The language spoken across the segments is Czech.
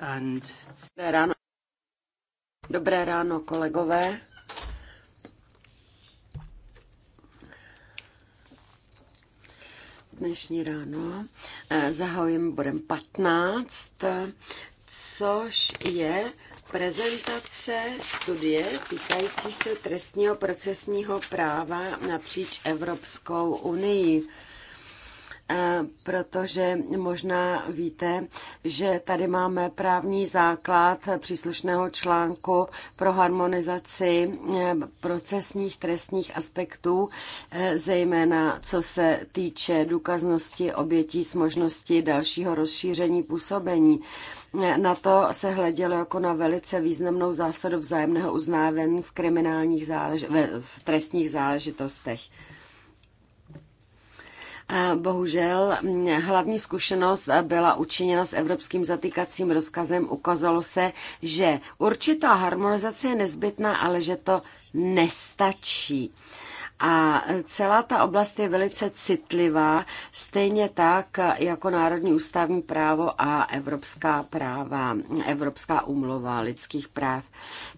And... Dobré ráno. Dobré ráno, kolegové. Dnešní ráno eh, zahajujeme bodem 15, což je prezentace studie týkající se trestního procesního práva napříč Evropskou unii. Eh, protože možná víte, že tady máme právní základ příslušného článku pro harmonizaci eh, procesních trestních aspektů, eh, zejména co se týče důkaznosti obětí s možností dalšího rozšíření působení. Na to se hledělo jako na velice významnou zásadu vzájemného uznávání v kriminálních zálež- v trestních záležitostech. Bohužel mm, hlavní zkušenost byla učiněna s evropským zatýkacím rozkazem. Ukázalo se, že určitá harmonizace je nezbytná, ale že to nestačí. A celá ta oblast je velice citlivá, stejně tak jako Národní ústavní právo a Evropská práva, Evropská umlova lidských práv.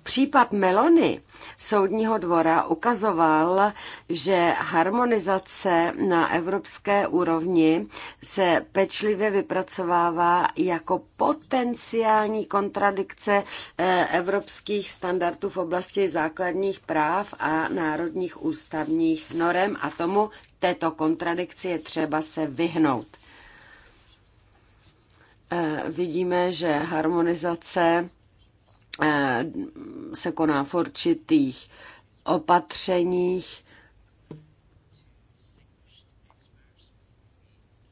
Případ Melony soudního dvora ukazoval, že harmonizace na evropské úrovni se pečlivě vypracovává jako potenciální kontradikce eh, evropských standardů v oblasti základních práv a národních ústavů ústavních norem a tomu této kontradikci je třeba se vyhnout. Eh, vidíme, že harmonizace eh, se koná v určitých opatřeních,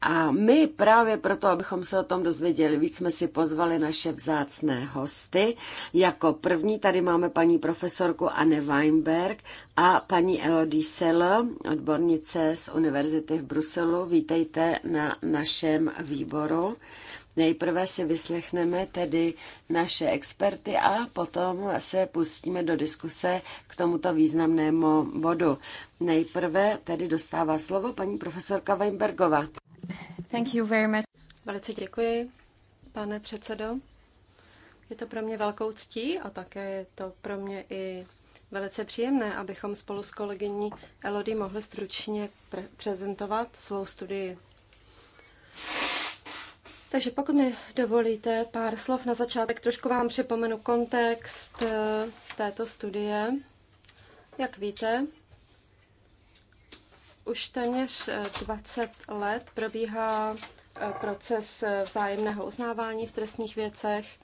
A my právě proto, abychom se o tom dozvěděli víc, jsme si pozvali naše vzácné hosty. Jako první tady máme paní profesorku Anne Weinberg a paní Elodie Sell, odbornice z Univerzity v Bruselu. Vítejte na našem výboru. Nejprve si vyslechneme tedy naše experty a potom se pustíme do diskuse k tomuto významnému bodu. Nejprve tedy dostává slovo paní profesorka Weinbergová. Thank you very much. Velice děkuji, pane předsedo. Je to pro mě velkou ctí a také je to pro mě i velice příjemné, abychom spolu s kolegyní Elodie mohli stručně pre- prezentovat svou studii. Takže pokud mi dovolíte pár slov na začátek, trošku vám připomenu kontext eh, této studie. Jak víte, už téměř 20 eh, let probíhá eh, proces eh, vzájemného uznávání v trestních věcech.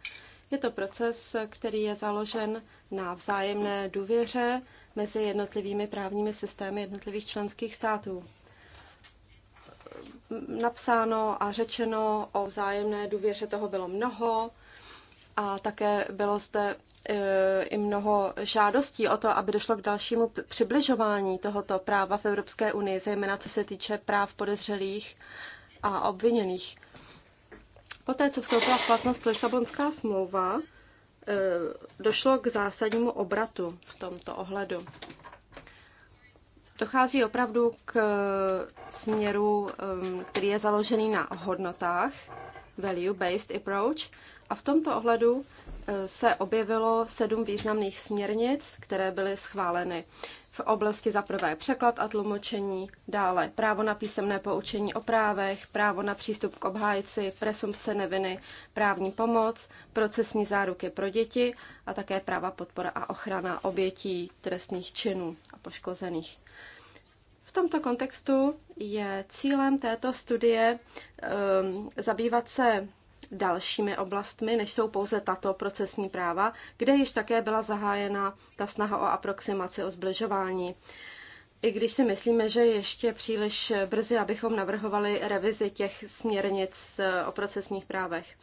Je to proces, který je založen na vzájemné důvěře mezi jednotlivými právními systémy jednotlivých členských států. Napsáno a řečeno o vzájemné důvěře toho bylo mnoho a také bylo zde e, i mnoho žádostí o to, aby došlo k dalšímu přibližování tohoto práva v Evropské unii, zejména co se týče práv podezřelých a obviněných. Poté, co vstoupila v platnost Lisabonská smlouva, e, došlo k zásadnímu obratu v tomto ohledu. Dochází opravdu k e, směru, který je založený na hodnotách, value-based approach, a v tomto ohledu e, se objevilo sedm významných směrnic, které byly schváleny v oblasti za prvé překlad a tlumočení, dále právo na písemné poučení o právech, právo na přístup k obhájci, presumpce neviny, právní pomoc, procesní záruky pro děti a také práva podpora a ochrana obětí trestných činů a poškozených. V tomto kontextu je cílem této studie um, zabývat se dalšími oblastmi, než jsou pouze tato procesní práva, kde již také byla zahájena ta snaha o aproximaci, o zbližování. I když si myslíme, že ještě příliš brzy, abychom navrhovali revizi těch směrnic eh, o procesních právech.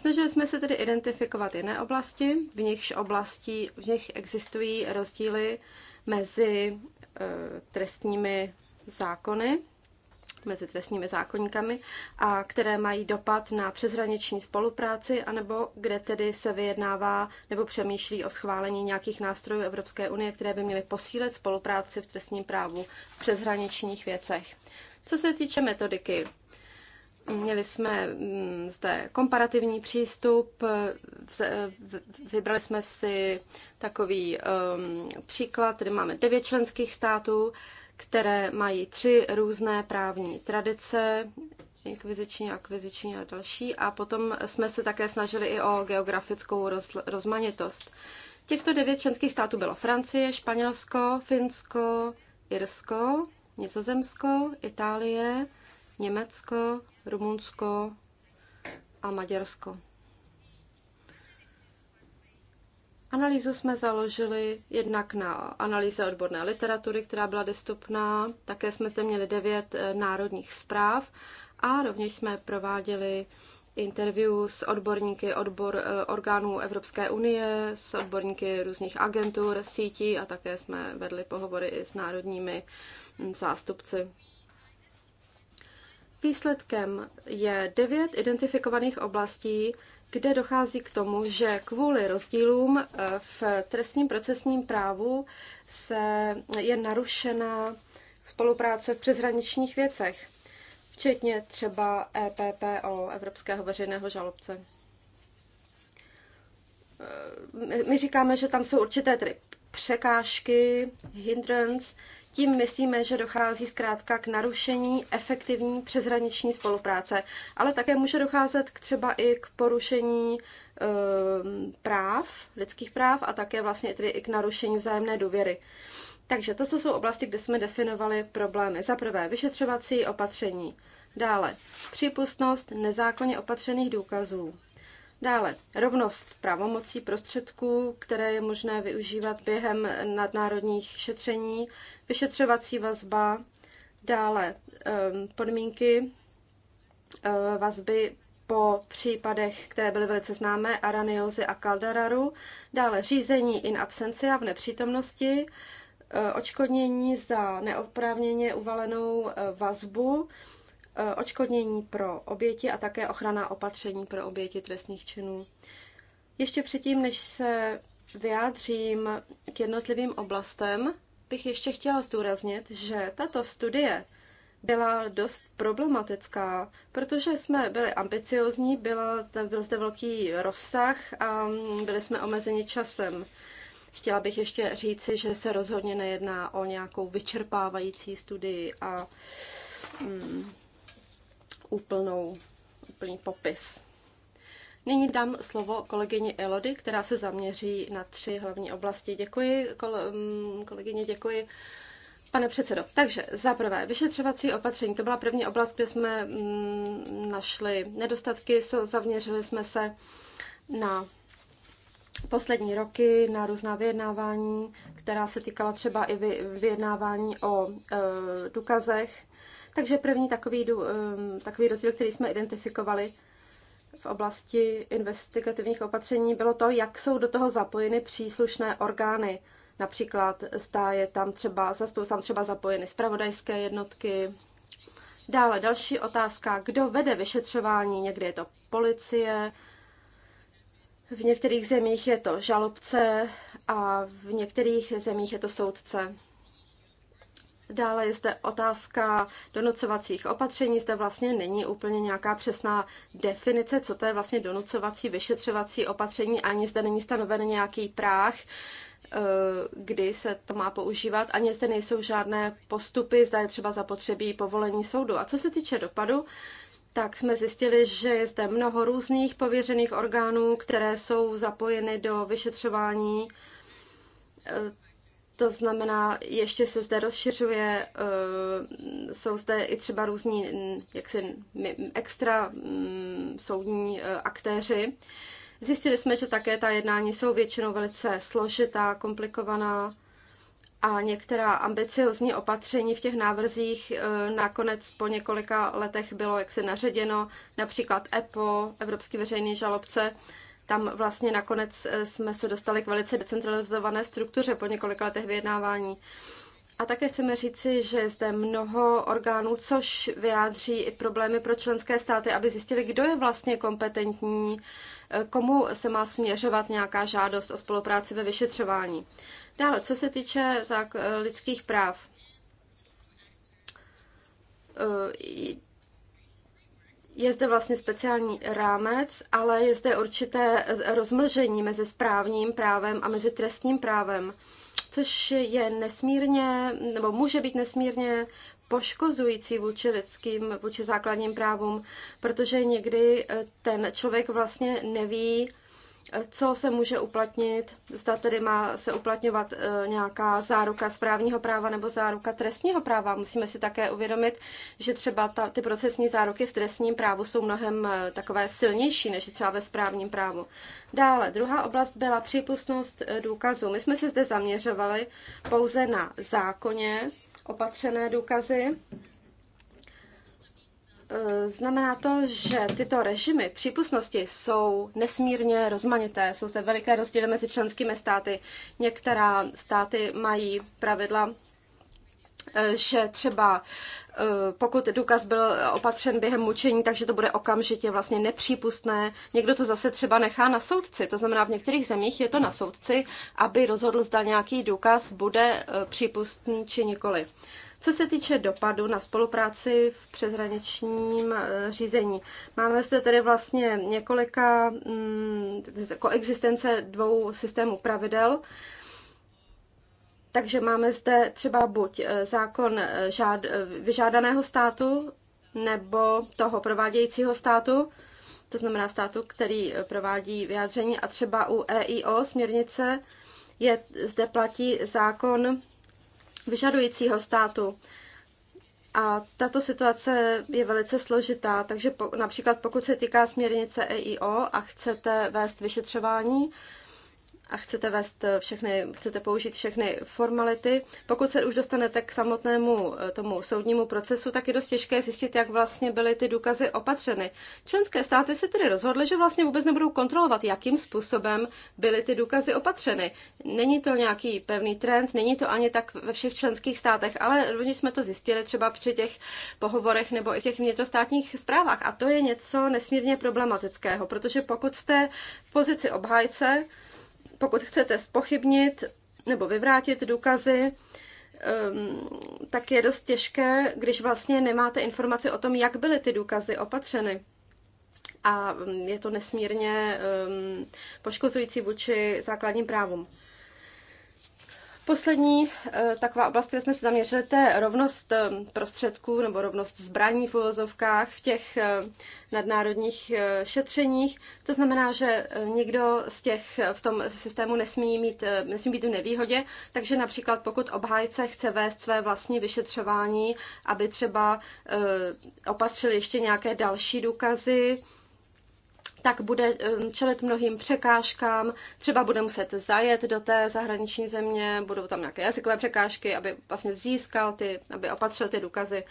Snažili jsme se tedy identifikovat jiné oblasti, v nichž oblasti, v nich existují rozdíly mezi eh, trestními zákony mezi trestními zákonníkami a které mají dopad na přeshraniční spolupráci, anebo kde tedy se vyjednává nebo přemýšlí o schválení nějakých nástrojů Evropské unie, které by měly posílit spolupráci v trestním právu v přeshraničních věcech. Co se týče metodiky, Měli jsme mm, zde komparativní přístup, vybrali jsme si takový um, příklad, tedy máme devět členských států, které mají tři různé právní tradice, inkviziční, akviziční a další. A potom jsme se také snažili i o geografickou roz, rozmanitost. Těchto devět členských států bylo Francie, Španělsko, Finsko, Irsko, Nizozemsko, Itálie, Německo, Rumunsko a Maďarsko. Analýzu jsme založili jednak na analýze odborné literatury, která byla dostupná. Také jsme zde měli devět eh, národních zpráv a rovněž jsme prováděli interview s odborníky odbor, eh, orgánů Evropské unie, s odborníky různých agentur, sítí a také jsme vedli pohovory i s národními hm, zástupci Výsledkem je devět identifikovaných oblastí, kde dochází k tomu, že kvůli rozdílům eh, v trestním procesním právu se je narušena spolupráce v přeshraničních věcech, včetně třeba EPPO, Evropského veřejného žalobce. Eh, my říkáme, že tam jsou určité tedy překážky, hindrance, tím myslíme, že dochází zkrátka k narušení efektivní přeshraniční spolupráce, ale také může docházet k třeba i k porušení ehm, práv, lidských práv a také vlastně tedy i k narušení vzájemné důvěry. Takže to, co jsou oblasti, kde jsme definovali problémy. Za prvé, vyšetřovací opatření. Dále, přípustnost nezákonně opatřených důkazů. Dále, rovnost pravomocí prostředků, které je možné využívat během nadnárodních šetření, vyšetřovací vazba, dále ehm, podmínky eh, vazby po případech, které byly velice známé, Araniozy a Calderaru, dále řízení in absentia v nepřítomnosti, eh, očkodnění za neoprávněně uvalenou eh, vazbu, Eh, očkodnění pro oběti a také ochrana opatření pro oběti trestných činů. Ještě předtím, než se vyjádřím k jednotlivým oblastem, bych ještě chtěla zdůraznit, že tato studie byla dost problematická, protože jsme byli ambiciozní, byla, byl zde velký rozsah a byli jsme omezeni časem. Chtěla bych ještě říci, že se rozhodně nejedná o nějakou vyčerpávající studii a mm, úplnou, úplný popis. Nyní dám slovo kolegyni Elody, která se zaměří na tři hlavní oblasti. Děkuji, mm, kolegyně, děkuji. Pane předsedo, takže za prvé, vyšetřovací opatření, to byla první oblast, kde jsme mm, našli nedostatky, so, zaměřili jsme se na poslední roky, na různá vyjednávání, která se týkala třeba i vyjednávání o e, důkazech. Takže první takový, eh, takový rozdíl, který jsme identifikovali v oblasti investigativních opatření, bylo to, jak jsou do toho zapojeny příslušné orgány. Například stáje je tam třeba, jsou tam třeba zapojeny spravodajské jednotky. Dále další otázka, kdo vede vyšetřování, někdy je to policie, v některých zemích je to žalobce a v některých zemích je to soudce. Dále je zde otázka donucovacích opatření. Zde vlastně není úplně nějaká přesná definice, co to je vlastně donucovací, vyšetřovací opatření. Ani zde není stanoven nějaký práh, eh, kdy se to má používat. Ani zde nejsou žádné postupy, zda je třeba zapotřebí povolení soudu. A co se týče dopadu, tak jsme zjistili, že je zde mnoho různých pověřených orgánů, které jsou zapojeny do vyšetřování eh, to znamená, ještě se zde rozšiřuje, eh, jsou zde i třeba různí mm, jaksi mm, extra mm, soudní eh, aktéři. Zjistili jsme, že také ta jednání jsou většinou velice složitá, komplikovaná a některá ambiciozní opatření v těch návrzích eh, nakonec po několika letech bylo jaksi naředěno, například EPO, Evropský veřejný žalobce, tam vlastně nakonec eh, jsme se dostali k velice decentralizované struktuře po několika letech vyjednávání. A také chceme říci, že je zde mnoho orgánů, což vyjádří i problémy pro členské státy, aby zjistili, kdo je vlastně kompetentní, eh, komu se má směřovat nějaká žádost o spolupráci ve vyšetřování. Dále, co se týče eh, lidských práv je zde vlastně speciální rámec, ale je zde určité rozmlžení mezi správním právem a mezi trestním právem, což je nesmírně, nebo může být nesmírně poškozující vůči lidským, vůči základním právům, protože někdy eh, ten člověk vlastně neví, co se může uplatnit, zda tedy má se uplatňovat eh, nějaká záruka správního práva nebo záruka trestního práva. Musíme si také uvědomit, že třeba ta, ty procesní záruky v trestním právu jsou mnohem eh, takové silnější než třeba ve správním právu. Dále, druhá oblast byla přípustnost eh, důkazů. My jsme se zde zaměřovali pouze na zákoně opatřené důkazy, Eh, znamená to, že tyto režimy přípustnosti jsou nesmírně rozmanité. Jsou zde veliké rozdíly mezi členskými státy. Některá státy mají pravidla, eh, že třeba eh, pokud důkaz byl opatřen během mučení, takže to bude okamžitě vlastně nepřípustné. Někdo to zase třeba nechá na soudci, to znamená v některých zemích je to na soudci, aby rozhodl, zda nějaký důkaz bude přípustný či nikoli. Co se týče dopadu na spolupráci v přeshraničním eh, řízení, máme zde tedy vlastně několika mm, koexistence dvou systémů pravidel. Takže máme zde třeba buď eh, zákon eh, žád, vyžádaného státu nebo toho provádějícího státu, to znamená státu, který provádí vyjádření a třeba u EIO směrnice je, zde platí zákon vyžadujícího státu. A tato situace je velice složitá, takže po, například pokud se týká směrnice EIO a chcete vést vyšetřování, a chcete vést eh, všechny, chcete použít všechny formality. Pokud se už dostanete k samotnému eh, tomu soudnímu procesu, tak je dost těžké zjistit, jak vlastně byly ty důkazy opatřeny. Členské státy se tedy rozhodly, že vlastně vůbec nebudou kontrolovat, jakým způsobem byly ty důkazy opatřeny. Není to nějaký pevný trend, není to ani tak ve všech členských státech, ale rovněž jsme to zjistili třeba při těch pohovorech nebo i těch vnitrostátních zprávách. A to je něco nesmírně problematického, protože pokud jste v pozici obhájce, pokud chcete spochybnit nebo vyvrátit důkazy, ehm, tak je dost těžké, když vlastně nemáte informaci o tom, jak byly ty důkazy opatřeny. A mm, je to nesmírně ehm, poškozující vůči základním právům. Poslední eh, taková oblast, kde jsme se zaměřili, to je rovnost eh, prostředků nebo rovnost zbraní v uvozovkách v těch eh, nadnárodních šetřeních. To znamená, že někdo z těch v tom systému nesmí, mít, nesmí být v nevýhodě, takže například pokud obhájce chce vést své vlastní vyšetřování, aby třeba opatřili ještě nějaké další důkazy, tak bude čelit mnohým překážkám, třeba bude muset zajet do té zahraniční země, budou tam nějaké jazykové překážky, aby vlastně získal ty, aby opatřil ty důkazy.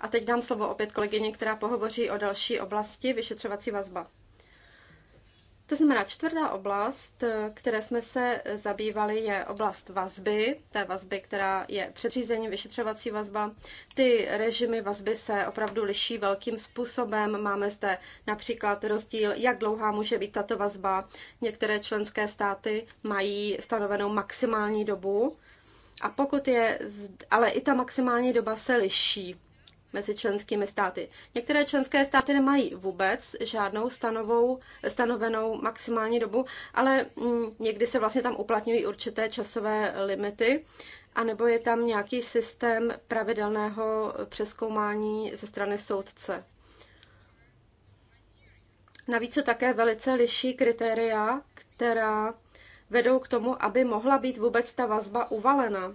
A teď dám slovo opět kolegyně, která pohovoří o další oblasti, vyšetřovací vazba. To znamená, čtvrtá oblast, eh, které jsme se zabývali, je oblast vazby, té vazby, která je předřízení, vyšetřovací vazba. Ty režimy vazby se opravdu liší velkým způsobem. Máme zde například rozdíl, jak dlouhá může být tato vazba. Některé členské státy mají stanovenou maximální dobu, a pokud je, ale i ta maximální doba se liší mezi členskými státy. Některé členské státy nemají vůbec žádnou stanovou, stanovenou maximální dobu, ale mm, někdy se vlastně tam uplatňují určité časové limity, anebo je tam nějaký systém pravidelného přeskoumání ze strany soudce. Navíc se také velice liší kritéria, která vedou k tomu, aby mohla být vůbec ta vazba uvalena.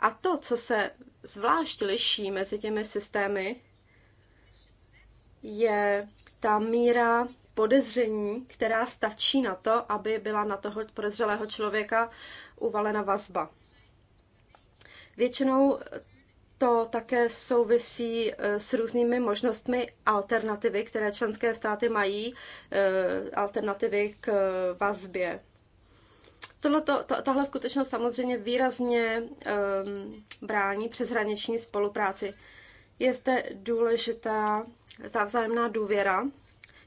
A to, co se zvlášť liší mezi těmi systémy, je ta míra podezření, která stačí na to, aby byla na toho podezřelého člověka uvalena vazba. Většinou to také souvisí eh, s různými možnostmi alternativy, které členské státy mají, eh, alternativy k eh, vazbě. Tohle, to, tahle skutečnost samozřejmě výrazně um, brání přeshraniční spolupráci. Je zde důležitá ta vzájemná důvěra.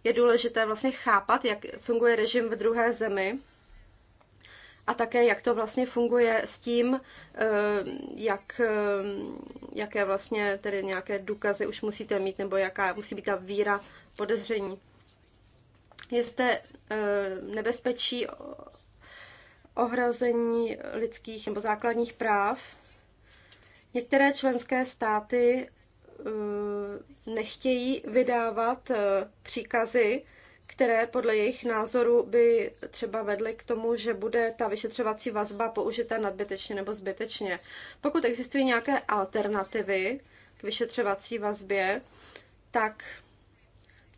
Je důležité vlastně chápat, jak funguje režim v druhé zemi a také, jak to vlastně funguje s tím, ehm, jak, ehm, jaké vlastně tedy nějaké důkazy už musíte mít, nebo jaká musí být ta víra podezření. Je zde nebezpečí ohrození lidských nebo základních práv. Některé členské státy eh, nechtějí vydávat eh, příkazy, které podle jejich názoru by třeba vedly k tomu, že bude ta vyšetřovací vazba použita nadbytečně nebo zbytečně. Pokud existují nějaké alternativy k vyšetřovací vazbě, tak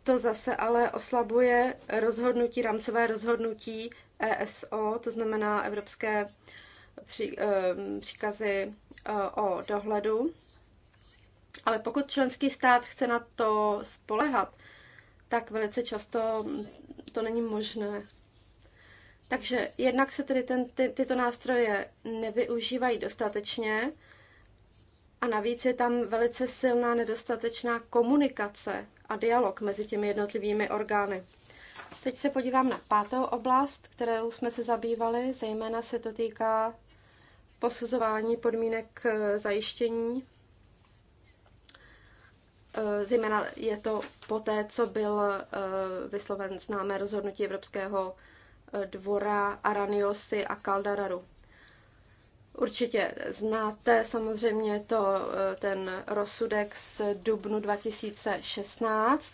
to zase ale oslabuje rozhodnutí, rámcové rozhodnutí ESO, to znamená Evropské pří, eh, příkazy eh, o dohledu. Ale pokud členský stát chce na to spolehat, tak velice často to není možné. Takže jednak se tedy ten, ty, tyto nástroje nevyužívají dostatečně a navíc je tam velice silná nedostatečná komunikace a dialog mezi těmi jednotlivými orgány. Teď se podívám na pátou oblast, kterou jsme se zabývali, zejména se to týká posuzování podmínek eh, zajištění. Eh, zejména je to poté, co byl eh, vysloven známé rozhodnutí Evropského dvora Araniosy a Caldararu. Určitě znáte samozřejmě to, ten rozsudek z dubnu 2016.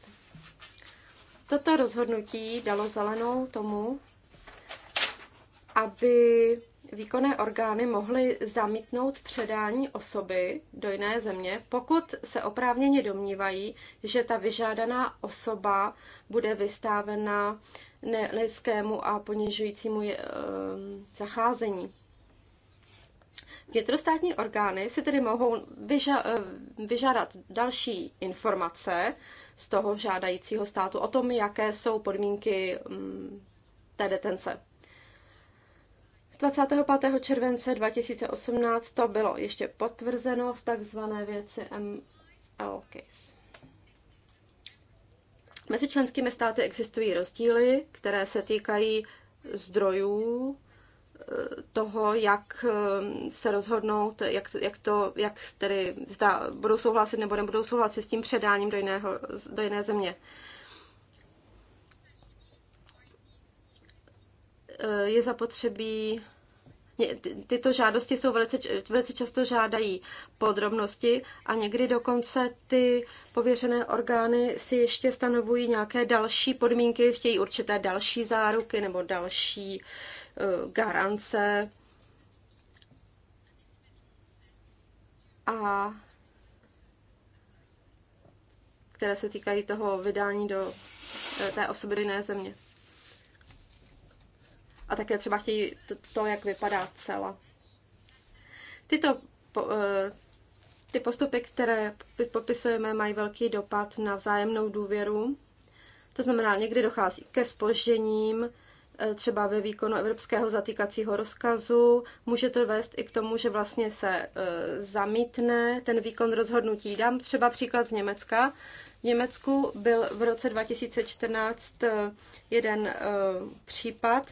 Toto rozhodnutí dalo zelenou tomu, aby výkonné orgány mohly zamítnout předání osoby do jiné země, pokud se oprávněně domnívají, že ta vyžádaná osoba bude vystávena nelidskému a ponižujícímu eh, zacházení. Vnitrostátní orgány si tedy mohou vyža- eh, vyžádat další informace z toho žádajícího státu o tom, jaké jsou podmínky mm, té detence. 25. července 2018 to bylo ještě potvrzeno v takzvané věci ML case. Mezi členskými státy existují rozdíly, které se týkají zdrojů toho, jak eh, se rozhodnout, jak, jak to, jak tedy zda budou souhlasit nebo nebudou souhlasit s tím předáním do, jiného, do jiné země. Eh, je zapotřebí tyto žádosti jsou velice, velice často žádají podrobnosti a někdy dokonce ty pověřené orgány si ještě stanovují nějaké další podmínky, chtějí určité další záruky nebo další uh, Eh, garance a které se týkají toho vydání do eh, té osoby do jiné země. A také třeba chtějí to, to jak vypadá cela. Tyto eh, ty postupy, které popisujeme, mají velký dopad na vzájemnou důvěru. To znamená, někdy dochází ke spožděním, Eh, třeba ve výkonu evropského zatýkacího rozkazu. Může to vést i k tomu, že vlastně se eh, zamítne ten výkon rozhodnutí. Dám třeba příklad z Německa. V Německu byl v roce 2014 eh, jeden případ,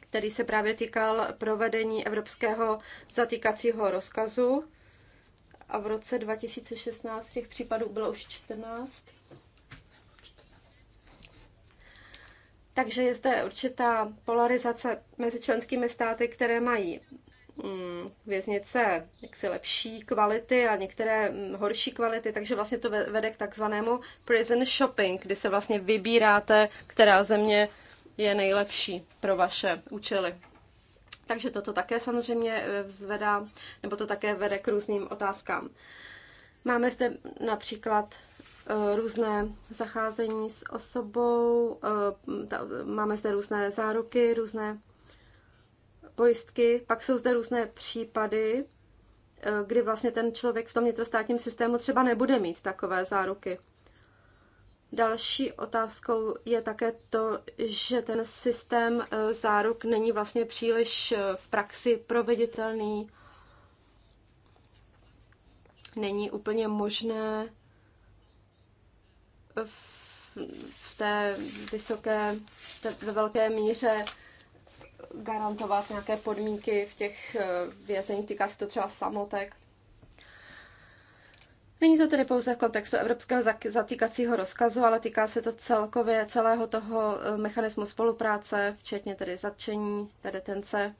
který se právě týkal provedení evropského zatýkacího rozkazu. A v roce 2016 těch případů bylo už 14. Takže je zde určitá polarizace mezi členskými státy, které mají mm, věznice jaksi lepší kvality a některé mm, horší kvality, takže vlastně to vede k takzvanému prison shopping, kdy se vlastně vybíráte, která země je nejlepší pro vaše účely. Takže toto také samozřejmě eh, vzvedá, nebo to také vede k různým otázkám. Máme zde například Eh, různé zacházení s osobou, eh, máme zde různé záruky, různé pojistky, pak jsou zde různé případy, eh, kdy vlastně ten člověk v tom vnitrostátním systému třeba nebude mít takové záruky. Další otázkou je také to, že ten systém záruk není vlastně příliš v praxi proveditelný. Není úplně možné v té vysoké, ve velké míře garantovat nějaké podmínky v těch eh, vězeních, týká se to třeba samotek. Není to tedy pouze v kontextu evropského zatýkacího rozkazu, ale týká se to celkově celého toho eh, mechanismu spolupráce, včetně tedy zatčení, tedy tence.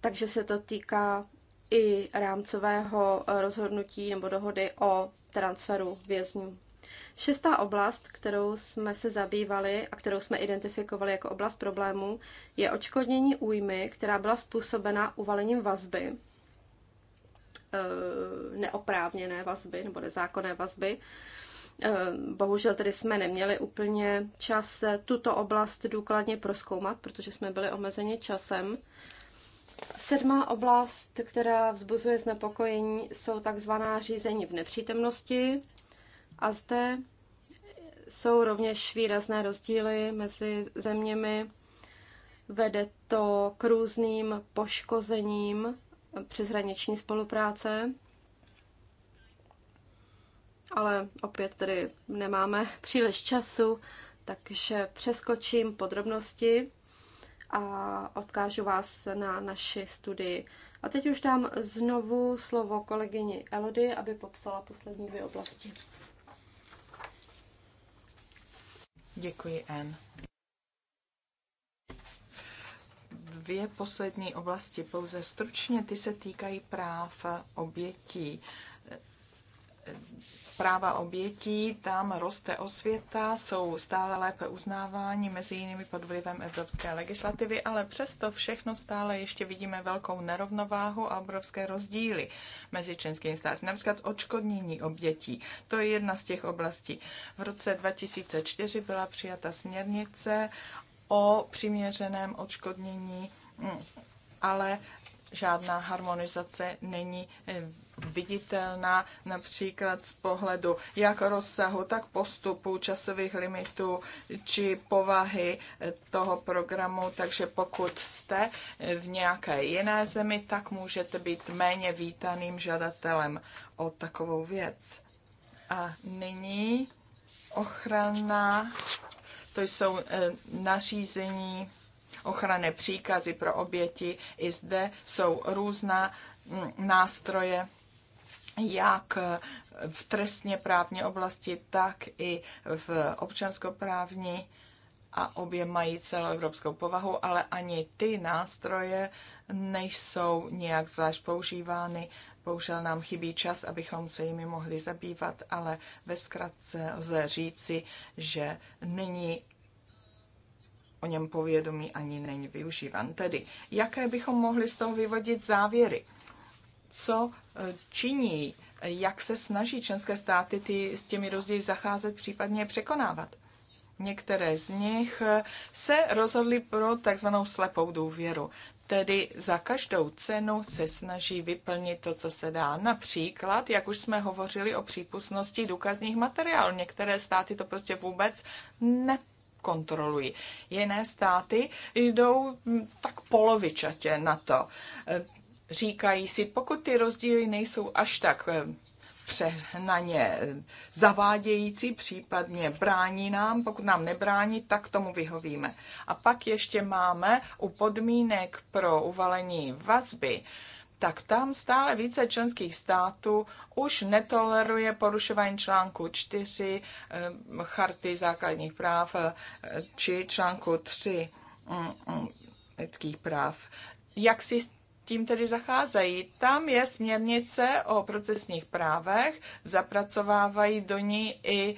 Takže se to týká i rámcového eh, rozhodnutí nebo dohody o transferu vězňů. Šestá oblast, kterou jsme se zabývali a kterou jsme identifikovali jako oblast problémů, je očkodnění újmy, která byla způsobena uvalením vazby, eh, neoprávněné vazby nebo nezákonné vazby. Eh, bohužel tedy jsme neměli úplně čas tuto oblast důkladně proskoumat, protože jsme byli omezeni časem. Sedmá oblast, která vzbuzuje znepokojení, jsou takzvaná řízení v nepřítomnosti. A zde jsou rovněž výrazné rozdíly mezi zeměmi. Vede to k různým poškozením přeshraniční spolupráce, ale opět tedy nemáme příliš času, takže přeskočím podrobnosti a odkážu vás na naši studii. A teď už dám znovu slovo kolegyni Elody, aby popsala poslední dvě oblasti. Děkuji, N. Dvě poslední oblasti, pouze stručně, ty se týkají práv obětí práva obětí, tam roste osvěta, jsou stále lépe uznáváni, mezi jinými pod vlivem evropské legislativy, ale přesto všechno stále ještě vidíme velkou nerovnováhu a obrovské rozdíly mezi členskými státy. Například odškodnění obětí, to je jedna z těch oblastí. V roce 2004 byla přijata směrnice o přiměřeném odškodnění, hm, ale žádná harmonizace není eh, viditelná například z pohledu jak rozsahu, tak postupu, časových limitů či povahy eh, toho programu. Takže pokud jste v nějaké jiné zemi, tak můžete být méně vítaným žadatelem o takovou věc. A nyní ochrana, to jsou eh, nařízení, ochranné příkazy pro oběti. I zde jsou různá mm, nástroje jak v trestně právní oblasti, tak i v občanskoprávní a obě mají celoevropskou povahu, ale ani ty nástroje nejsou nějak zvlášť používány. Bohužel nám chybí čas, abychom se jimi mohli zabývat, ale ve zkratce lze říci, že není o něm povědomí ani není využívan. Tedy, jaké bychom mohli z toho vyvodit závěry? co e, činí, jak se snaží členské státy ty, s těmi rozdíly zacházet, případně překonávat. Některé z nich e, se rozhodly pro takzvanou slepou důvěru. Tedy za každou cenu se snaží vyplnit to, co se dá. Například, jak už jsme hovořili o přípustnosti důkazních materiálů, některé státy to prostě vůbec ne kontrolují. Jiné státy jdou mm, tak polovičatě na to říkají si, pokud ty rozdíly nejsou až tak eh, přehnaně zavádějící, případně brání nám. Pokud nám nebrání, tak tomu vyhovíme. A pak ještě máme u podmínek pro uvalení vazby, tak tam stále více členských států už netoleruje porušování článku 4 eh, Charty základních práv eh, či článku 3 mm, mm, lidských práv. Jak si tím tedy zacházejí. Tam je směrnice o procesních právech, zapracovávají do ní i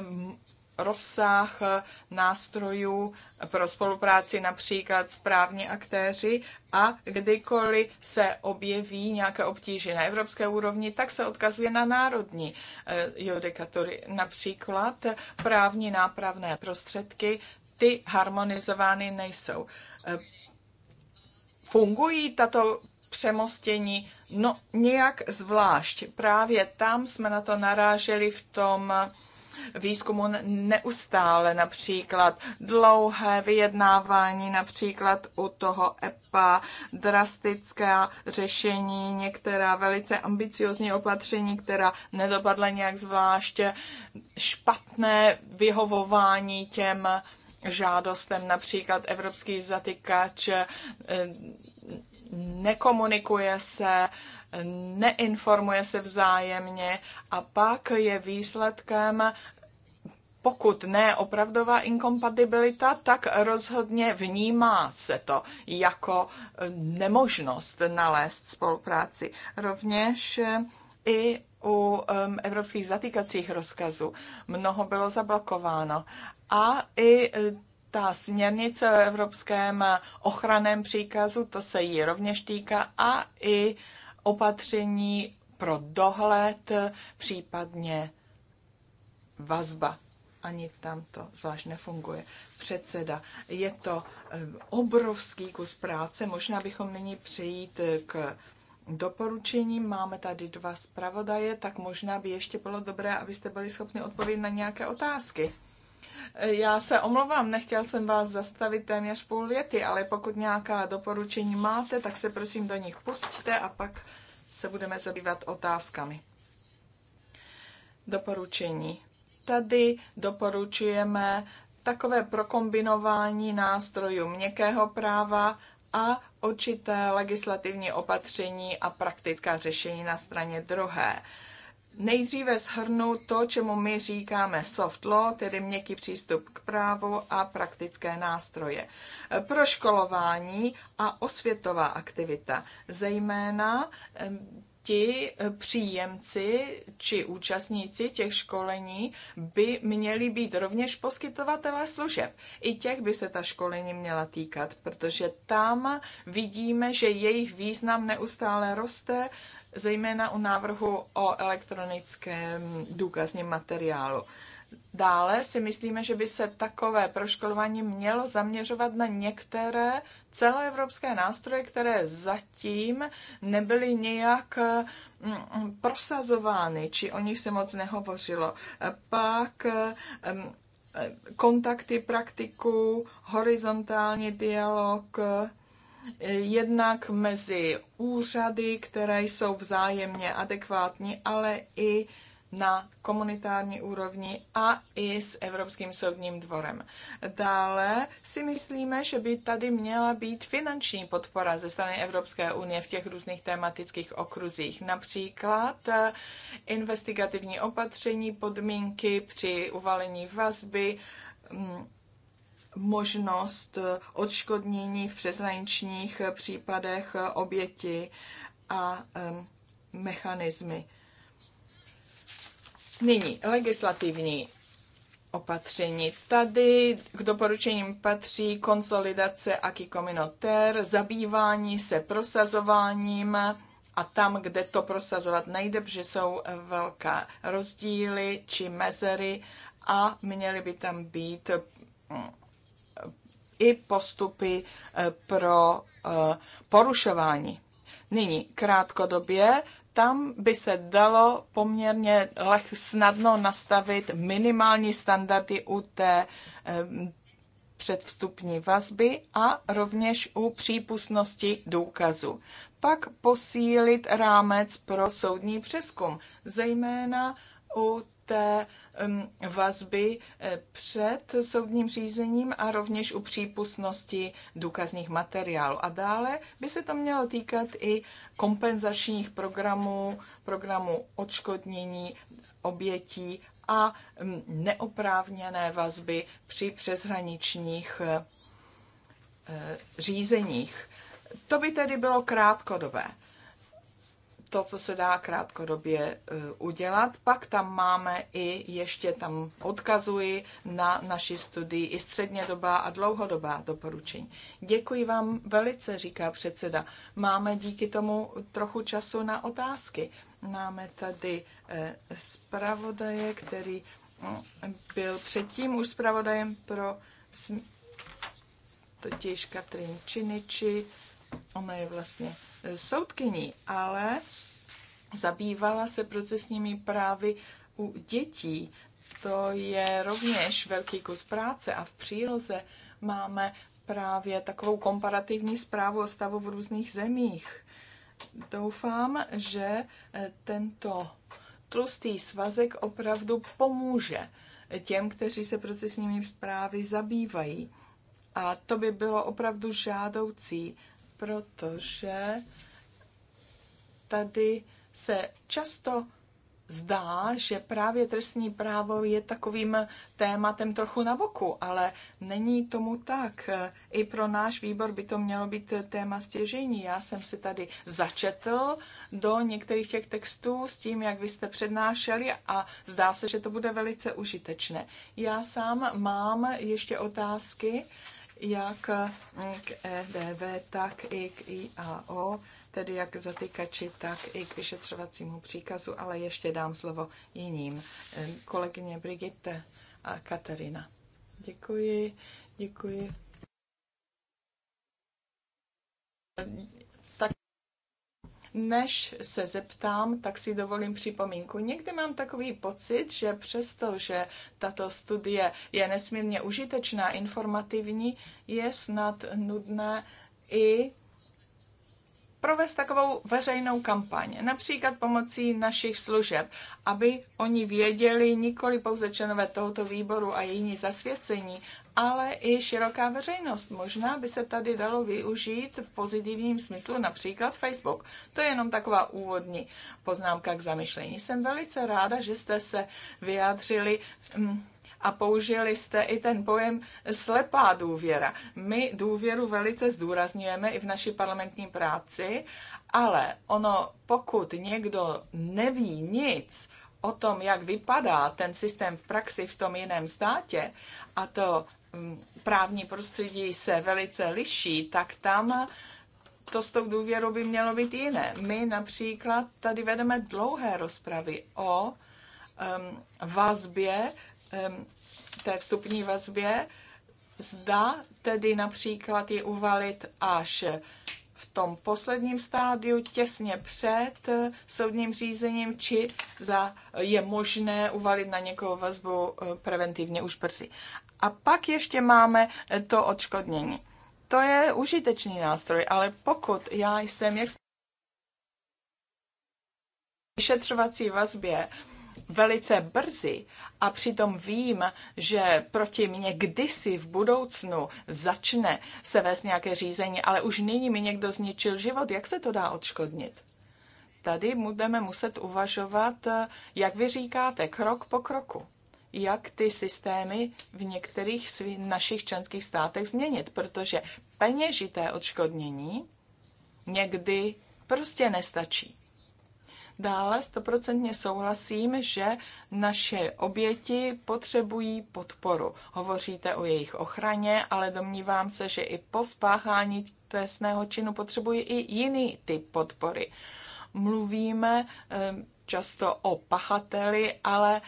um, rozsah eh, nástrojů pro spolupráci například správní aktéři a kdykoliv se objeví nějaké obtíže na evropské úrovni, tak se odkazuje na národní eh, judikatury. Například právní nápravné prostředky, ty harmonizovány nejsou eh, fungují tato přemostění? No, nějak zvlášť. Právě tam jsme na to naráželi v tom výzkumu neustále, například dlouhé vyjednávání, například u toho EPA, drastická řešení, některá velice ambiciozní opatření, která nedopadla nějak zvláště, špatné vyhovování těm žádostem, například evropský zatykač, eh, nekomunikuje se, neinformuje se vzájemně a pak je výsledkem pokud ne opravdová inkompatibilita, tak rozhodně vnímá se to jako nemožnost nalézt spolupráci. Rovněž i u um, evropských zatýkacích rozkazů mnoho bylo zablokováno. A i ta směrnice o evropském ochraném příkazu, to se jí rovněž týká, a i opatření pro dohled, případně vazba. Ani tam to zvlášť nefunguje. Předseda, je to eh, obrovský kus práce. Možná bychom nyní přejít eh, k doporučení. Máme tady dva zpravodaje, tak možná by ještě bylo dobré, abyste byli schopni odpovědět na nějaké otázky. Já se omlouvám, nechtěl jsem vás zastavit téměř půl věty, ale pokud nějaká doporučení máte, tak se prosím do nich pustíte a pak se budeme zabývat otázkami. Doporučení. Tady doporučujeme takové prokombinování nástrojů měkkého práva a určité legislativní opatření a praktická řešení na straně druhé nejdříve shrnu to, čemu my říkáme soft law, tedy měkký přístup k právu a praktické nástroje. Proškolování a osvětová aktivita, zejména ti příjemci či účastníci těch školení by měli být rovněž poskytovatelé služeb. I těch by se ta školení měla týkat, protože tam vidíme, že jejich význam neustále roste, zejména u návrhu o elektronickém důkazním materiálu. Dále si myslíme, že by se takové proškolování mělo zaměřovat na některé celoevropské nástroje, které zatím nebyly nějak mm, mm, prosazovány, či o nich se moc nehovořilo. Pak mm, e, kontakty praktiků, horizontální dialog, jednak mezi úřady, které jsou vzájemně adekvátní, ale i na komunitární úrovni a i s Evropským soudním dvorem. Dále si myslíme, že by tady měla být finanční podpora ze strany Evropské unie v těch různých tematických okruzích, například eh, investigativní opatření, podmínky při uvalení vazby, mm, možnost eh, odškodnění v přeshraničních eh, případech eh, oběti a mechanismy. Nyní legislativní opatření. Tady k doporučením patří konsolidace a communautaire, zabývání se prosazováním a tam, kde to prosazovat nejde, protože jsou velká rozdíly či mezery a měly by tam být mm, i postupy eh, pro eh, porušování. Nyní krátkodobě tam by se dalo poměrně leh, snadno nastavit minimální standardy u té eh, předvstupní vazby a rovněž u přípustnosti důkazu. Pak posílit rámec pro soudní přeskum, zejména u té Um, vazby eh, před soudním řízením a rovněž u přípustnosti důkazních materiálů. A dále by se to mělo týkat i kompenzačních programů, programů odškodnění obětí a um, neoprávněné vazby při přeshraničních eh, eh, řízeních. To by tedy bylo krátkodobé to, co se dá krátkodobě e, udělat. Pak tam máme i, ještě tam odkazuji na naši studii i střednědobá a dlouhodobá doporučení. Děkuji vám velice, říká předseda. Máme díky tomu trochu času na otázky. Máme tady e, zpravodaje, který no, byl předtím už zpravodajem pro totiž Katrin Činiči Ona je vlastně e, soudkyní, ale zabývala se procesními právy u dětí. To je rovněž velký kus práce a v příloze máme právě takovou komparativní zprávu o stavu v různých zemích. Doufám, že e, tento tlustý svazek opravdu pomůže těm, kteří se procesními zprávy zabývají. A to by bylo opravdu žádoucí protože tady se často zdá, že právě trestní právo je takovým tématem trochu na boku, ale není tomu tak. I pro náš výbor by to mělo být téma stěžení. Já jsem si tady začetl do některých těch textů s tím, jak vy jste přednášeli a zdá se, že to bude velice užitečné. Já sám mám ještě otázky jak k EDV, tak i k IAO, tedy jak k zatýkači, tak i k vyšetřovacímu příkazu, ale ještě dám slovo jiným. Eh, kolegyně Brigitte a Katarina. Děkuji, děkuji. Než se zeptám, tak si dovolím připomínku. Někdy mám takový pocit, že přesto, že tato studie je nesmírně užitečná, informativní, je snad nudné i provést takovou veřejnou kampaň, například pomocí našich služeb, aby oni věděli nikoli pouze členové tohoto výboru a jiní zasvěcení, ale i široká veřejnost. Možná by se tady dalo využít v pozitivním smyslu například Facebook. To je jenom taková úvodní poznámka k zamyšlení. Jsem velice ráda, že jste se vyjádřili mm, a použili jste i ten pojem slepá důvěra. My důvěru velice zdůrazňujeme i v naší parlamentní práci, ale ono, pokud někdo neví nic o tom, jak vypadá ten systém v praxi v tom jiném státě, a to Mm, právní prostředí se velice liší, tak tam to s tou důvěrou by mělo být jiné. My například tady vedeme dlouhé rozpravy o um, vazbě, um, té vstupní vazbě, zda tedy například ji uvalit až v tom posledním stádiu, těsně před eh, soudním řízením, či za, je možné uvalit na někoho vazbu eh, preventivně už brzy. A pak ještě máme to odškodnění. To je užitečný nástroj, ale pokud já jsem jak vyšetřovací vazbě velice brzy a přitom vím, že proti mně kdysi v budoucnu začne se vést nějaké řízení, ale už nyní mi někdo zničil život, jak se to dá odškodnit? Tady budeme muset uvažovat, jak vy říkáte, krok po kroku jak ty systémy v některých svých, našich členských státech změnit, protože peněžité odškodnění někdy prostě nestačí. Dále stoprocentně souhlasím, že naše oběti potřebují podporu. Hovoříte o jejich ochraně, ale domnívám se, že i po spáchání trestného činu potřebují i jiný typ podpory. Mluvíme eh, často o pachateli, ale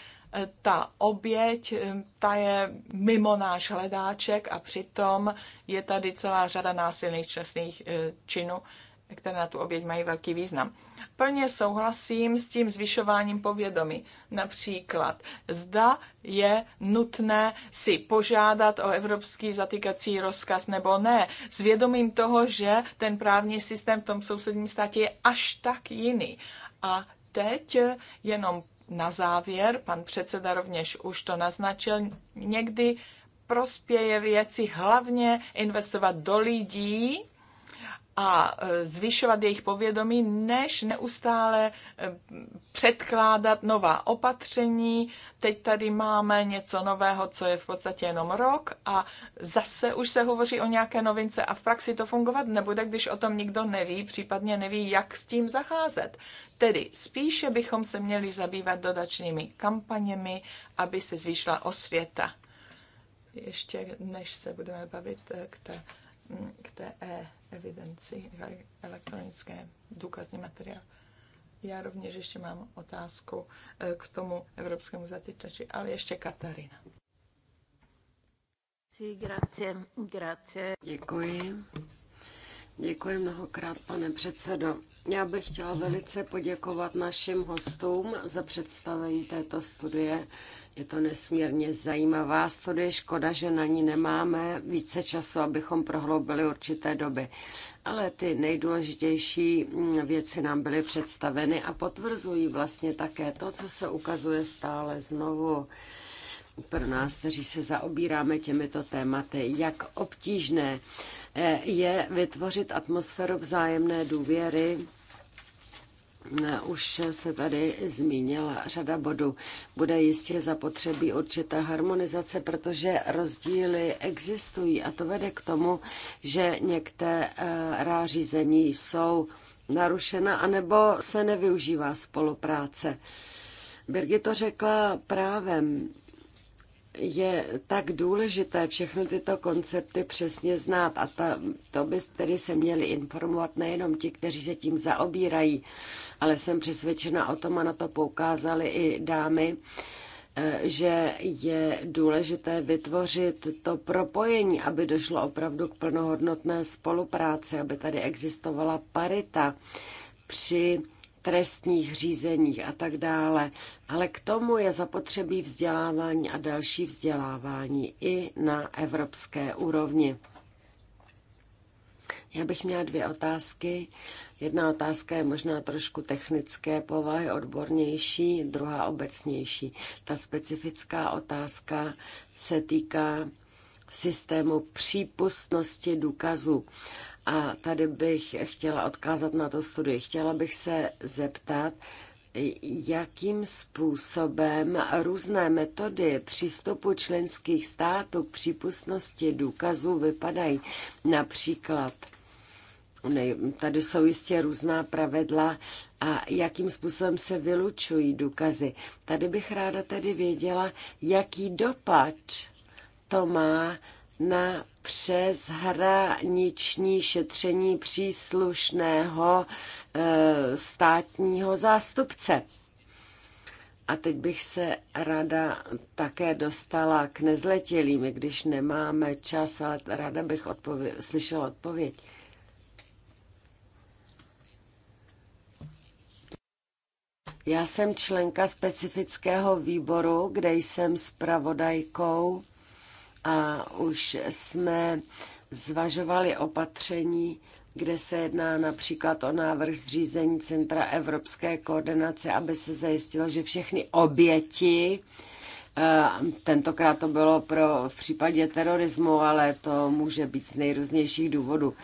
ta oběť, ta je mimo náš hledáček a přitom je tady celá řada násilných čestných e, činů, které na tu oběť mají velký význam. Plně souhlasím s tím zvyšováním povědomí. Například, zda je nutné si požádat o evropský zatýkací rozkaz nebo ne, s vědomím toho, že ten právní systém v tom sousedním státě je až tak jiný. A teď jenom na závěr, pan předseda rovněž už to naznačil, někdy prospěje věci hlavně investovat do lidí, a e, zvyšovat jejich povědomí, než neustále e, předkládat nová opatření. Teď tady máme něco nového, co je v podstatě jenom rok a zase už se hovoří o nějaké novince a v praxi to fungovat nebude, když o tom nikdo neví, případně neví, jak s tím zacházet. Tedy spíše bychom se měli zabývat dodačnými kampaněmi, aby se zvýšila osvěta. Ještě než se budeme bavit e, k té k té e-evidenci, e-, elektronické důkazní materiál. Já rovněž ještě mám otázku e, k tomu evropskému zatýčači, ale ještě Katarina. Grazie, grazie. Děkuji. Děkuji mnohokrát, pane předsedo. Já bych chtěla velice poděkovat našim hostům za představení této studie. Je to nesmírně zajímavá studie, škoda, že na ní nemáme více času, abychom prohloubili určité doby. Ale ty nejdůležitější mm, věci nám byly představeny a potvrzují vlastně také to, co se ukazuje stále znovu pro nás, kteří se zaobíráme těmito tématy, jak obtížné je vytvořit atmosféru vzájemné důvěry. Už se tady zmínila řada bodů. Bude jistě zapotřebí určitá harmonizace, protože rozdíly existují a to vede k tomu, že některá řízení jsou narušena anebo se nevyužívá spolupráce. Birgit to řekla právem je tak důležité všechny tyto koncepty přesně znát a ta, to by tedy se měli informovat nejenom ti, kteří se tím zaobírají, ale jsem přesvědčena o tom a na to poukázali i dámy, eh, že je důležité vytvořit to propojení, aby došlo opravdu k plnohodnotné spolupráci, aby tady existovala parita při trestních řízeních a tak dále. Ale k tomu je zapotřebí vzdělávání a další vzdělávání i na evropské úrovni. Já bych měla dvě otázky. Jedna otázka je možná trošku technické povahy, odbornější, druhá obecnější. Ta specifická otázka se týká systému přípustnosti důkazů. A tady bych chtěla odkázat na to studii. Chtěla bych se zeptat, jakým způsobem různé metody přístupu členských států k přípustnosti důkazů vypadají. Například Tady jsou jistě různá pravidla a jakým způsobem se vylučují důkazy. Tady bych ráda tedy věděla, jaký dopad to má na přeshraniční šetření příslušného e, státního zástupce. A teď bych se ráda také dostala k nezletilým, i když nemáme čas, ale ráda bych odpově- slyšela odpověď. Já jsem členka specifického výboru, kde jsem spravodajkou a už jsme zvažovali opatření, kde se jedná například o návrh zřízení Centra evropské koordinace, aby se zajistilo, že všechny oběti, eh, tentokrát to bylo pro, v případě terorismu, ale to může být z nejrůznějších důvodů,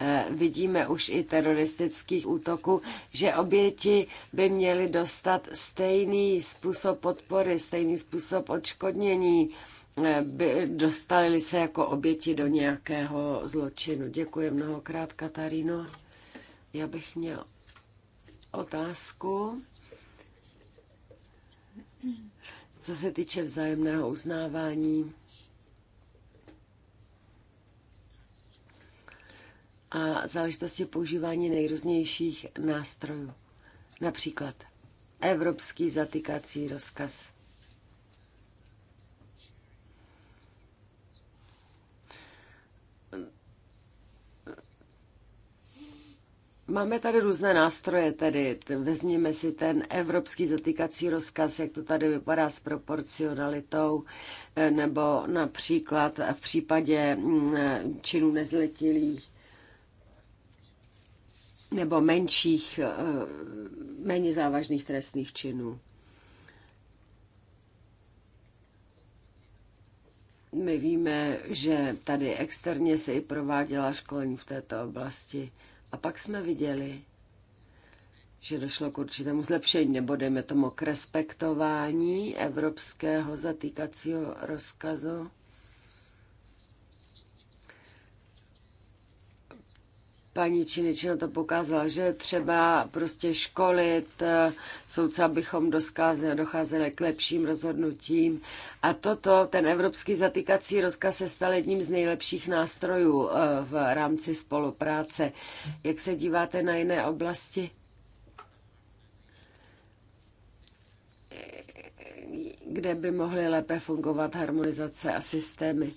eh, vidíme už i teroristických útoků, že oběti by měly dostat stejný způsob podpory, stejný způsob odškodnění Eh, by dostali se jako oběti do nějakého zločinu. Děkuji mnohokrát, Kataríno. Já bych měl otázku. Co se týče vzájemného uznávání a záležitosti používání nejrůznějších nástrojů, například evropský zatýkací rozkaz Máme tady různé nástroje, tedy vezměme si ten evropský zatýkací rozkaz, jak to tady vypadá s proporcionalitou, e, nebo například v případě mm, e, činů nezletilých nebo menších, e, méně závažných trestných činů. My víme, že tady externě se i prováděla školení v této oblasti. A pak jsme viděli, že došlo k určitému zlepšení, nebo dejme tomu k respektování evropského zatýkacího rozkazu. paní Činičina to pokázala, že třeba prostě školit eh, soudce, abychom docházeli k lepším rozhodnutím. A toto, ten evropský zatýkací rozkaz se stal jedním z nejlepších nástrojů eh, v rámci spolupráce. Jak se díváte na jiné oblasti? kde by mohly lépe fungovat harmonizace a systémy.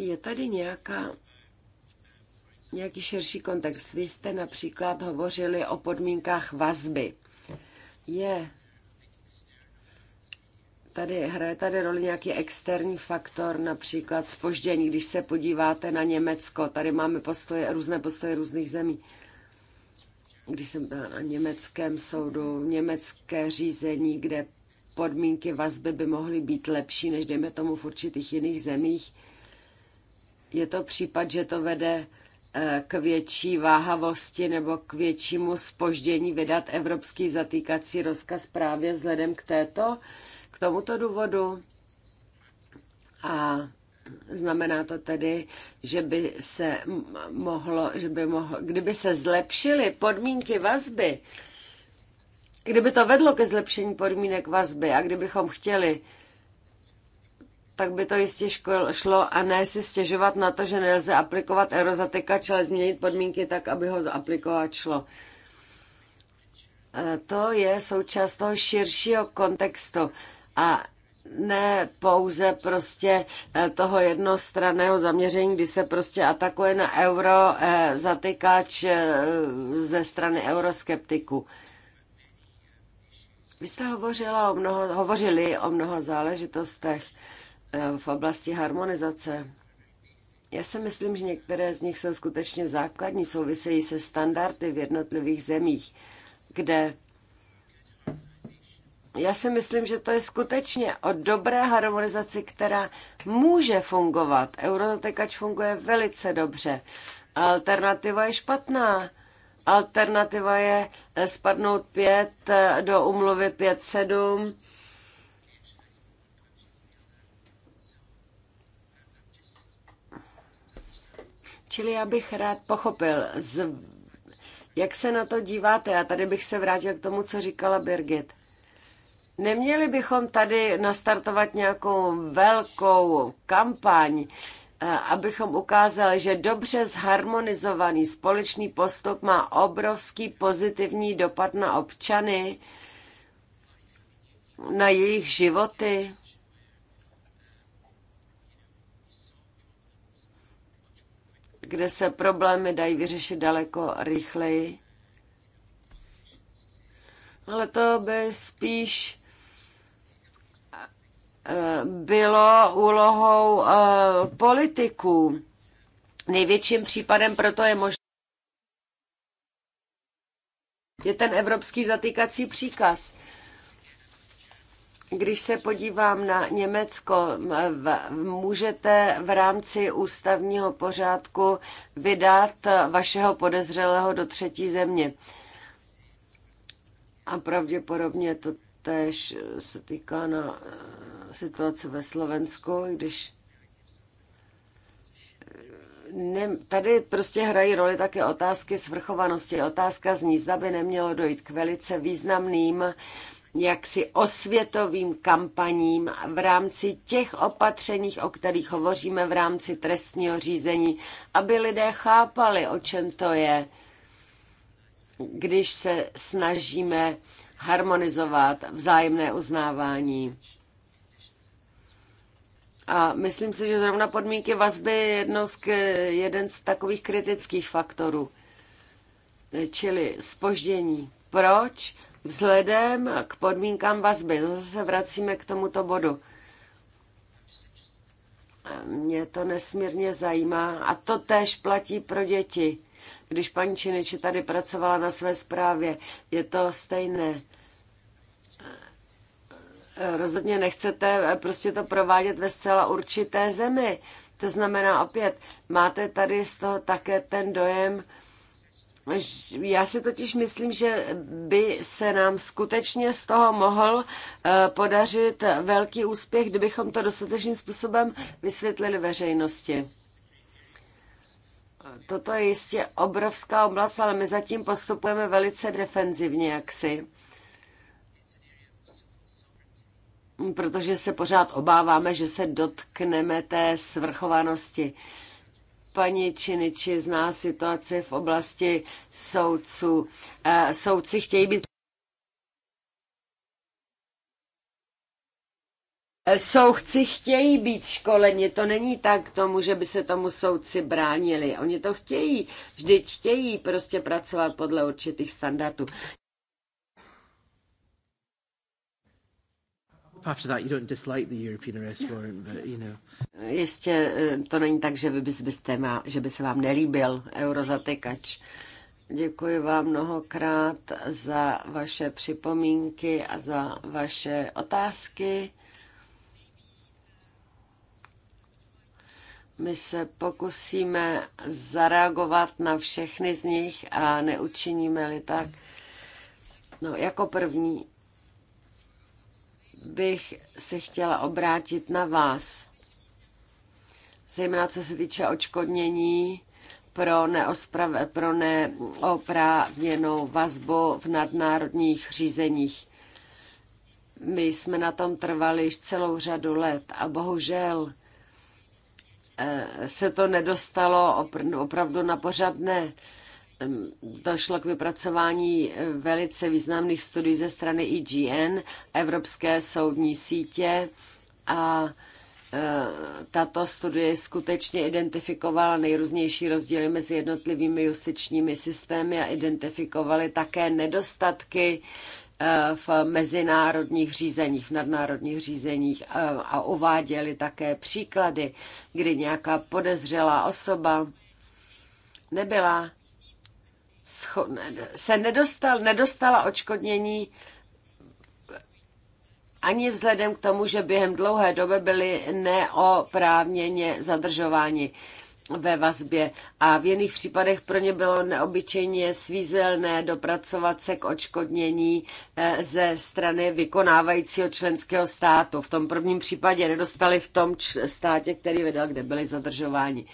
Je tady nějaká nějaký širší kontext. Vy jste například hovořili o podmínkách vazby. Je tady, hraje tady roli nějaký externí faktor, například spoždění, když se podíváte na Německo. Tady máme postoje, různé postoje různých zemí. Když jsem byla na německém soudu, německé řízení, kde podmínky vazby by mohly být lepší, než dejme tomu v určitých jiných zemích, je to případ, že to vede eh, k větší váhavosti nebo k většímu spoždění vydat evropský zatýkací rozkaz právě vzhledem k této, k tomuto důvodu. A Znamená to tedy, že by se mohlo, že by mohlo, kdyby se zlepšily podmínky vazby, kdyby to vedlo ke zlepšení podmínek vazby a kdybychom chtěli tak by to jistě šlo a ne si stěžovat na to, že nelze aplikovat eurozatykač, ale změnit podmínky tak, aby ho aplikovat šlo. E, to je součást toho širšího kontextu a ne pouze prostě e, toho jednostraného zaměření, kdy se prostě atakuje na euro e, zatykač ze strany euroskeptiku. Vy jste hovořila o mnoho, hovořili o mnoha záležitostech v oblasti harmonizace. Já si myslím, že některé z nich jsou skutečně základní, souvisejí se standardy v jednotlivých zemích, kde já si myslím, že to je skutečně o dobré harmonizaci, která může fungovat. Eurotekač funguje velice dobře. Alternativa je špatná. Alternativa je spadnout pět do umluvy 5-7 Čili já bych rád pochopil, z, jak se na to díváte. A tady bych se vrátil k tomu, co říkala Birgit. Neměli bychom tady nastartovat nějakou velkou kampaň, eh, abychom ukázali, že dobře zharmonizovaný společný postup má obrovský pozitivní dopad na občany, na jejich životy. kde se problémy dají vyřešit daleko rychleji. Ale to by spíš eh, bylo úlohou eh, politiků. Největším případem proto je možná je ten evropský zatýkací příkaz. Když se podívám na Německo, můžete v rámci ústavního pořádku vydat vašeho podezřelého do třetí země. A pravděpodobně to tež se týká na eh, situace ve Slovensku, když eh, ne, tady prostě hrají roli také otázky svrchovanosti. Otázka zní, zda by nemělo dojít k velice významným jaksi osvětovým kampaním v rámci těch opatřeních, o kterých hovoříme v rámci trestního řízení, aby lidé chápali, o čem to je, když se snažíme harmonizovat vzájemné uznávání. A myslím si, že zrovna podmínky vazby je jedno z, jeden z takových kritických faktorů, čili spoždění. Proč? Vzhledem k podmínkám vazby, no zase vracíme k tomuto bodu. Mě to nesmírně zajímá a to též platí pro děti. Když paní Činiči tady pracovala na své zprávě, je to stejné rozhodně nechcete prostě to provádět ve zcela určité zemi. To znamená opět, máte tady z toho také ten dojem, já si totiž myslím, že by se nám skutečně z toho mohl eh, podařit velký úspěch, kdybychom to dostatečným způsobem vysvětlili veřejnosti. Toto je jistě obrovská oblast, ale my zatím postupujeme velice defenzivně, jaksi. Protože se pořád obáváme, že se dotkneme té svrchovanosti. Uh, paní Činiči zná situaci v oblasti soudců. Eh, soudci chtějí být eh, Soudci chtějí být školeni, to není tak k tomu, že by se tomu soudci bránili. Oni to chtějí, vždyť chtějí prostě pracovat podle určitých standardů. after that you don't dislike the European arrest warrant, but you know. Jistě eh, to není tak, že, vy bys, byste má, že by se vám nelíbil eurozatykač. Děkuji vám mnohokrát za vaše připomínky a za vaše otázky. My se pokusíme zareagovat na všechny z nich a neučiníme-li tak. No, jako první bych se chtěla obrátit na vás, zejména co se týče očkodnění pro, neosprave, pro neoprávněnou vazbu v nadnárodních řízeních. My jsme na tom trvali již celou řadu let a bohužel eh, se to nedostalo opravdu na pořadné došlo k vypracování eh, velice významných studií ze strany IGN, Evropské soudní sítě a eh, tato studie skutečně identifikovala nejrůznější rozdíly mezi jednotlivými justičními systémy a identifikovaly také nedostatky eh, v mezinárodních řízeních, v nadnárodních řízeních a uváděli také příklady, kdy nějaká podezřelá osoba nebyla se nedostal, nedostala očkodnění ani vzhledem k tomu, že během dlouhé doby byli neoprávněně zadržováni ve vazbě a v jiných případech pro ně bylo neobyčejně svízelné dopracovat se k očkodnění eh, ze strany vykonávajícího členského státu. V tom prvním případě nedostali v tom státě, který vydal, kde byli zadržováni.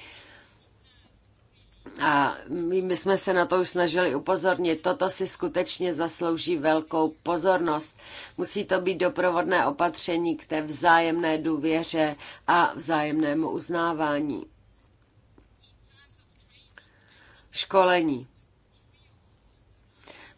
A my, my jsme se na to už snažili upozornit. Toto si skutečně zaslouží velkou pozornost. Musí to být doprovodné opatření k té vzájemné důvěře a vzájemnému uznávání. Školení.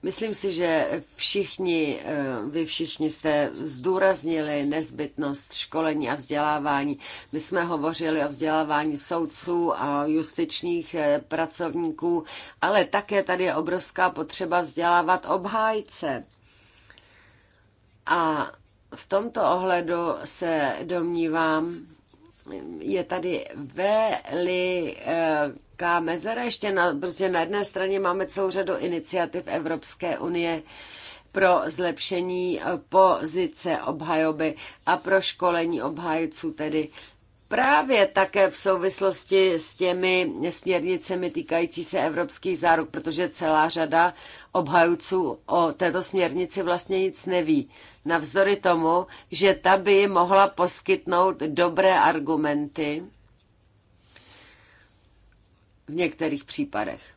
Myslím si, že všichni, eh, vy všichni jste zdůraznili nezbytnost školení a vzdělávání. My jsme hovořili o vzdělávání soudců a justičních eh, pracovníků, ale také tady je obrovská potřeba vzdělávat obhájce. A v tomto ohledu se domnívám, je tady veli eh, velká mezera. Ještě na, prostě na jedné straně máme celou řadu iniciativ Evropské unie, pro zlepšení eh, pozice obhajoby a pro školení obhájců tedy právě také v souvislosti s těmi směrnicemi týkající se evropských záruk, protože celá řada obhajců o této směrnici vlastně nic neví. Navzdory tomu, že ta by mohla poskytnout dobré argumenty, v některých případech.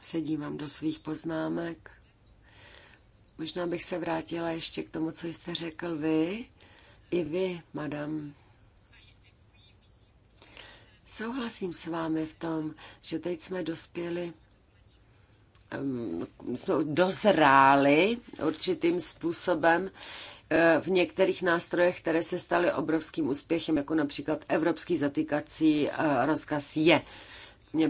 Sedím vám do svých poznámek. Možná bych se vrátila ještě k tomu, co jste řekl vy. I vy, madam. Souhlasím s vámi v tom, že teď jsme dospěli, jsme dozráli určitým způsobem v některých nástrojech, které se staly obrovským úspěchem, jako například Evropský zatýkací eh, rozkaz je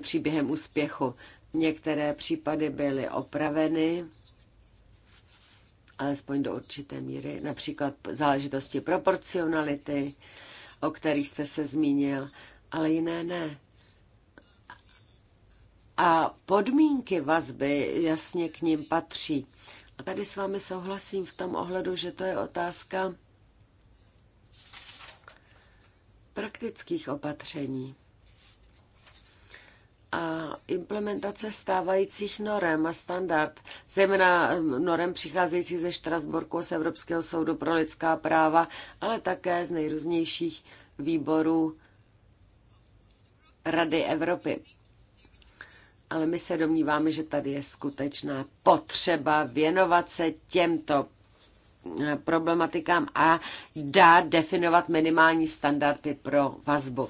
příběhem úspěchu. Některé případy byly opraveny, alespoň do určité míry, například záležitosti proporcionality, o kterých jste se zmínil, ale jiné ne. A podmínky vazby jasně k ním patří tady s vámi souhlasím v tom ohledu, že to je otázka praktických opatření a implementace stávajících norem a standard, zejména norem přicházející ze Štrasburku z Evropského soudu pro lidská práva, ale také z nejrůznějších výborů Rady Evropy ale my se domníváme, že tady je skutečná potřeba věnovat se těmto eh, problematikám a dá definovat minimální standardy pro vazbu.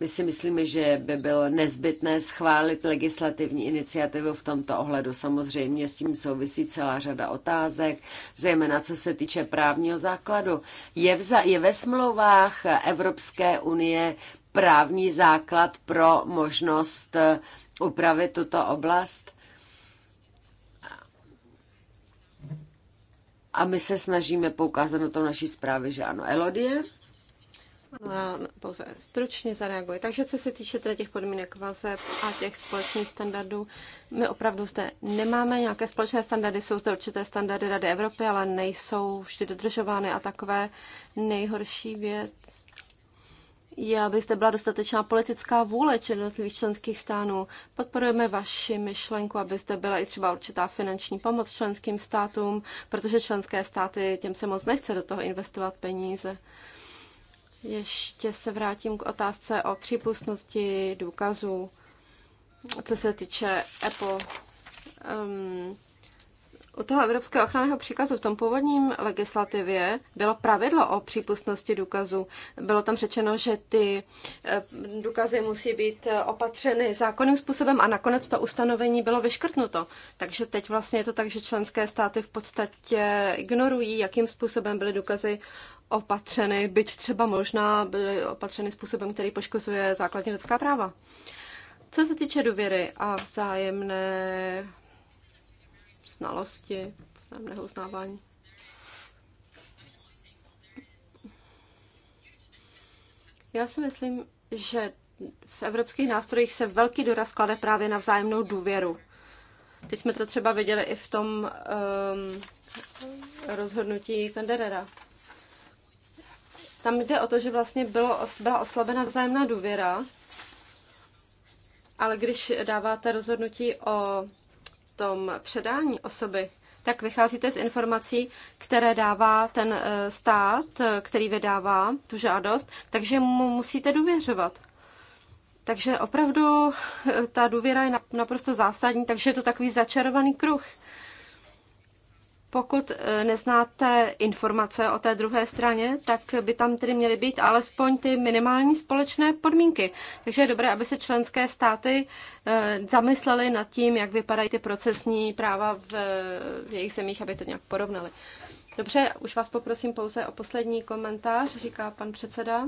My si myslíme, že by bylo nezbytné schválit legislativní iniciativu v tomto ohledu. Samozřejmě s tím souvisí celá řada otázek, zejména co se týče právního základu. Je, vza, je ve smlouvách Evropské unie právní základ pro možnost eh, upravit tuto oblast? A my se snažíme poukázat na to naší zprávě, že ano, Elodie. No, pouze stručně zareaguji. Takže co se týče těch podmínek vazeb a těch společných standardů, my opravdu zde nemáme nějaké společné standardy, jsou zde určité standardy Rady Evropy, ale nejsou vždy dodržovány a takové nejhorší věc je, aby zde byla dostatečná politická vůle jednotlivých členských stánů. Podporujeme vaši myšlenku, aby zde byla i třeba určitá finanční pomoc členským státům, protože členské státy těm se moc nechce do toho investovat peníze. Ještě se vrátím k otázce o přípustnosti důkazů, co se týče Apple. Um, u toho Evropského ochranného příkazu v tom původním legislativě bylo pravidlo o přípustnosti důkazu. Bylo tam řečeno, že ty eh, důkazy musí být eh, opatřeny zákonným způsobem a nakonec to ustanovení bylo vyškrtnuto. Takže teď vlastně je to tak, že členské státy v podstatě ignorují, jakým způsobem byly důkazy opatřeny, byť třeba možná byly opatřeny způsobem, který poškozuje základní lidská práva. Co se týče důvěry a vzájemné znalosti, vzájemného uznávání. Já si myslím, že v evropských nástrojích se velký důraz klade právě na vzájemnou důvěru. Teď jsme to třeba viděli i v tom um, rozhodnutí Kanderera. Tam jde o to, že vlastně bylo, byla oslabena vzájemná důvěra, ale když dáváte rozhodnutí o tom předání osoby, tak vycházíte z informací, které dává ten eh, stát, eh, který vydává tu žádost, takže mu musíte důvěřovat. Takže opravdu eh, ta důvěra je naprosto zásadní, takže je to takový začarovaný kruh. Pokud e, neznáte informace o té druhé straně, tak by tam tedy měly být alespoň ty minimální společné podmínky. Takže je dobré, aby se členské státy e, zamyslely nad tím, jak vypadají ty procesní práva v, jejich zemích, aby to nějak porovnali. Dobře, už vás poprosím pouze o poslední komentář, říká pan předseda.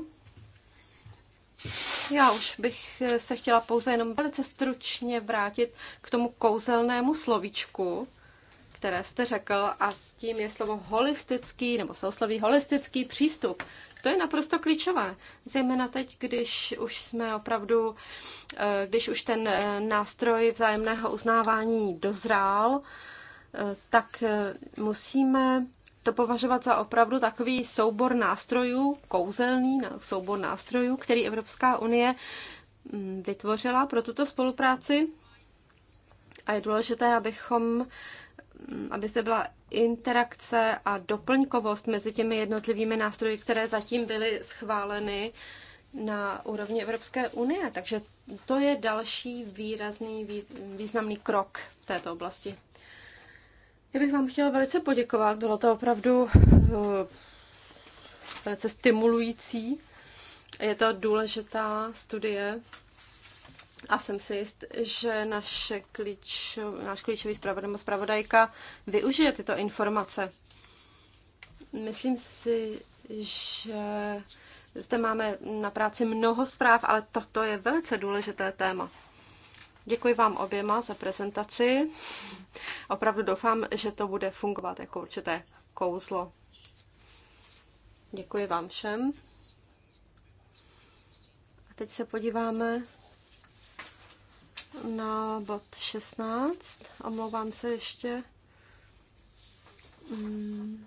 Já už bych e, se chtěla pouze jenom velice stručně vrátit k tomu kouzelnému slovíčku, které jste řekl, a tím je slovo holistický nebo sousloví holistický přístup. To je naprosto klíčové, zejména teď, když už jsme opravdu, eh, když už ten eh, nástroj vzájemného uznávání dozrál, eh, tak musíme to považovat za opravdu takový soubor nástrojů, kouzelný soubor nástrojů, který Evropská unie mm, vytvořila pro tuto spolupráci. A je důležité, abychom aby se byla interakce a doplňkovost mezi těmi jednotlivými nástroji, které zatím byly schváleny na úrovni Evropské unie. Takže to je další výrazný, významný krok v této oblasti. Já bych vám chtěla velice poděkovat, bylo to opravdu eh, velice stimulující. Je to důležitá studie, a jsem si jist, že naše klíč, náš klíčový zpravodaj nebo zpravodajka využije tyto informace. Myslím si, že zde máme na práci mnoho zpráv, ale toto je velice důležité téma. Děkuji vám oběma za prezentaci. Opravdu doufám, že to bude fungovat jako určité kouzlo. Děkuji vám všem. A teď se podíváme na bod 16. Omlouvám se ještě. Hmm.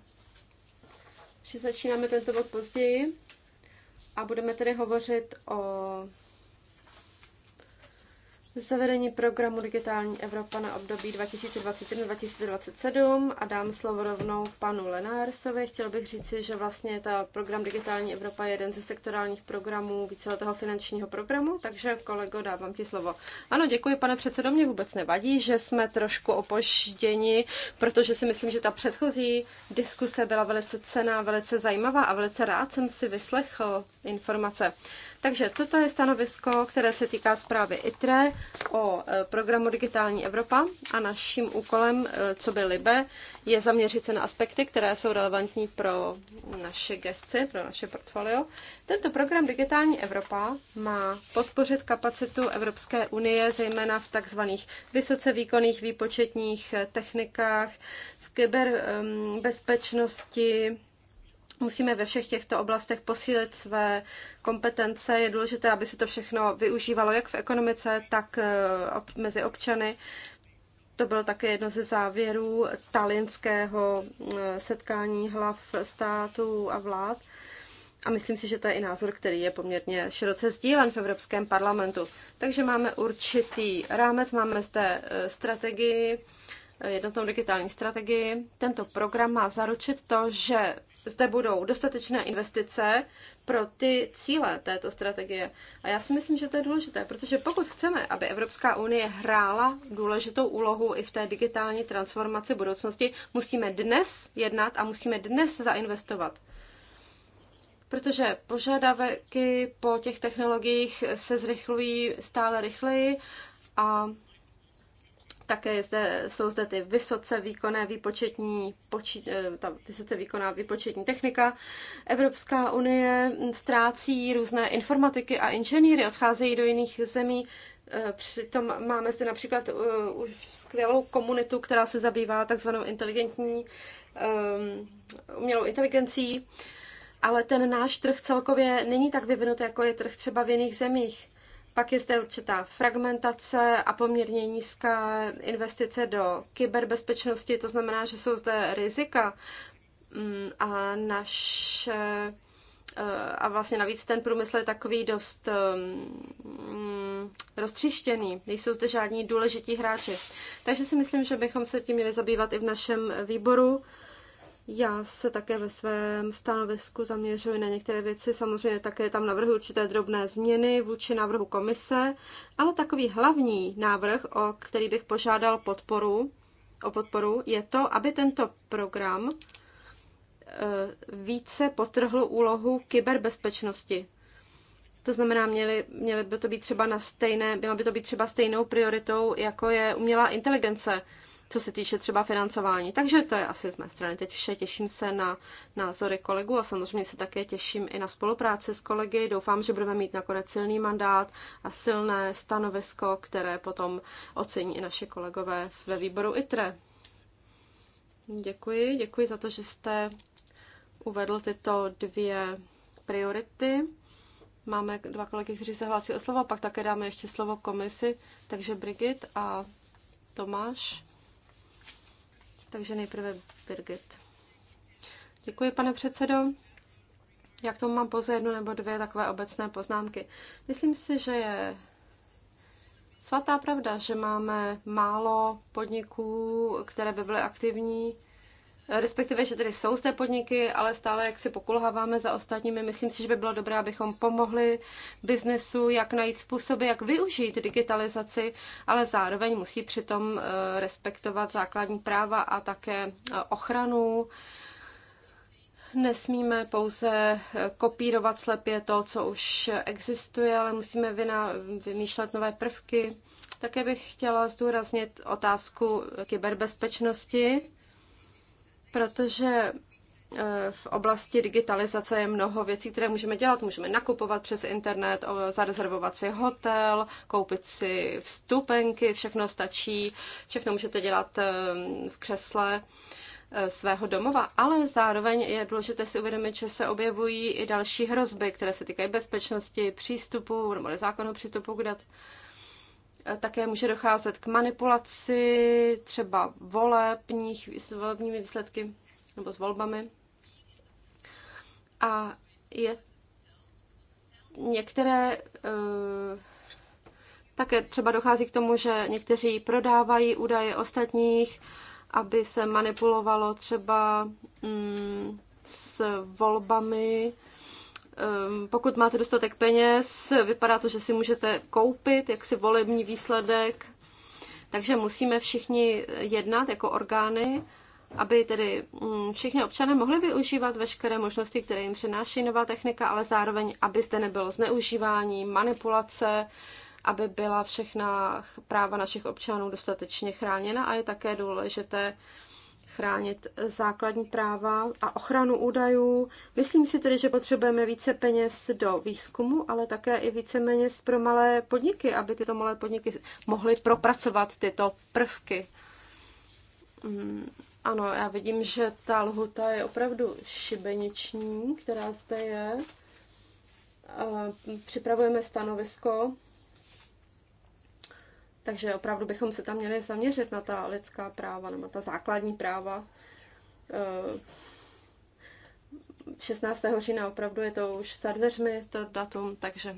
Že začínáme tento bod později a budeme tedy hovořit o zavedení programu Digitální Evropa na období 2021-2027 a dám slovo rovnou panu Lenársovi. Chtěl bych říci, že vlastně ta program Digitální Evropa je jeden ze sektorálních programů víceletého finančního programu, takže kolego, dávám ti slovo. Ano, děkuji, pane předsedo, mě vůbec nevadí, že jsme trošku opožděni, protože si myslím, že ta předchozí diskuse byla velice cená, velice zajímavá a velice rád jsem si vyslechl informace. Takže toto je stanovisko, které se týká zprávy ITRE o e, programu Digitální Evropa a naším úkolem, e, co by Libe, je zaměřit se na aspekty, které jsou relevantní pro naše gesci, pro naše portfolio. Tento program Digitální Evropa má podpořit kapacitu Evropské unie, zejména v takzvaných vysoce výkonných výpočetních e, technikách, v kyberbezpečnosti, Musíme ve všech těchto oblastech posílit své kompetence. Je důležité, aby se to všechno využívalo jak v ekonomice, tak eh, mezi občany. To bylo také jedno ze závěrů talinského eh, setkání hlav států a vlád. A myslím si, že to je i názor, který je poměrně široce sdílen v Evropském parlamentu. Takže máme určitý rámec, máme zde eh, strategii, jednotnou digitální strategii. Tento program má zaručit to, že zde budou dostatečné investice pro ty cíle této strategie. A já si myslím, že to je důležité, protože pokud chceme, aby Evropská unie hrála důležitou úlohu i v té digitální transformaci budoucnosti, musíme dnes jednat a musíme dnes zainvestovat protože požadavky po těch technologiích se zrychlují stále rychleji a také zde, jsou zde ty vysoce výkonné výpočetní, poči, eh, ta vysoce výkonná výpočetní technika. Evropská unie ztrácí různé informatiky a inženýry, odcházejí do jiných zemí. Eh, přitom máme zde například eh, už skvělou komunitu, která se zabývá takzvanou inteligentní umělou inteligencí, ale ten náš trh celkově není tak vyvinut, jako je trh třeba v jiných zemích. Pak je zde určitá fragmentace a poměrně nízká investice do kyberbezpečnosti, to znamená, že jsou zde rizika mm, a naš eh, a vlastně navíc ten průmysl je takový dost eh, mm, roztřištěný, nejsou zde žádní důležití hráči. Takže si myslím, že bychom se tím měli zabývat i v našem výboru já se také ve svém stanovisku zaměřuji na některé věci. Samozřejmě také tam navrhu určité drobné změny vůči návrhu komise, ale takový hlavní návrh, o který bych požádal podporu, o podporu, je to, aby tento program eh, více potrhl úlohu kyberbezpečnosti. To znamená, měly, měly by to být třeba na stejné, měla by to být třeba stejnou prioritou, jako je umělá inteligence co se týče třeba financování. Takže to je asi z mé strany teď vše. Těším se na názory kolegů a samozřejmě se také těším i na spolupráci s kolegy. Doufám, že budeme mít nakonec silný mandát a silné stanovisko, které potom ocení i naše kolegové ve výboru ITRE. Děkuji, děkuji za to, že jste uvedl tyto dvě priority. Máme dva kolegy, kteří se hlásí o slovo, pak také dáme ještě slovo komisi. Takže Brigit a Tomáš. Takže nejprve Birgit. Děkuji, pane předsedo. Já k tomu mám pouze jednu nebo dvě takové obecné poznámky. Myslím si, že je svatá pravda, že máme málo podniků, které by byly aktivní respektive, že tady jsou zde podniky, ale stále jak si pokulháváme za ostatními. Myslím si, že by bylo dobré, abychom pomohli biznesu, jak najít způsoby, jak využít digitalizaci, ale zároveň musí přitom eh, respektovat základní práva a také eh, ochranu. Nesmíme pouze eh, kopírovat slepě to, co už existuje, ale musíme vymýšlet nové prvky. Také bych chtěla zdůraznit otázku kyberbezpečnosti protože eh, v oblasti digitalizace je mnoho věcí, které můžeme dělat. Můžeme nakupovat přes internet, zarezervovat si hotel, koupit si vstupenky, všechno stačí, všechno můžete dělat eh, v křesle eh, svého domova, ale zároveň je důležité si uvědomit, že se objevují i další hrozby, které se týkají bezpečnosti, přístupu nebo nezákonného přístupu k datům. Také může docházet k manipulaci třeba volebních, s volebními výsledky nebo s volbami. A je některé eh, také třeba dochází k tomu, že někteří prodávají údaje ostatních, aby se manipulovalo třeba mm, s volbami Ehm, pokud máte dostatek peněz, vypadá to, že si můžete koupit jaksi volební výsledek. Takže musíme všichni jednat jako orgány, aby tedy mm, všichni občané mohli využívat veškeré možnosti, které jim přináší nová technika, ale zároveň, aby zde nebylo zneužívání, manipulace, aby byla všechna práva našich občanů dostatečně chráněna a je také důležité, chránit základní práva a ochranu údajů. Myslím si tedy, že potřebujeme více peněz do výzkumu, ale také i více peněz pro malé podniky, aby tyto malé podniky mohly propracovat tyto prvky. Mm, ano, já vidím, že ta lhuta je opravdu šibeniční, která zde je. Připravujeme stanovisko takže opravdu bychom se tam měli zaměřit na ta lidská práva, na ta základní práva. Eh, 16. října opravdu je to už za dveřmi, to datum, takže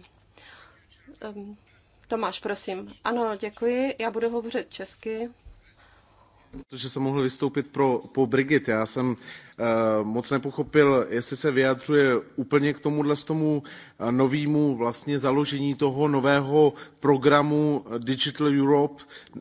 ehm, Tomáš, prosím. Ano, děkuji. Já budu hovořit česky. Protože jsem mohl vystoupit pro, po Brigit. Já jsem uh, moc nepochopil, jestli se vyjadřuje úplně k tomuhle z tomu eh, novému vlastně založení toho nového programu Digital Europe uh,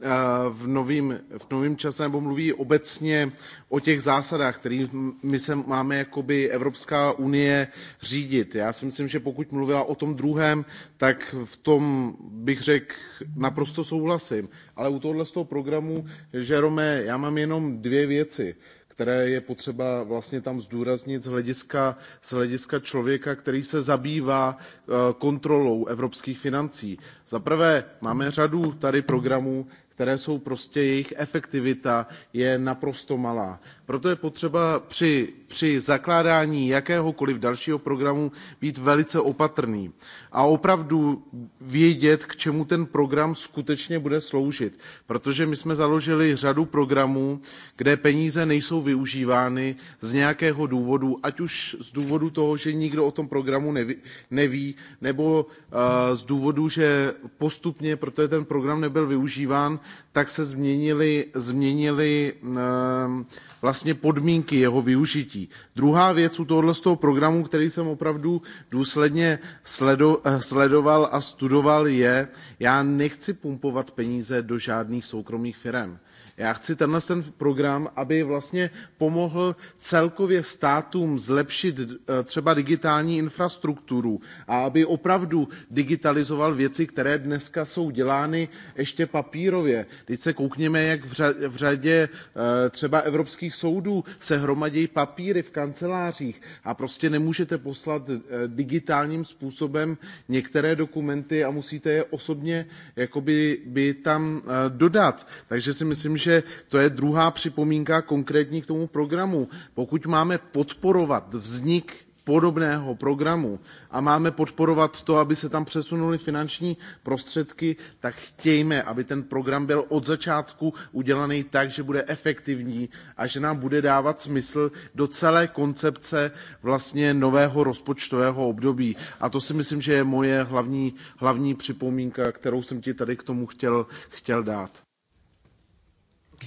v novém v novým čase, nebo mluví obecně o těch zásadách, které my se máme jakoby Evropská unie řídit. Já si myslím, že pokud mluvila o tom druhém, tak v tom bych řekl naprosto souhlasím. Ale u tohohle z toho programu, Žerome, já mám jenom dvě věci které je potřeba vlastně tam zdůraznit z hlediska, z hlediska člověka, který se zabývá eh, kontrolou evropských financí. Za prvé, máme řadu tady programů, které jsou prostě jejich efektivita je naprosto malá. Proto je potřeba při, při zakládání jakéhokoliv dalšího programu být velice opatrný a opravdu vědět, k čemu ten program skutečně bude sloužit. Protože my jsme založili řadu programů, kde peníze nejsou využívány z nějakého důvodu, ať už z důvodu toho, že nikdo o tom programu neví, neví nebo uh, z důvodu, že postupně, protože ten program nebyl využíván, tak se změnily, změnily ehm, vlastně podmínky jeho využití. Druhá věc u tohoto z toho programu, který jsem opravdu důsledně sledo, eh, sledoval a studoval, je, já nechci pumpovat peníze do žádných soukromých firm. Já chci tenhle ten program, aby vlastně pomohl celkově státům zlepšit eh, třeba digitální infrastrukturu a aby opravdu digitalizoval věci, které dneska jsou dělány ještě papírově. Teď se koukněme, jak v řadě eh, třeba evropských soudů se hromadí papíry v kancelářích a prostě nemůžete poslat eh, digitálním způsobem některé dokumenty a musíte je osobně jakoby by tam dodat. Takže si myslím, že že to je druhá připomínka konkrétní k tomu programu. Pokud máme podporovat vznik podobného programu a máme podporovat to, aby se tam přesunuly finanční prostředky, tak chtějme, aby ten program byl od začátku udělaný tak, že bude efektivní a že nám bude dávat smysl do celé koncepce vlastně nového rozpočtového období. A to si myslím, že je moje hlavní, hlavní připomínka, kterou jsem ti tady k tomu chtěl, chtěl dát.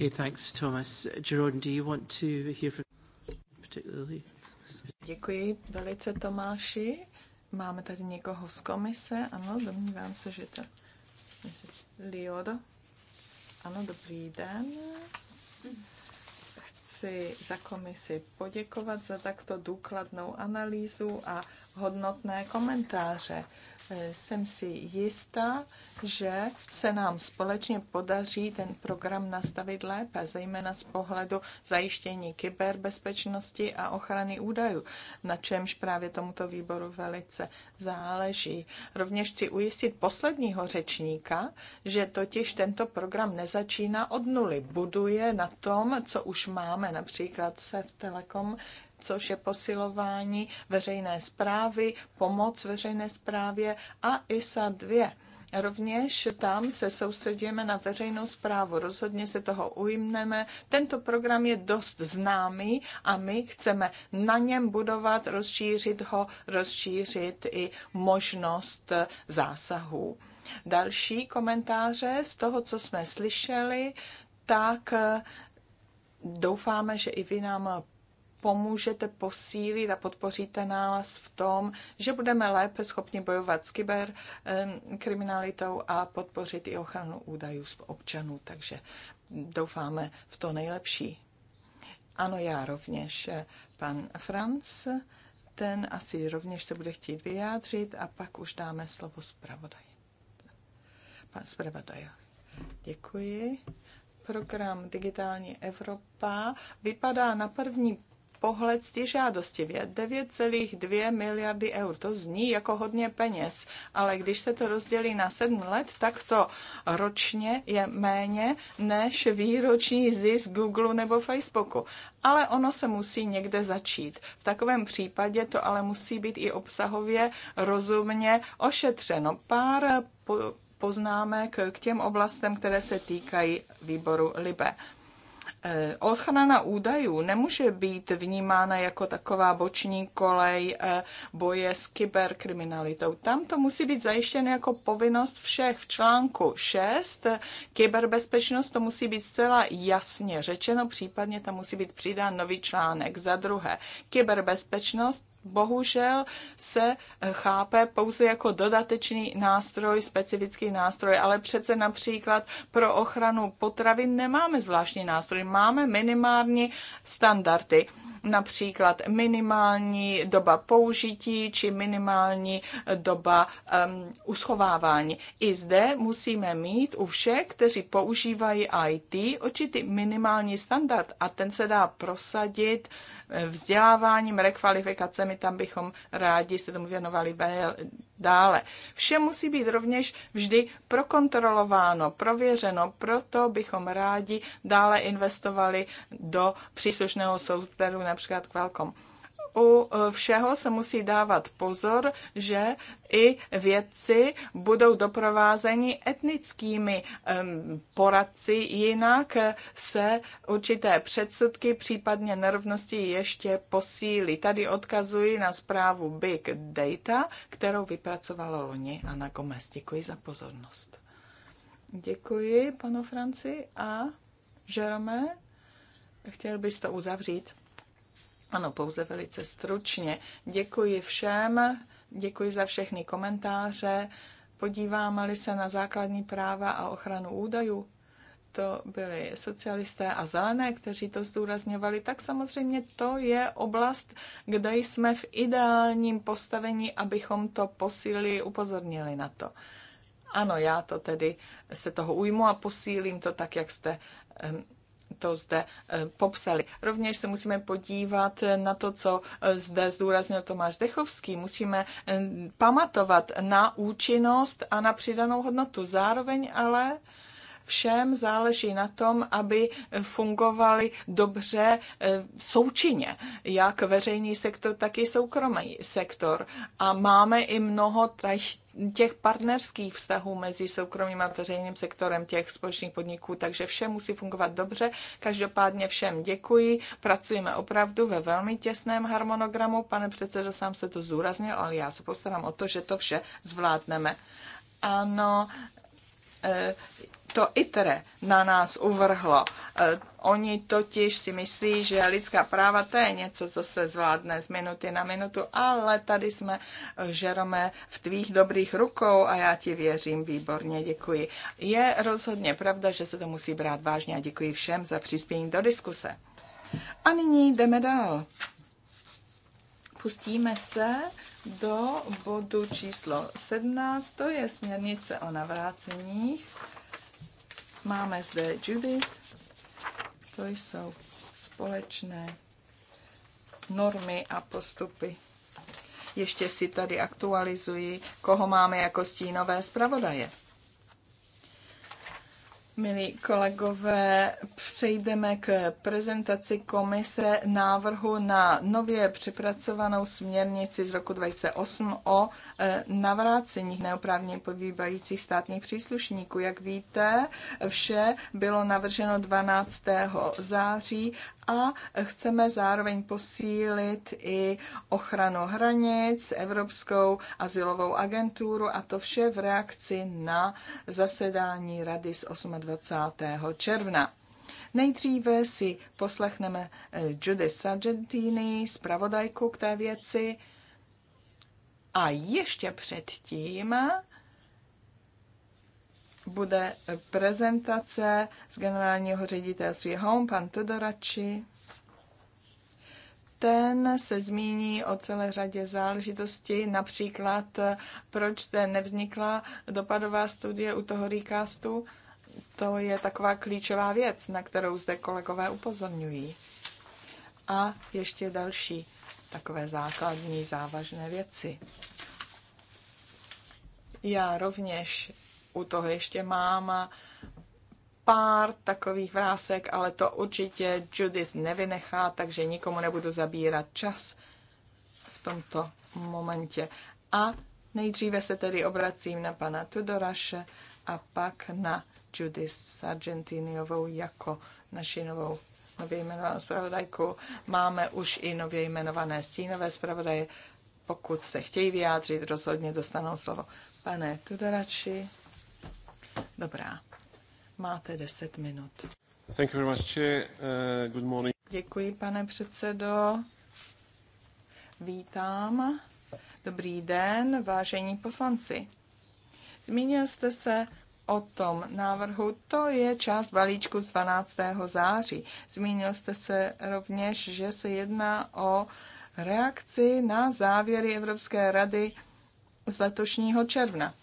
Okay, thanks, Thomas. Jerome, do you want to hear from particularly? Děkuji velice, Tomáši. Máme tady někoho z komise. Ano, domnívám se, že to je Liodo. Ano, dobrý den. Chci za komisi poděkovat za takto důkladnou analýzu a hodnotné komentáře. E, jsem si jistá, že se nám společně podaří ten program nastavit lépe, zejména z pohledu zajištění kyberbezpečnosti a ochrany údajů, na čemž právě tomuto výboru velice záleží. Rovněž chci ujistit posledního řečníka, že totiž tento program nezačíná od nuly, buduje na tom, co už máme, například se v Telekom což je posilování veřejné zprávy, pomoc veřejné zprávě a ISA 2. Rovněž tam se soustředíme na veřejnou zprávu, rozhodně se toho ujmneme. Tento program je dost známý a my chceme na něm budovat, rozšířit ho, rozšířit i možnost zásahů. Další komentáře z toho, co jsme slyšeli, tak doufáme, že i vy nám pomůžete posílit a podpoříte nás v tom, že budeme lépe schopni bojovat s kyberkriminalitou a podpořit i ochranu údajů z občanů. Takže doufáme v to nejlepší. Ano, já rovněž. Eh, pan Franz, ten asi rovněž se bude chtít vyjádřit a pak už dáme slovo zpravodaj. Pan zpravodaj. Děkuji program Digitální Evropa vypadá na první pohled žádostivě 9,2 miliardy eur. To zní jako hodně peněz, ale když se to rozdělí na 7 let, tak to ročně je méně než výroční zisk Google nebo Facebooku. Ale ono se musí někde začít. V takovém případě to ale musí být i obsahově rozumně ošetřeno. Pár poznámek k těm oblastem, které se týkají výboru Libe Eh, ochrana údajů nemůže být vnímána jako taková boční kolej eh, boje s kyberkriminalitou. Tam to musí být zajištěno jako povinnost všech. V článku 6 eh, kyberbezpečnost to musí být zcela jasně řečeno, případně tam musí být přidán nový článek. Za druhé, kyberbezpečnost bohužel se eh, chápe pouze jako dodatečný nástroj, specifický nástroj, ale přece například pro ochranu potravin nemáme zvláštní nástroj, máme minimální standardy například minimální doba použití či minimální eh, doba um, uschovávání. I zde musíme mít u všech, kteří používají IT, určitý minimální standard a ten se dá prosadit uh, vzděláváním, rekvalifikacemi, tam bychom rádi se tomu věnovali dále. Vše musí být rovněž vždy prokontrolováno, prověřeno, proto bychom rádi dále investovali do příslušného softwaru, například Qualcomm u e, všeho se musí dávat pozor, že i vědci budou doprovázeni etnickými poradci, jinak se určité předsudky, případně nerovnosti ještě posílí. Tady odkazuji na zprávu Big Data, kterou vypracovala loni Ana Gomez. Děkuji za pozornost. Děkuji, panu Franci. A Jerome, chtěl bys to uzavřít? Ano, pouze velice stručně. Děkuji všem, děkuji za všechny komentáře. Podíváme-li se na základní práva a ochranu údajů, to byli socialisté a zelené, kteří to zdůrazňovali, tak samozřejmě to je oblast, kde jsme v ideálním postavení, abychom to posílili, upozornili na to. Ano, já to tedy se toho ujmu a posílím to tak, jak jste um, to zde eh, popsali. Rovněž se musíme podívat eh, na to, co eh, zde zdůraznil Tomáš Dechovský. Musíme pamatovat na účinnost a na přidanou hodnotu. Zároveň ale všem záleží na tom, aby fungovali dobře součinně, jak veřejný sektor, tak i soukromý sektor. A máme i mnoho těch, těch partnerských vztahů mezi soukromým a veřejným sektorem těch společných podniků, takže vše musí fungovat dobře. Každopádně všem děkuji, pracujeme opravdu ve velmi těsném harmonogramu. Pane předsedo, sám se to zúraznil, ale já se postarám o to, že to vše zvládneme. Ano, eh, to ITRE na nás uvrhlo. E, oni totiž si myslí, že lidská práva to je něco, co se zvládne z minuty na minutu, ale tady jsme, e, Žerome, v tvých dobrých rukou a já ti věřím, výborně, děkuji. Je rozhodně pravda, že se to musí brát vážně a děkuji všem za přispění do diskuse. A nyní jdeme dál. Pustíme se do bodu číslo 17, to je směrnice o navráceních Máme zde Juvis, to jsou společné normy a postupy. Ještě si tady aktualizuji, koho máme jako stínové zpravodaje. Milí kolegové, přejdeme k prezentaci komise návrhu na nově připracovanou směrnici z roku 2008 o e, navrácení neoprávně pobývajících státních příslušníků. Jak víte, vše bylo navrženo 12. září a chceme zároveň posílit i ochranu hranic, Evropskou asilovou agenturu a to vše v reakci na zasedání Rady z 28. 21. června. Nejdříve si poslechneme eh, Judy Sargentini, zpravodajku k té věci. A ještě předtím bude prezentace z generálního ředitelství Home, pan Tudorači. Ten se zmíní o celé řadě záležitostí, například eh, proč zde nevznikla dopadová studie u toho recastu to je taková klíčová věc, na kterou zde kolegové upozorňují. A ještě další takové základní závažné věci. Já rovněž u toho ještě mám pár takových vrásek, ale to určitě Judith nevynechá, takže nikomu nebudu zabírat čas v tomto momentě. A nejdříve se tedy obracím na pana Tudoraše a pak na Judith Sargentiniovou jako naši novou nově jmenovanou zpravodajku. Máme už i nově jmenované stínové zpravodaje. Pokud se chtějí vyjádřit, rozhodně dostanou slovo. Pane Tudorači, dobrá, máte 10 minut. Thank you very much, Chair. Uh, good morning. Děkuji, pane předsedo. Vítám. Dobrý den, vážení poslanci. Zmínil jste se o tom návrhu, to je část balíčku z 12. září. Zmínil jste se rovněž, že se jedná o reakci na závěry Evropské rady z letošního června.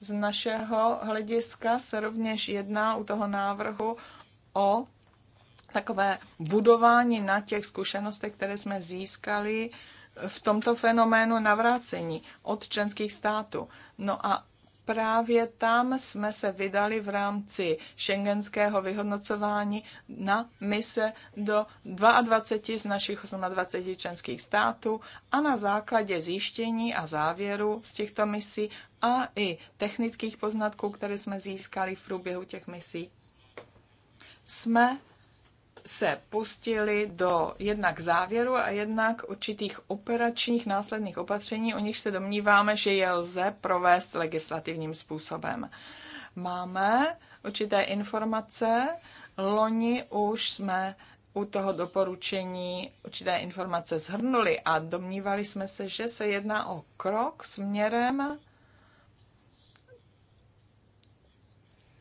Z našeho hlediska se rovněž jedná u toho návrhu o takové budování na těch zkušenostech, které jsme získali v tomto fenoménu navrácení od členských států. No a právě tam jsme se vydali v rámci šengenského vyhodnocování na mise do 22 z našich 28 členských států a na základě zjištění a závěru z těchto misí a i technických poznatků, které jsme získali v průběhu těch misí, jsme se pustili do jednak závěru a jednak určitých operačních následných opatření, o nich se domníváme, že je lze provést legislativním způsobem. Máme určité informace, loni už jsme u toho doporučení určité informace zhrnuli a domnívali jsme se, že se jedná o krok směrem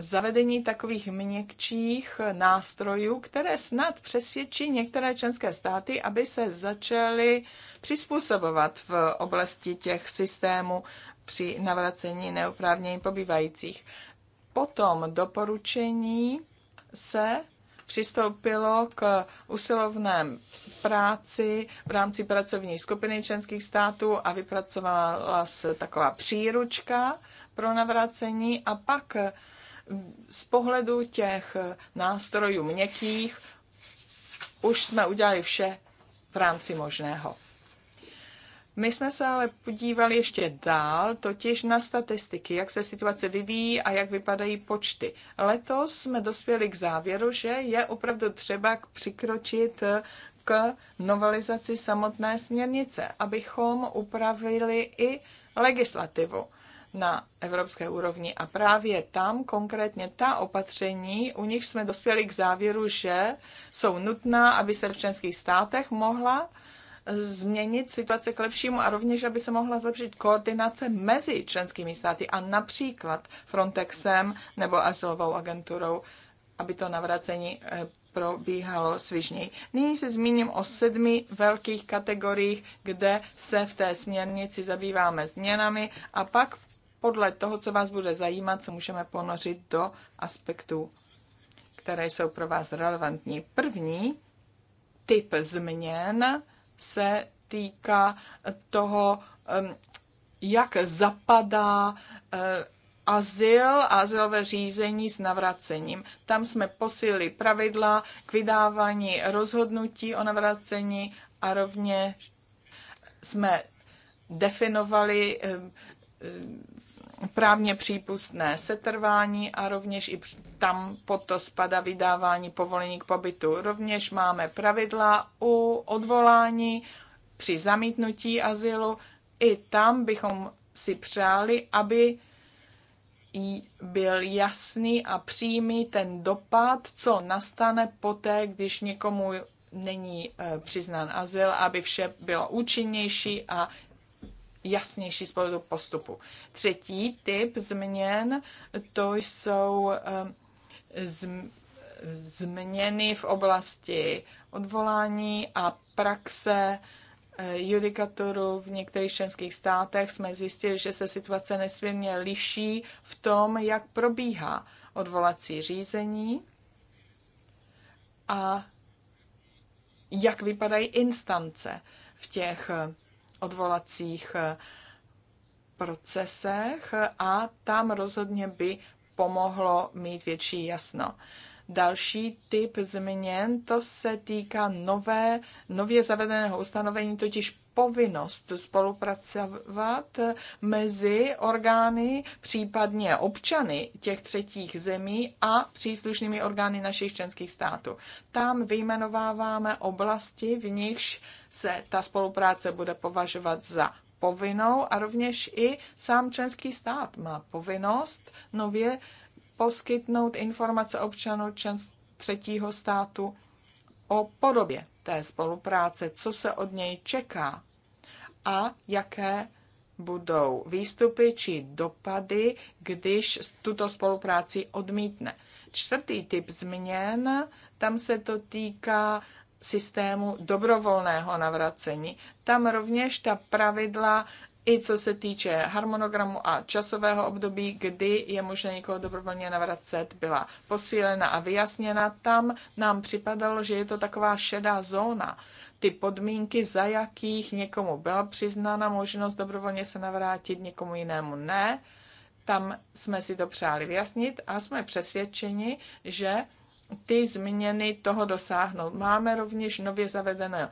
zavedení takových měkčích nástrojů, které snad přesvědčí některé členské státy, aby se začaly přizpůsobovat v oblasti těch systémů při navracení neoprávněně pobývajících. Potom doporučení se přistoupilo k usilovné práci v rámci pracovní skupiny členských států a vypracovala se taková příručka pro navracení a pak z pohledu těch nástrojů měkkých už jsme udělali vše v rámci možného. My jsme se ale podívali ještě dál, totiž na statistiky, jak se situace vyvíjí a jak vypadají počty. Letos jsme dospěli k závěru, že je opravdu třeba přikročit k novelizaci samotné směrnice, abychom upravili i legislativu na evropské úrovni. A právě tam konkrétně ta opatření, u nich jsme dospěli k závěru, že jsou nutná, aby se v členských státech mohla změnit situace k lepšímu a rovněž, aby se mohla zlepšit koordinace mezi členskými státy a například Frontexem nebo asilovou agenturou, aby to navracení eh, probíhalo svižněji. Nyní se zmíním o sedmi velkých kategoriích, kde se v té směrnici zabýváme změnami a pak podle toho, co vás bude zajímat, co můžeme ponořit do aspektů, které jsou pro vás relevantní. První typ změn se týká toho, jak zapadá eh, azyl a azylové řízení s navracením. Tam jsme posílili pravidla k vydávání rozhodnutí o navracení a rovně jsme definovali právně přípustné setrvání a rovněž i tam pod to spada vydávání povolení k pobytu. Rovněž máme pravidla u odvolání při zamítnutí azylu. I tam bychom si přáli, aby byl jasný a přímý ten dopad, co nastane poté, když někomu není e, přiznán azyl, aby vše bylo účinnější a jasnější pohledu postupu. Třetí typ změn to jsou ehm, změny v oblasti odvolání a praxe eh, judikaturu v některých členských státech jsme zjistili, že se situace nesmírně liší v tom, jak probíhá odvolací řízení a jak vypadají instance v těch odvolacích eh, procesech a tam rozhodně by pomohlo mít větší jasno. Další typ změn, to se týká nové, nově zavedeného ustanovení, totiž povinnost spolupracovat mezi orgány, případně občany těch třetích zemí a příslušnými orgány našich členských států. Tam vyjmenováváme oblasti, v nichž se ta spolupráce bude považovat za povinnou a rovněž i sám členský stát má povinnost nově poskytnout informace občanů třetího státu o podobě té spolupráce, co se od něj čeká a jaké budou výstupy či dopady, když tuto spolupráci odmítne. Čtvrtý typ změn, tam se to týká systému dobrovolného navracení. Tam rovněž ta pravidla, i co se týče harmonogramu a časového období, kdy je možné někoho dobrovolně navracet, byla posílena a vyjasněna. Tam nám připadalo, že je to taková šedá zóna ty podmínky, za jakých někomu byla přiznána možnost dobrovolně se navrátit, někomu jinému ne. Tam jsme si to přáli vyjasnit a jsme přesvědčeni, že ty změny toho dosáhnout. Máme rovněž nově zavedené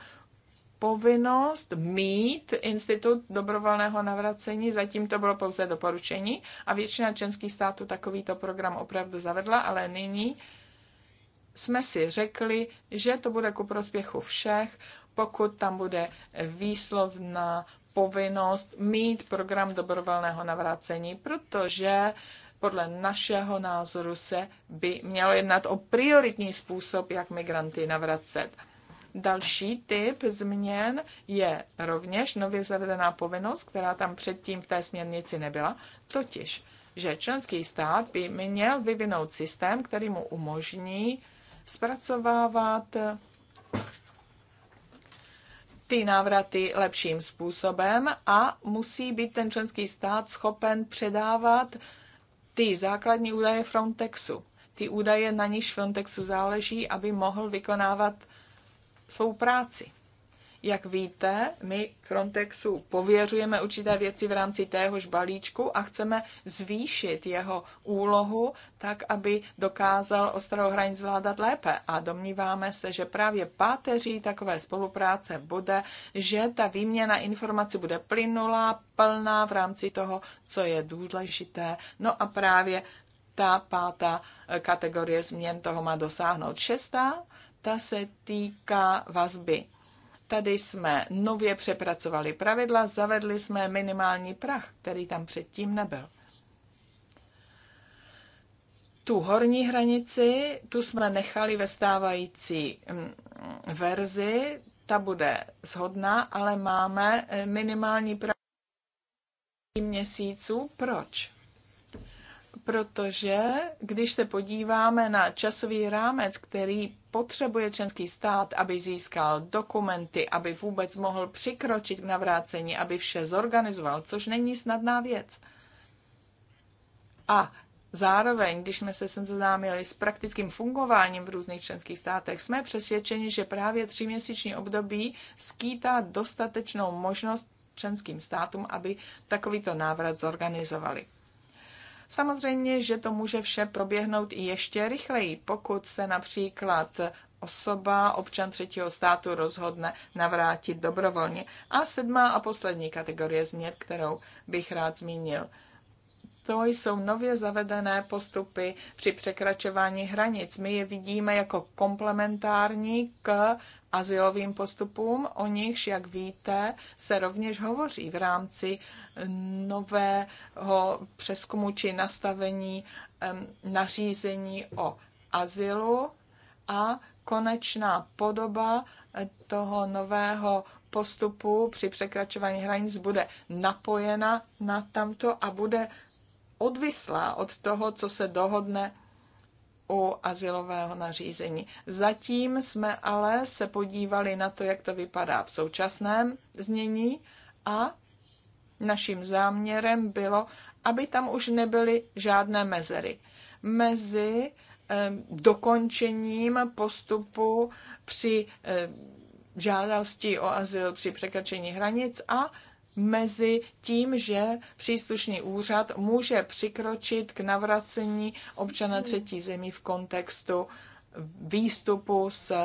povinnost mít institut dobrovolného navracení, zatím to bylo pouze doporučení a většina členských států takovýto program opravdu zavedla, ale nyní jsme si řekli, že to bude ku prospěchu všech, pokud tam bude výslovná povinnost mít program dobrovolného navrácení, protože podle našeho názoru se by mělo jednat o prioritní způsob, jak migranty navracet. Další typ změn je rovněž nově zavedená povinnost, která tam předtím v té směrnici nebyla, totiž, že členský stát by měl vyvinout systém, který mu umožní zpracovávat ty návraty lepším způsobem a musí být ten členský stát schopen předávat ty základní údaje Frontexu. Ty údaje, na níž Frontexu záleží, aby mohl vykonávat svou práci. Jak víte, my Frontexu pověřujeme určité věci v rámci téhož balíčku a chceme zvýšit jeho úlohu tak, aby dokázal ostrou hranic zvládat lépe. A domníváme se, že právě páteří takové spolupráce bude, že ta výměna informací bude plynulá, plná v rámci toho, co je důležité. No a právě ta pátá kategorie změn toho má dosáhnout. Šestá, ta se týká vazby Tady jsme nově přepracovali pravidla, zavedli jsme minimální prach, který tam předtím nebyl. Tu horní hranici, tu jsme nechali ve stávající mm, verzi, ta bude shodná, ale máme eh, minimální prach měsíců. Proč? protože když se podíváme na časový rámec, který potřebuje členský stát, aby získal dokumenty, aby vůbec mohl přikročit k navrácení, aby vše zorganizoval, což není snadná věc. A zároveň, když jsme se seznámili s praktickým fungováním v různých členských státech, jsme přesvědčeni, že právě tříměsíční období skýtá dostatečnou možnost členským státům, aby takovýto návrat zorganizovali. Samozřejmě, že to může vše proběhnout i ještě rychleji, pokud se například osoba, občan třetího státu rozhodne navrátit dobrovolně. A sedmá a poslední kategorie změn, kterou bych rád zmínil. To jsou nově zavedené postupy při překračování hranic. My je vidíme jako komplementární k azylovým postupům, o nichž, jak víte, se rovněž hovoří v rámci nového přeskumu či nastavení nařízení o azylu a konečná podoba eh, toho nového postupu při překračování hranic bude napojena na tamto a bude odvislá od toho, co se dohodne u asilového nařízení. Zatím jsme ale se podívali na to, jak to vypadá v současném znění a naším záměrem bylo, aby tam už nebyly žádné mezery. Mezi dokončením postupu při žádosti o azyl při překračení hranic a mezi tím, že příslušný úřad může přikročit k navracení občana třetí zemí v kontextu výstupu s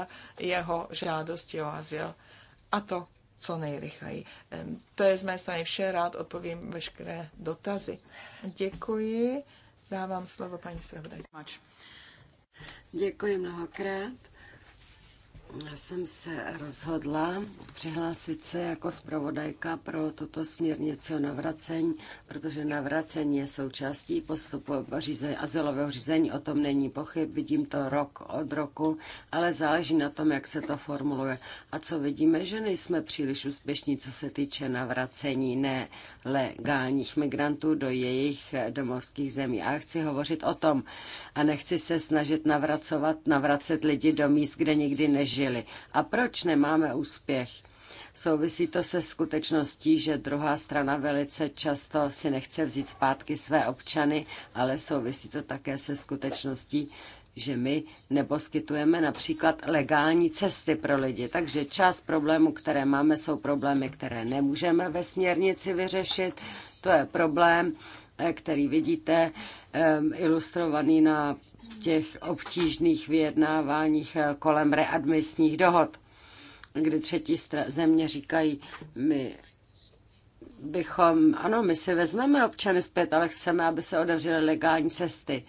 jeho žádostí o azyl. A to co nejrychleji. To je z mé strany vše, rád odpovím veškeré dotazy. Děkuji, dávám slovo paní zpravodajce. Děkuji mnohokrát. Já jsem se rozhodla přihlásit se jako zpravodajka pro toto směrnici o navracení, protože navracení je součástí postupu řízení, azylového řízení, o tom není pochyb, vidím to rok od roku, ale záleží na tom, jak se to formuluje. A co vidíme, že nejsme příliš úspěšní, co se týče navracení nelegálních migrantů do jejich domovských zemí. A já chci hovořit o tom a nechci se snažit navracovat, navracet lidi do míst, kde nikdy nežijí snažili. A proč nemáme úspěch? Souvisí to se skutečností, že druhá strana velice často si nechce vzít zpátky své občany, ale souvisí to také se skutečností, že my neposkytujeme například legální cesty pro lidi. Takže část problémů, které máme, jsou problémy, které nemůžeme ve směrnici vyřešit. To je problém, Eh, který vidíte ilustrovaný na těch obtížných vyjednáváních eh, kolem readmisních dohod, kdy třetí země říkají, my bychom, ano, my si vezmeme občany zpět, ale chceme, aby se otevřely legální cesty.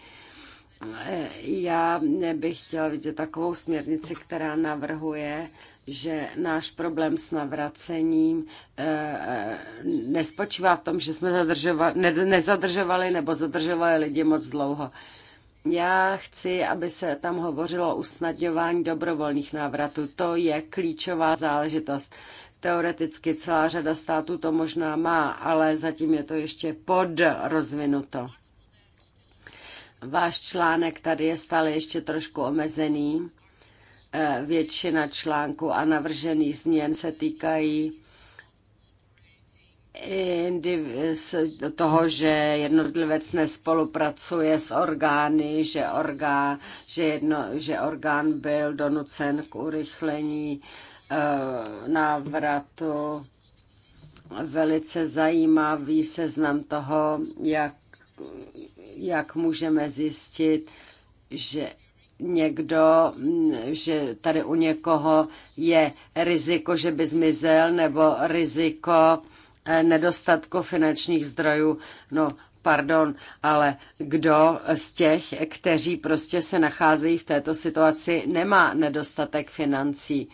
Eh, já bych chtěla vidět takovou směrnici, která navrhuje, že náš problém s navracením eh, eh, nespočívá v tom, že jsme zadržovali, ne, nezadržovali nebo zadržovali lidi moc dlouho. Já chci, aby se tam hovořilo o usnadňování dobrovolných návratů. To je klíčová záležitost. Teoreticky celá řada států to možná má, ale zatím je to ještě podrozvinuto. Váš článek tady je stále ještě trošku omezený Eh, většina článků a navržených změn se týkají toho, že jednotlivec nespolupracuje s orgány, že orgán, že jedno, že orgán byl donucen k urychlení eh, návratu. Velice zajímavý seznam toho, jak, jak můžeme zjistit, že někdo, mm, že tady u někoho je riziko, že by zmizel, nebo riziko eh, nedostatku finančních zdrojů. No, pardon, ale kdo z těch, kteří prostě se nacházejí v této situaci, nemá nedostatek financí?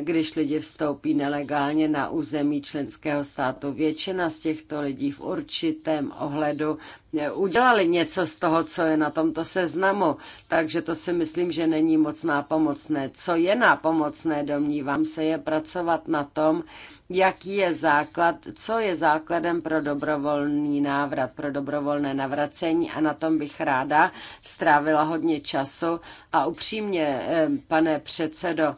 když lidi vstoupí nelegálně na území členského státu. Většina z těchto lidí v určitém ohledu eh, udělali něco z toho, co je na tomto seznamu, takže to si myslím, že není moc nápomocné. Co je nápomocné, domnívám se, je pracovat na tom, jaký je základ, co je základem pro dobrovolný návrat, pro dobrovolné navracení a na tom bych ráda strávila hodně času a upřímně, eh, pane předsedo,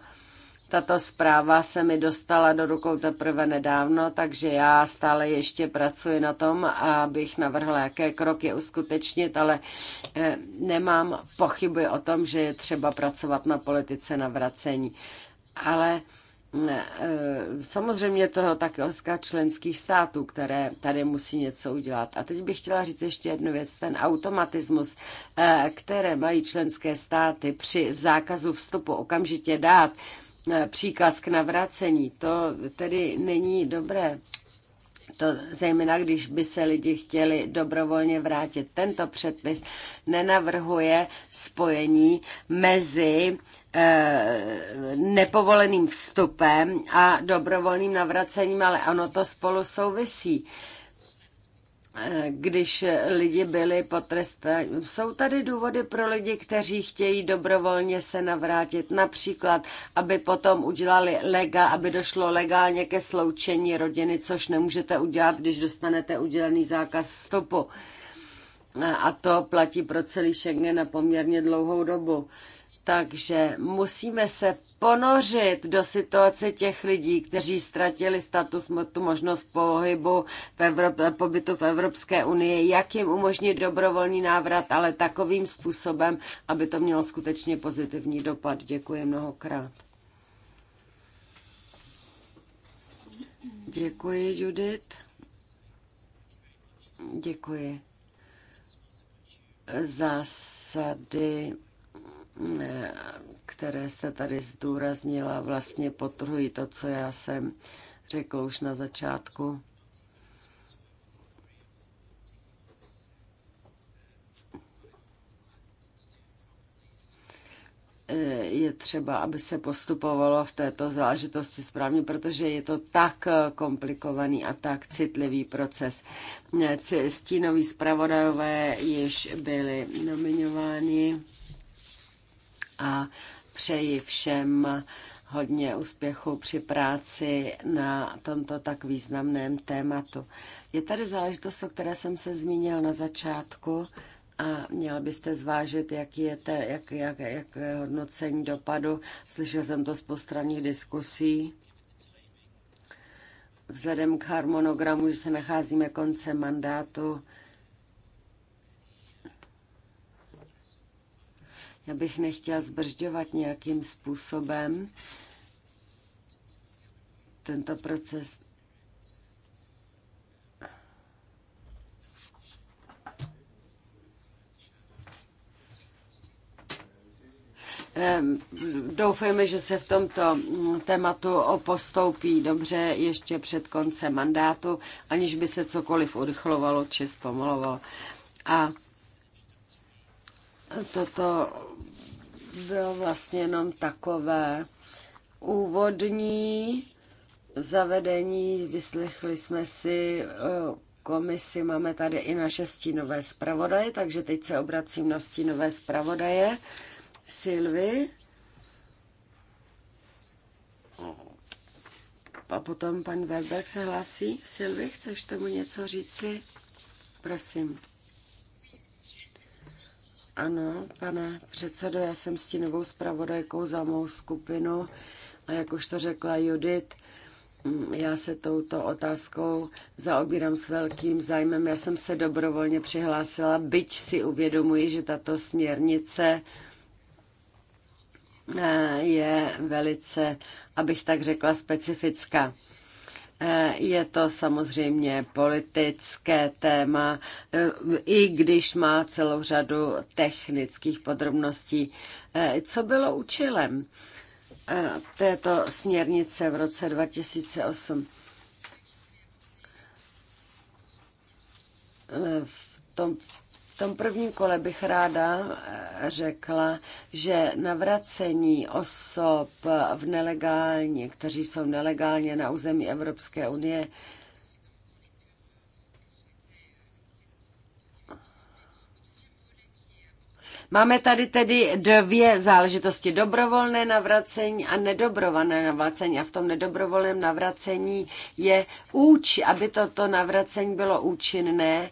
tato zpráva se mi dostala do rukou teprve nedávno, takže já stále ještě pracuji na tom, abych navrhla, jaké kroky uskutečnit, ale eh, nemám pochyby o tom, že je třeba pracovat na politice navracení. Ale eh, samozřejmě toho také oska členských států, které tady musí něco udělat. A teď bych chtěla říct ještě jednu věc, ten automatismus, eh, které mají členské státy při zákazu vstupu okamžitě dát, Eh, příkaz k navracení, To tedy není dobré. To zejména, když by se lidi chtěli dobrovolně vrátit. Tento předpis nenavrhuje spojení mezi eh, nepovoleným vstupem a dobrovolným navracením, ale ono to spolu souvisí. E, když lidi byli potrestáni. Jsou tady důvody pro lidi, kteří chtějí dobrovolně se navrátit, například, aby potom udělali lega, aby došlo legálně ke sloučení rodiny, což nemůžete udělat, když dostanete udělený zákaz vstupu. A to platí pro celý Schengen na poměrně dlouhou dobu. Takže musíme se ponořit do situace těch lidí, kteří ztratili status, tu možnost pohybu v Evrop- pobytu v Evropské unii, jak jim umožnit dobrovolný návrat, ale takovým způsobem, aby to mělo skutečně pozitivní dopad. Děkuji mnohokrát. Děkuji, Judith. Děkuji. Zásady které jste tady zdůraznila, vlastně potrhují to, co já jsem řekla už na začátku. je třeba, aby se postupovalo v této záležitosti správně, protože je to tak komplikovaný a tak citlivý proces. Stínoví zpravodajové již byli nominováni a přeji všem hodně úspěchu při práci na tomto tak významném tématu. Je tady záležitost, o které jsem se zmínil na začátku a měl byste zvážit, jaký je te, jak, jak, jak hodnocení dopadu. Slyšel jsem to z postranních diskusí. Vzhledem k harmonogramu, že se nacházíme konce mandátu, Já bych nechtěl zbržďovat nějakým způsobem tento proces. Doufejme, že se v tomto tématu postoupí dobře ještě před koncem mandátu, aniž by se cokoliv urychlovalo či zpomalovalo. A toto bylo vlastně jenom takové úvodní zavedení. Vyslechli jsme si eh, komisi, máme tady i naše stínové zpravodaje, takže teď se obracím na stínové zpravodaje. Silvy. A potom pan Verberg se hlásí. Silvi, chceš tomu něco říci? Prosím. Ano, pane předsedo, já jsem stínovou zpravodajkou za mou skupinu a jak už to řekla Judit, já se touto otázkou zaobírám s velkým zájmem. Já jsem se dobrovolně přihlásila, byť si uvědomuji, že tato směrnice eh, je velice, abych tak řekla, specifická. Eh, je to samozřejmě politické téma, eh, i když má celou řadu technických podrobností. Eh, co bylo účelem této směrnice v roce 2008? V tom, tom prvním kole bych ráda eh, řekla, že navracení osob v nelegálně, kteří jsou nelegálně na území Evropské unie, Máme tady tedy dvě záležitosti. Dobrovolné navracení a nedobrovolné navracení. A v tom nedobrovolném navracení je úč, aby toto navracení bylo účinné,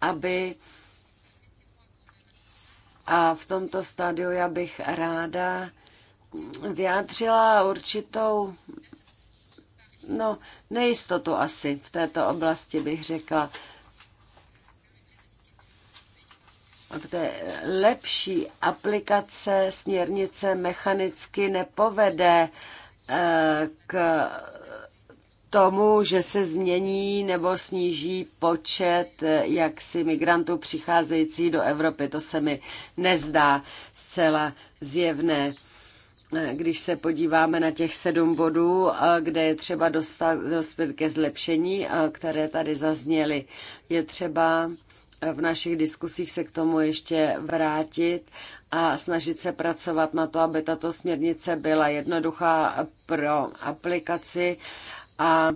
aby a v tomto stádiu já bych ráda vyjádřila určitou no, nejistotu asi v této oblasti, bych řekla. v té lepší aplikace směrnice mechanicky nepovede eh, k tomu, že se změní nebo sníží počet eh, jaksi migrantů přicházející do Evropy. To se mi nezdá zcela zjevné. Eh, Když se podíváme na těch sedm bodů, eh, kde je třeba dostat, dospět ke zlepšení, které tady zazněly, je třeba v našich diskusích se k tomu ještě vrátit a snažit se pracovat na to, aby tato směrnice byla jednoduchá pro aplikaci a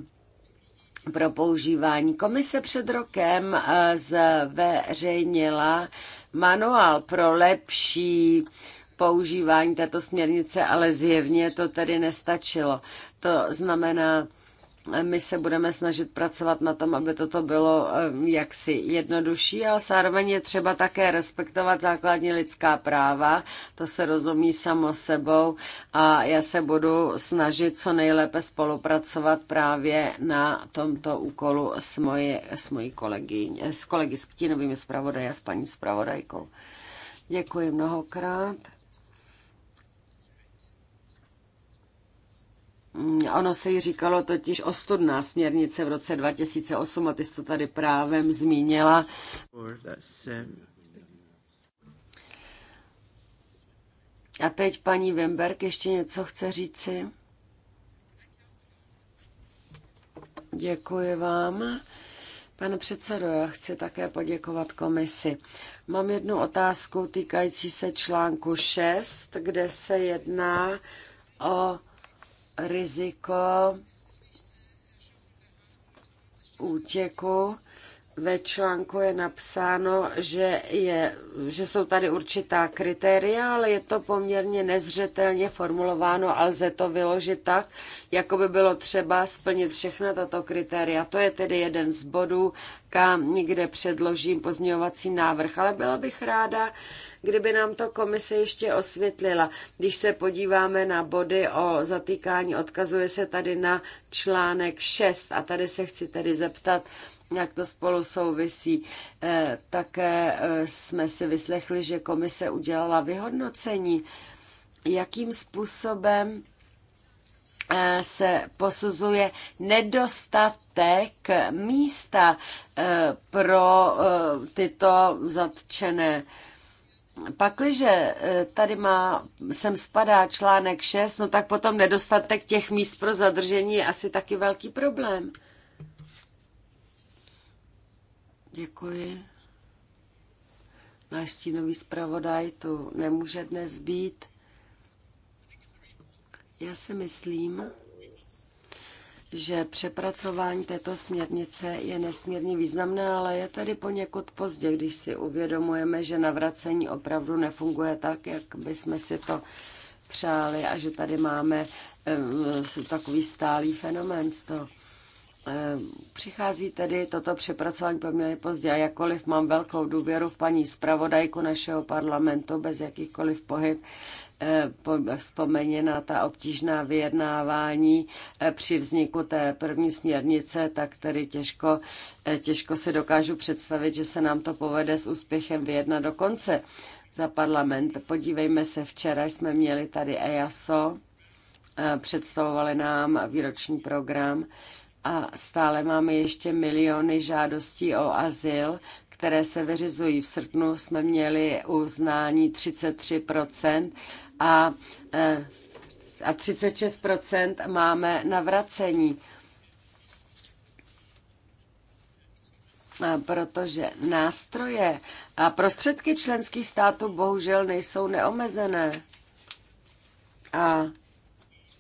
pro používání. Komise před rokem eh, zveřejnila manuál pro lepší používání této směrnice, ale zjevně to tedy nestačilo. To znamená, my se budeme snažit pracovat na tom, aby toto bylo eh, jaksi jednodušší a zároveň je třeba také respektovat základní lidská práva, to se rozumí samo sebou a já se budu snažit co nejlépe spolupracovat právě na tomto úkolu s, moje, s mojí kolegyň, s kolegy s Ptínovými zpravodaji a s paní zpravodajkou. Děkuji mnohokrát. Ono se jí říkalo totiž ostudná směrnice v roce 2008 a ty jsi to tady právem zmínila. A teď paní Wimberg ještě něco chce říci? Děkuji vám. Pane předsedo, já chci také poděkovat komisi. Mám jednu otázku týkající se článku 6, kde se jedná o riziko útěku ve článku je napsáno, že, je, že jsou tady určitá kritéria, ale je to poměrně nezřetelně formulováno a lze to vyložit tak, jako by bylo třeba splnit všechna tato kritéria. To je tedy jeden z bodů, kam někde předložím pozměňovací návrh, ale byla bych ráda, kdyby nám to komise ještě osvětlila. Když se podíváme na body o zatýkání, odkazuje se tady na článek 6 a tady se chci tedy zeptat, jak to spolu souvisí. Eh, také eh, jsme si vyslechli, že komise udělala vyhodnocení, jakým způsobem eh, se posuzuje nedostatek místa pro tyto zatčené. Pakliže tady má, sem spadá článek 6, no tak potom nedostatek těch míst pro zadržení je asi taky velký problém. Děkuji. Náš stínový zpravodaj tu nemůže dnes být. Já si myslím, že přepracování této směrnice je nesmírně významné, ale je tady poněkud pozdě, když si uvědomujeme, že navracení opravdu nefunguje tak, jak bychom si to přáli a že tady máme eh, takový stálý fenomén z toho. Eh, přichází tedy toto přepracování poměrně pozdě a jakkoliv mám velkou důvěru v paní zpravodajku našeho parlamentu bez jakýchkoliv pohyb, eh, vzpomeněna ta obtížná vyjednávání eh, při vzniku té první směrnice, tak tedy těžko, těžko si dokážu představit, že se nám to povede s úspěchem vyjednat do konce za parlament. Podívejme se, včera jsme měli tady EASO, představovali nám výroční program a stále máme ještě miliony žádostí o azyl, které se vyřizují. V srpnu jsme měli uznání 33% a, eh, a 36% máme navracení. Protože nástroje a prostředky členských států bohužel nejsou neomezené. A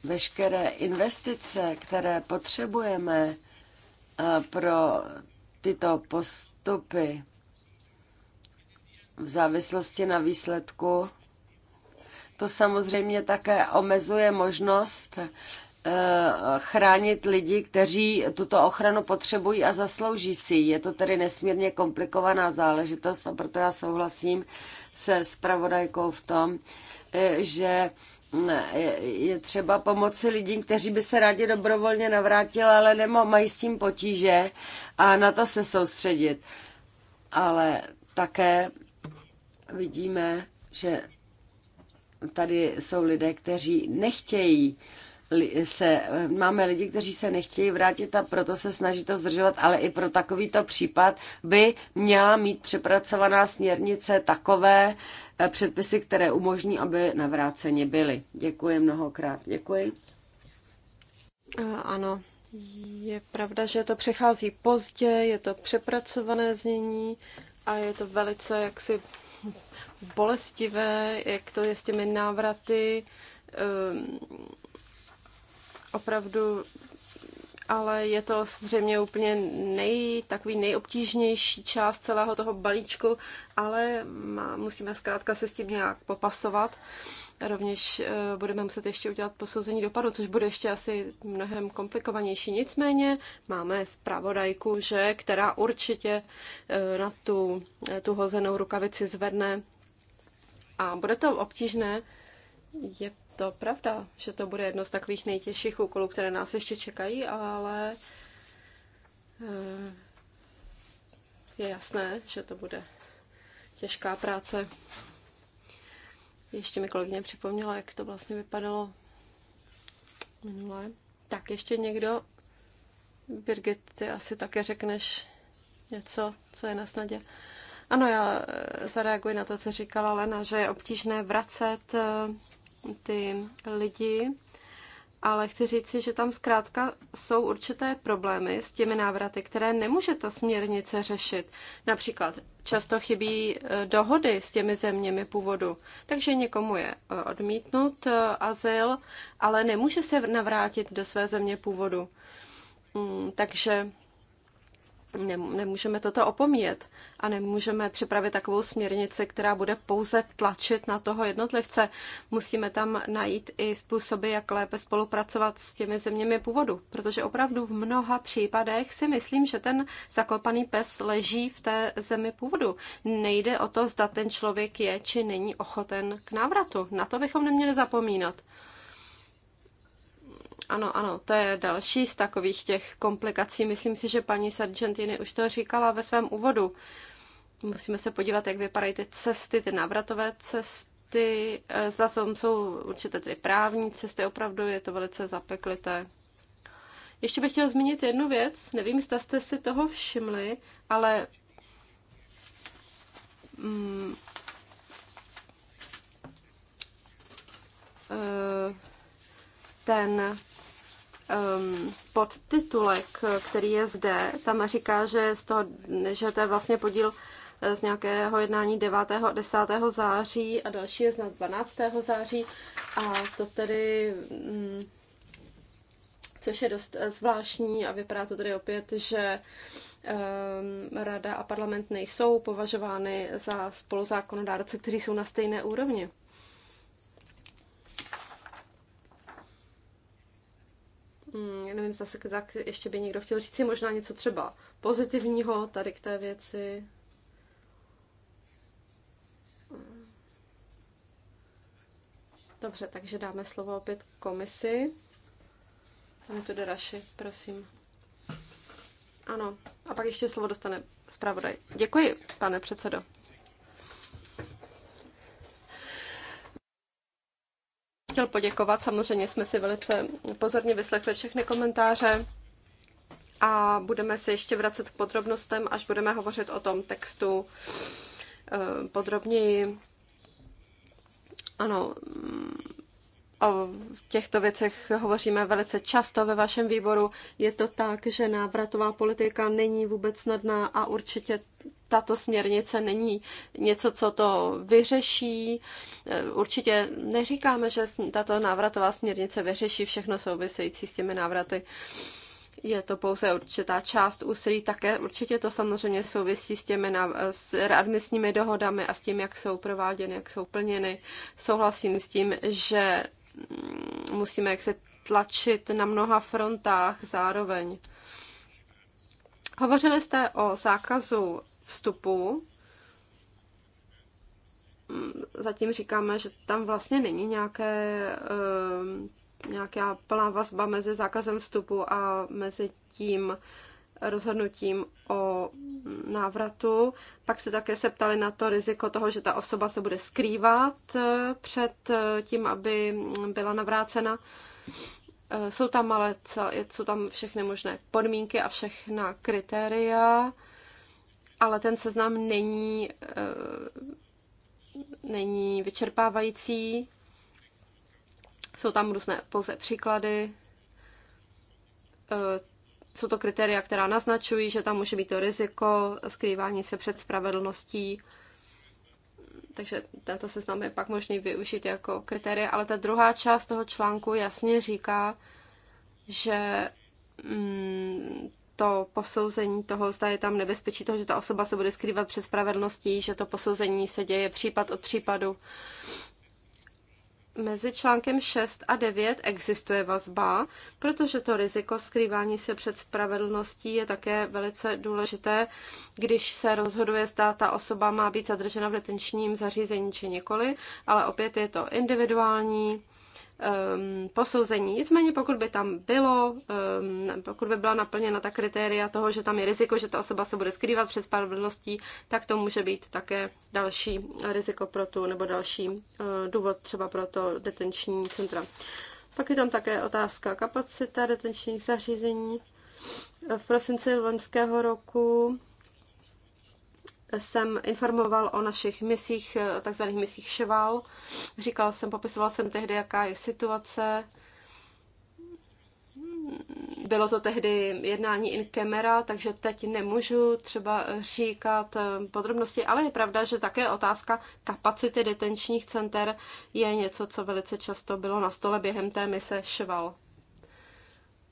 veškeré investice, které potřebujeme eh, pro tyto postupy v závislosti na výsledku, to samozřejmě také omezuje možnost eh, chránit lidi, kteří tuto ochranu potřebují a zaslouží si. Je to tedy nesmírně komplikovaná záležitost a proto já souhlasím se spravodajkou v tom, eh, že je třeba pomoci lidem, kteří by se rádi dobrovolně navrátili, ale nemo, mají s tím potíže a na to se soustředit. Ale také vidíme, že tady jsou lidé, kteří nechtějí uh, se, máme lidi, kteří se nechtějí vrátit a proto se snaží to zdržovat, ale i pro takovýto případ by měla mít přepracovaná směrnice takové eh, předpisy, které umožní, aby navráceni byli. Děkuji mnohokrát. Děkuji. Ano, je pravda, že to přechází pozdě, je to přepracované znění a je to velice jaksi bolestivé, jak to je s těmi návraty ehm, opravdu, ale je to zřejmě úplně nej, takový nejobtížnější část celého toho balíčku, ale má, musíme zkrátka se s tím nějak popasovat. Rovněž eh, budeme muset ještě udělat posouzení dopadu, což bude ještě asi mnohem komplikovanější. Nicméně máme zpravodajku, že, která určitě eh, na tu, eh, tu hozenou rukavici zvedne a bude to obtížné, je to pravda, že to bude jedno z takových nejtěžších úkolů, které nás ještě čekají, ale eh, je jasné, že to bude těžká práce. Ještě mi kolegyně připomněla, jak to vlastně vypadalo minule. Tak ještě někdo? Birgit, ty asi také řekneš něco, co je na snadě. Ano, já eh, zareaguji na to, co říkala Lena, že je obtížné vracet eh, ty lidi, ale chci si, že tam zkrátka jsou určité problémy s těmi návraty, které nemůže ta směrnice řešit. Například často chybí eh, dohody s těmi zeměmi původu, takže někomu je eh, odmítnut eh, azyl, ale nemůže se navrátit do své země původu. Mm, takže nemůžeme toto opomíjet a nemůžeme připravit takovou směrnici, která bude pouze tlačit na toho jednotlivce. Musíme tam najít i způsoby, jak lépe spolupracovat s těmi zeměmi původu, protože opravdu v mnoha případech si myslím, že ten zakopaný pes leží v té zemi původu. Nejde o to, zda ten člověk je či není ochoten k návratu. Na to bychom neměli zapomínat ano, ano, to je další z takových těch komplikací. Myslím si, že paní Sargentini už to říkala ve svém úvodu. Musíme se podívat, jak vypadají ty cesty, ty návratové cesty. Eh, Zase jsou určitě ty právní cesty, opravdu je to velice zapeklité. Ještě bych chtěla zmínit jednu věc. Nevím, zda jste si toho všimli, ale mm, eh, ten um, podtitulek, který je zde, tam říká, že, z toho, že to je vlastně podíl eh, z nějakého jednání 9. a 10. září a další je z 12. září a to tedy, um, což je dost eh, zvláštní a vypadá to tedy opět, že um, rada a parlament nejsou považovány za spoluzákonodárce, kteří jsou na stejné úrovni. Hmm, já nevím, zase tak ještě by někdo chtěl říct si možná něco třeba pozitivního tady k té věci. Dobře, takže dáme slovo opět komisi. Pane tu Raši, prosím. Ano, a pak ještě slovo dostane zpravodaj. Děkuji, pane předsedo. chtěl poděkovat. Samozřejmě jsme si velice pozorně vyslechli všechny komentáře a budeme se ještě vracet k podrobnostem, až budeme hovořit o tom textu eh, podrobněji. Ano, mm, o těchto věcech hovoříme velice často ve vašem výboru. Je to tak, že návratová politika není vůbec snadná a určitě tato směrnice není něco, co to vyřeší. Eh, určitě neříkáme, že tato návratová směrnice vyřeší všechno související s těmi návraty. Je to pouze určitá část úsilí, také určitě to samozřejmě souvisí s těmi na, s readmisními dohodami a s tím, jak jsou prováděny, jak jsou plněny. Souhlasím s tím, že mm, musíme jak se tlačit na mnoha frontách zároveň. Hovořili jste o zákazu vstupu. Zatím říkáme, že tam vlastně není nějaké, ehm, nějaká plná vazba mezi zákazem vstupu a mezi tím rozhodnutím o návratu. Pak se také se ptali na to riziko toho, že ta osoba se bude skrývat eh, před eh, tím, aby byla navrácena. Eh, jsou tam ale jsou tam všechny možné podmínky a všechna kritéria ale ten seznam není, eh, není vyčerpávající. Jsou tam různé pouze příklady. Eh, jsou to kritéria, která naznačují, že tam může být to riziko skrývání se před spravedlností. Takže tento seznam je pak možný využít jako kritéria, ale ta druhá část toho článku jasně říká, že mm, to posouzení toho, zda je tam nebezpečí toho, že ta osoba se bude skrývat před spravedlností, že to posouzení se děje případ od případu. Mezi článkem 6 a 9 existuje vazba, protože to riziko skrývání se před spravedlností je také velice důležité, když se rozhoduje, zda ta osoba má být zadržena v detenčním zařízení či nikoli, ale opět je to individuální um, posouzení. Nicméně pokud by tam bylo, um, pokud by byla naplněna ta kritéria toho, že tam je riziko, že ta osoba se bude skrývat před spravedlností, tak to může být také další riziko pro tu, nebo další uh, důvod třeba pro to detenční centra. Pak je tam také otázka kapacita detenčních zařízení. V prosinci loňského roku jsem informoval o našich misích, eh, takzvaných misích šval. Říkal jsem, popisoval jsem tehdy, jaká je situace. Bylo to tehdy jednání in camera, takže teď nemůžu třeba říkat eh, podrobnosti, ale je pravda, že také otázka kapacity detenčních center je něco, co velice často bylo na stole během té mise šval.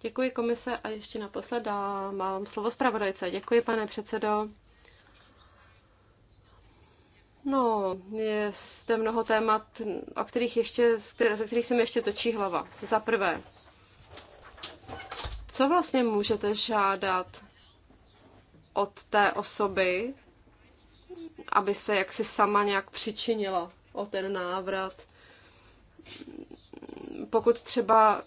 Děkuji komise a ještě naposled dám slovo zpravodajce. Děkuji, pane předsedo. No, je zde mnoho témat, o kterých ještě, ze kterých se mi ještě točí hlava. Za prvé, co vlastně můžete žádat od té osoby, aby se jaksi sama nějak přičinila o ten návrat? Pokud třeba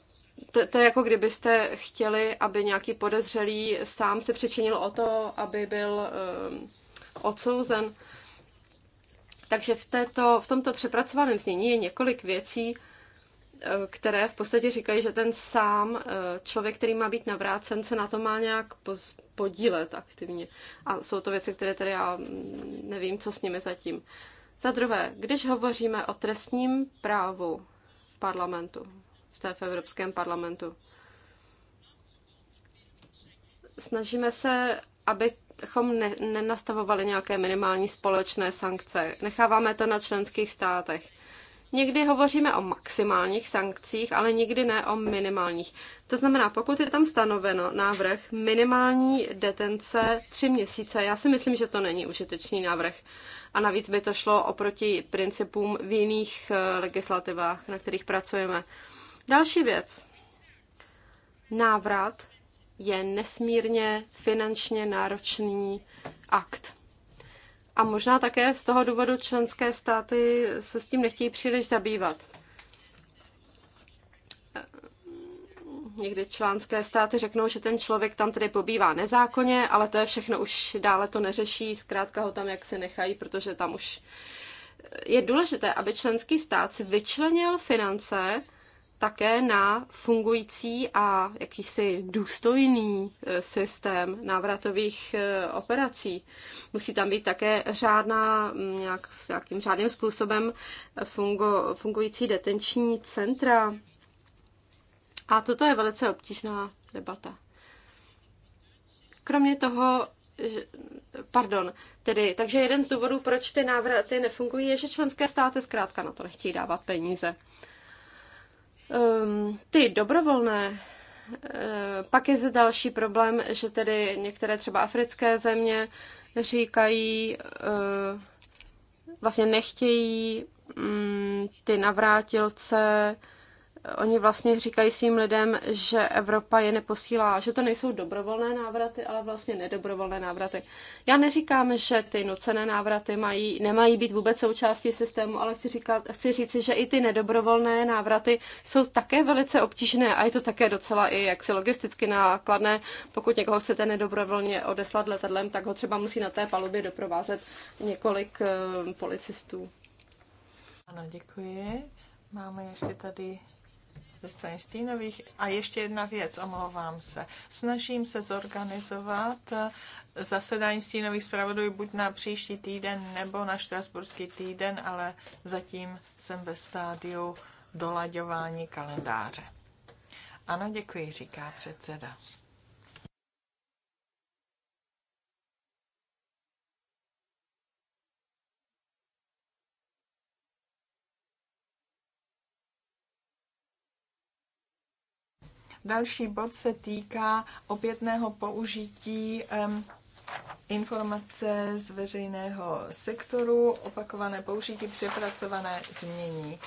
to, to je jako kdybyste chtěli, aby nějaký podezřelý sám se přičinil o to, aby byl um, odsouzen. Takže v, této, v tomto přepracovaném znění je několik věcí, eh, které v podstatě říkají, že ten sám eh, člověk, který má být navrácen, se na to má nějak podílet aktivně. A jsou to věci, které tady já mm, nevím, co s nimi zatím. Za druhé, když hovoříme o trestním právu v parlamentu, jste v Evropském parlamentu, snažíme se, aby abychom ne, nenastavovali nějaké minimální společné sankce. Necháváme to na členských státech. Někdy hovoříme o maximálních sankcích, ale nikdy ne o minimálních. To znamená, pokud je tam stanoveno návrh minimální detence tři měsíce, já si myslím, že to není užitečný návrh. A navíc by to šlo oproti principům v jiných eh, legislativách, na kterých pracujeme. Další věc. Návrat je nesmírně finančně náročný akt. A možná také z toho důvodu členské státy se s tím nechtějí příliš zabývat. Někdy členské státy řeknou, že ten člověk tam tedy pobývá nezákonně, ale to je všechno, už dále to neřeší, zkrátka ho tam jak se nechají, protože tam už je důležité, aby členský stát si vyčlenil finance také na fungující a jakýsi důstojný e, systém návratových e, operací. Musí tam být také řádná, nějak, nějakým řádným způsobem fungo, fungující detenční centra. A toto je velice obtížná debata. Kromě toho, pardon, tedy, takže jeden z důvodů, proč ty návraty nefungují, je, že členské státy zkrátka na to nechtějí dávat peníze. Ehm, ty dobrovolné eh, pak je zde další problém, že tedy některé třeba africké země říkají, eh, vlastně nechtějí mm, ty navrátilce Oni vlastně říkají svým lidem, že Evropa je neposílá, že to nejsou dobrovolné návraty, ale vlastně nedobrovolné návraty. Já neříkám, že ty nucené návraty mají, nemají být vůbec součástí systému, ale chci, říkat, chci říci, že i ty nedobrovolné návraty jsou také velice obtížné a je to také docela i jaksi logisticky nákladné. Pokud někoho chcete nedobrovolně odeslat letadlem, tak ho třeba musí na té palubě doprovázet několik eh, policistů. Ano, děkuji. Máme ještě tady ze strany stínových. A ještě jedna věc, omlouvám se. Snažím se zorganizovat eh, zasedání stínových zpravodajů buď na příští týden nebo na štrasburský týden, ale zatím jsem ve stádiu dolaďování kalendáře. Ano, děkuji, říká předseda. Další bod se týká opětného použití informace z veřejného sektoru, opakované použití, přepracované změní.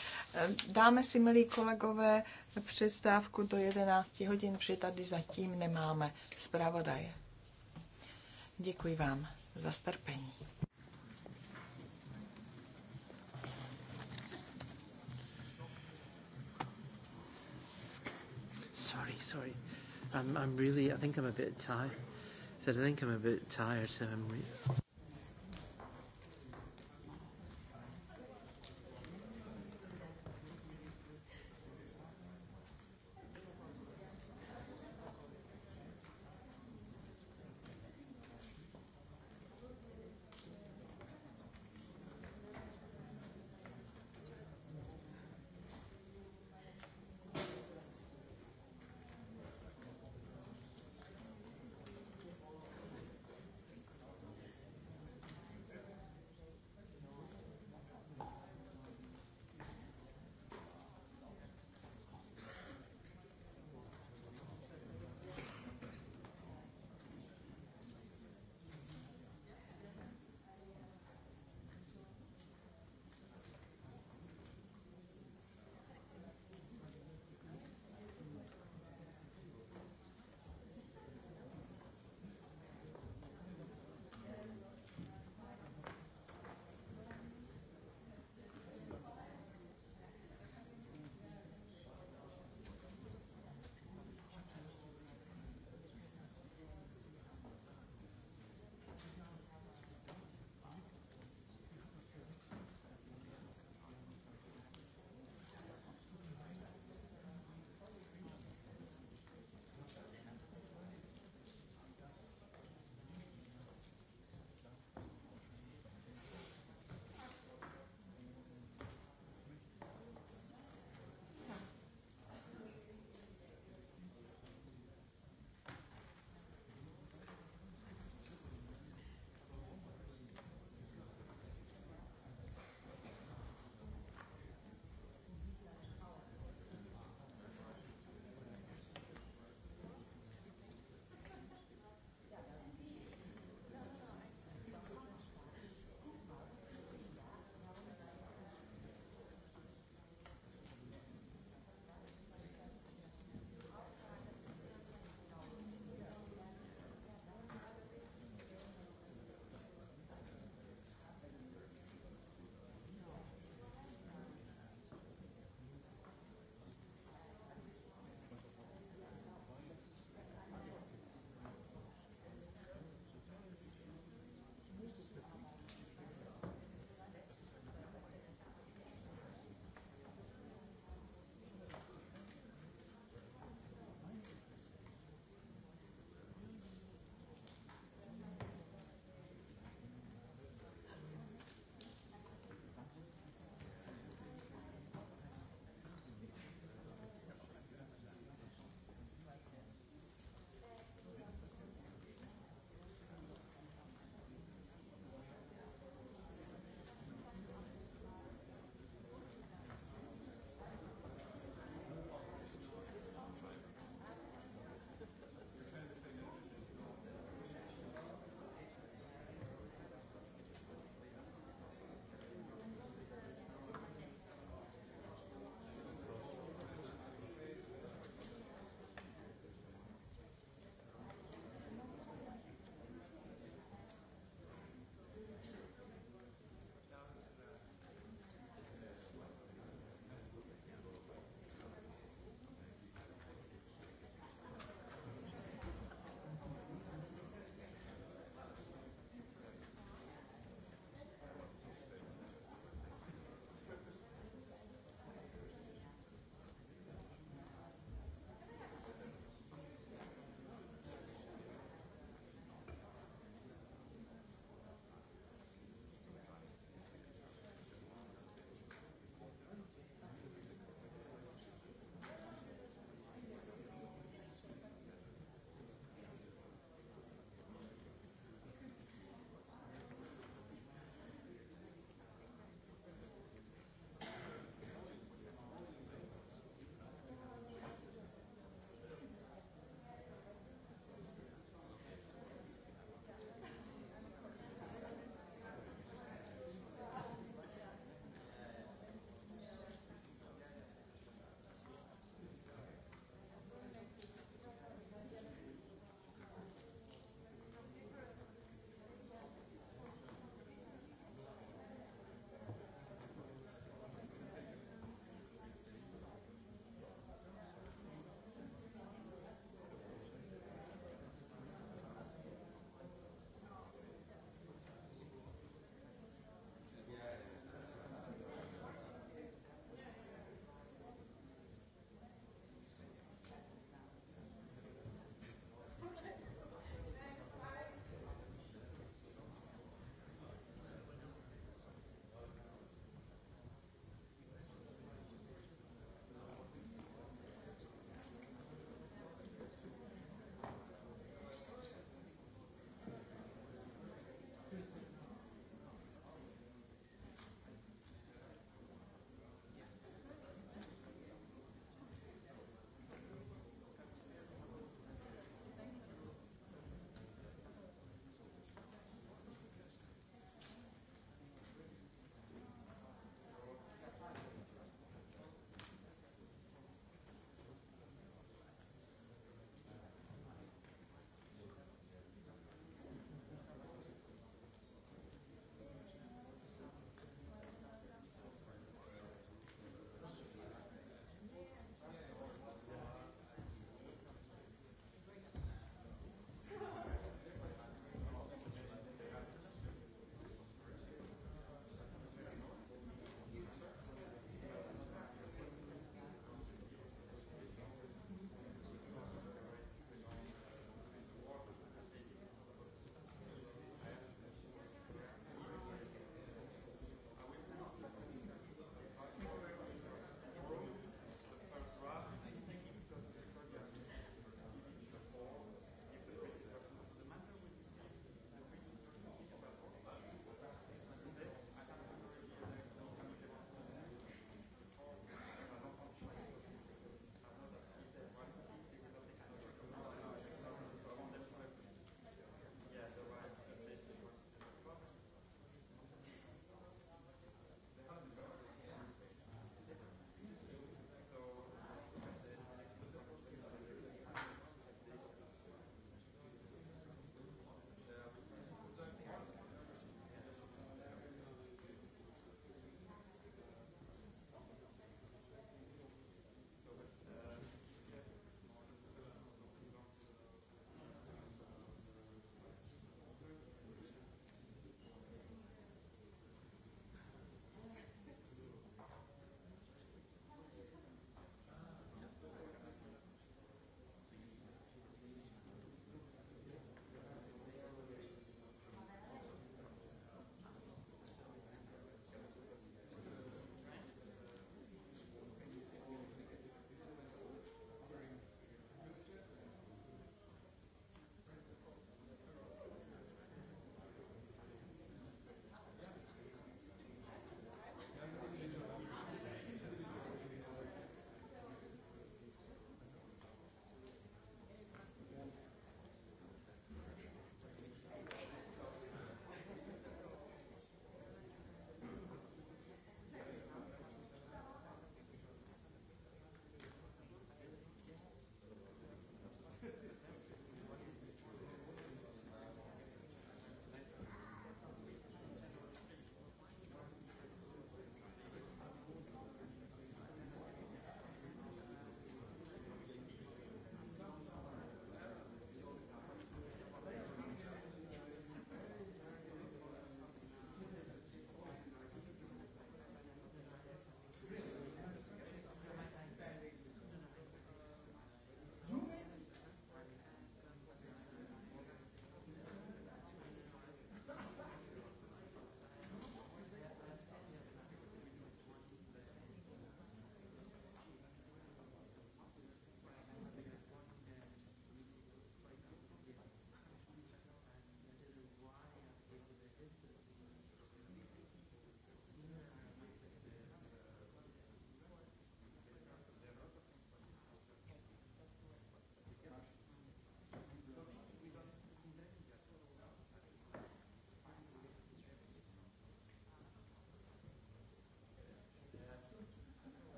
Dáme si, milí kolegové, přestávku do 11 hodin, protože tady zatím nemáme zpravodaje. Děkuji vám za strpení. sorry. I'm, I'm really, I think I'm a bit tired. So I think I'm a bit tired, so I'm. Re-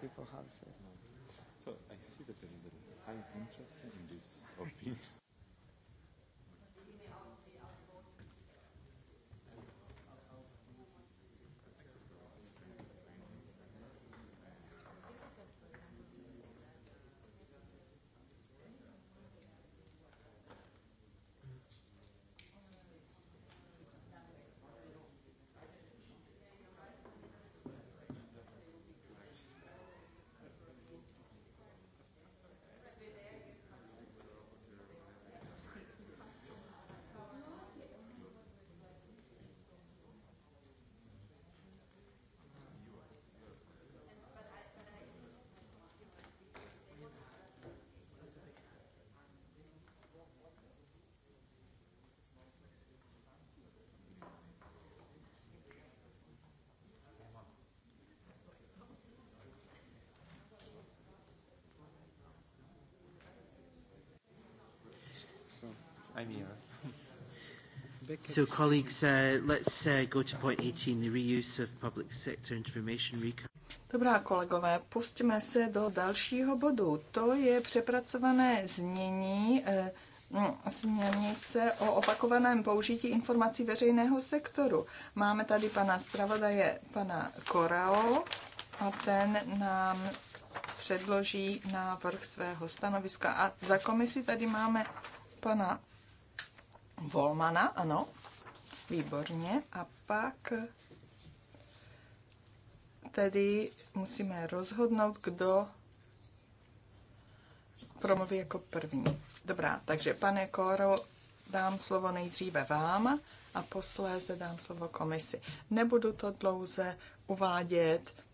people houses. So I see that there is a high interest in this opinion. I'm here. So, colleagues, uh, let's uh, go to point 18, the reuse of public sector information recovery. Dobrá, kolegové, pustíme se do dalšího bodu. To je přepracované změní eh, mm, směrnice o opakovaném použití informací veřejného sektoru. Máme tady pana zpravodaje, pana Korao, a ten nám předloží návrh svého stanoviska. A za komisi tady máme pana Volmana, ano. Výborně. A pak tedy musíme rozhodnout, kdo promluví jako první. Dobrá, takže pane Koro, dám slovo nejdříve vám a posléze dám slovo komisi. Nebudu to dlouze uvádět,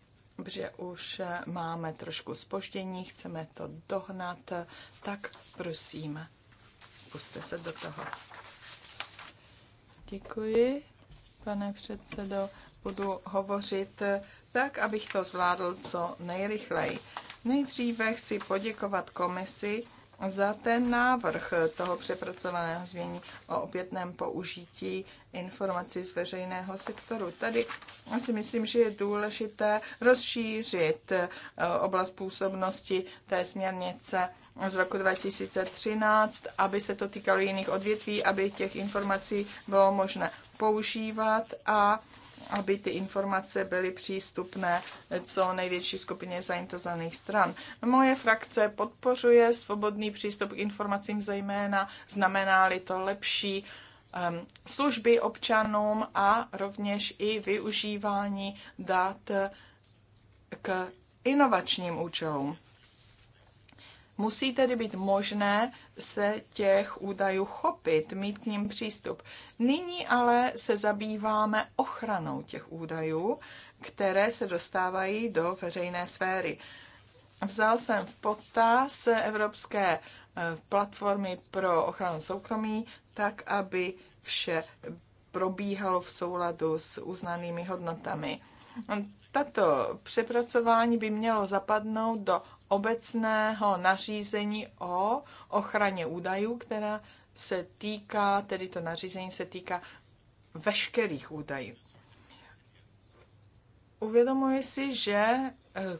že už máme trošku spoždění, chceme to dohnat, tak prosím, puste se do toho. Děkuji, pane předsedo. Budu hovořit tak, abych to zvládl co nejrychleji. Nejdříve chci poděkovat komisi za ten návrh toho přepracovaného znění o opětném použití informací z veřejného sektoru. Tady si myslím, že je důležité rozšířit eh, oblast působnosti té směrnice z roku 2013, aby se to týkalo jiných odvětví, aby těch informací bylo možné používat a aby ty informace byly přístupné co největší skupině zainteresovaných stran. Moje frakce podpořuje svobodný přístup k informacím, zejména znamená-li to lepší um, služby občanům a rovněž i využívání dat k inovačním účelům. Musí tedy být možné se těch údajů chopit, mít k ním přístup. Nyní ale se zabýváme ochranou těch údajů, které se dostávají do veřejné sféry. Vzal jsem v potaz evropské eh, platformy pro ochranu soukromí, tak aby vše probíhalo v souladu s uznanými hodnotami. Tato přepracování by mělo zapadnout do obecného nařízení o ochraně údajů, která se týká, tedy to nařízení se týká veškerých údajů. Uvědomuji si, že eh,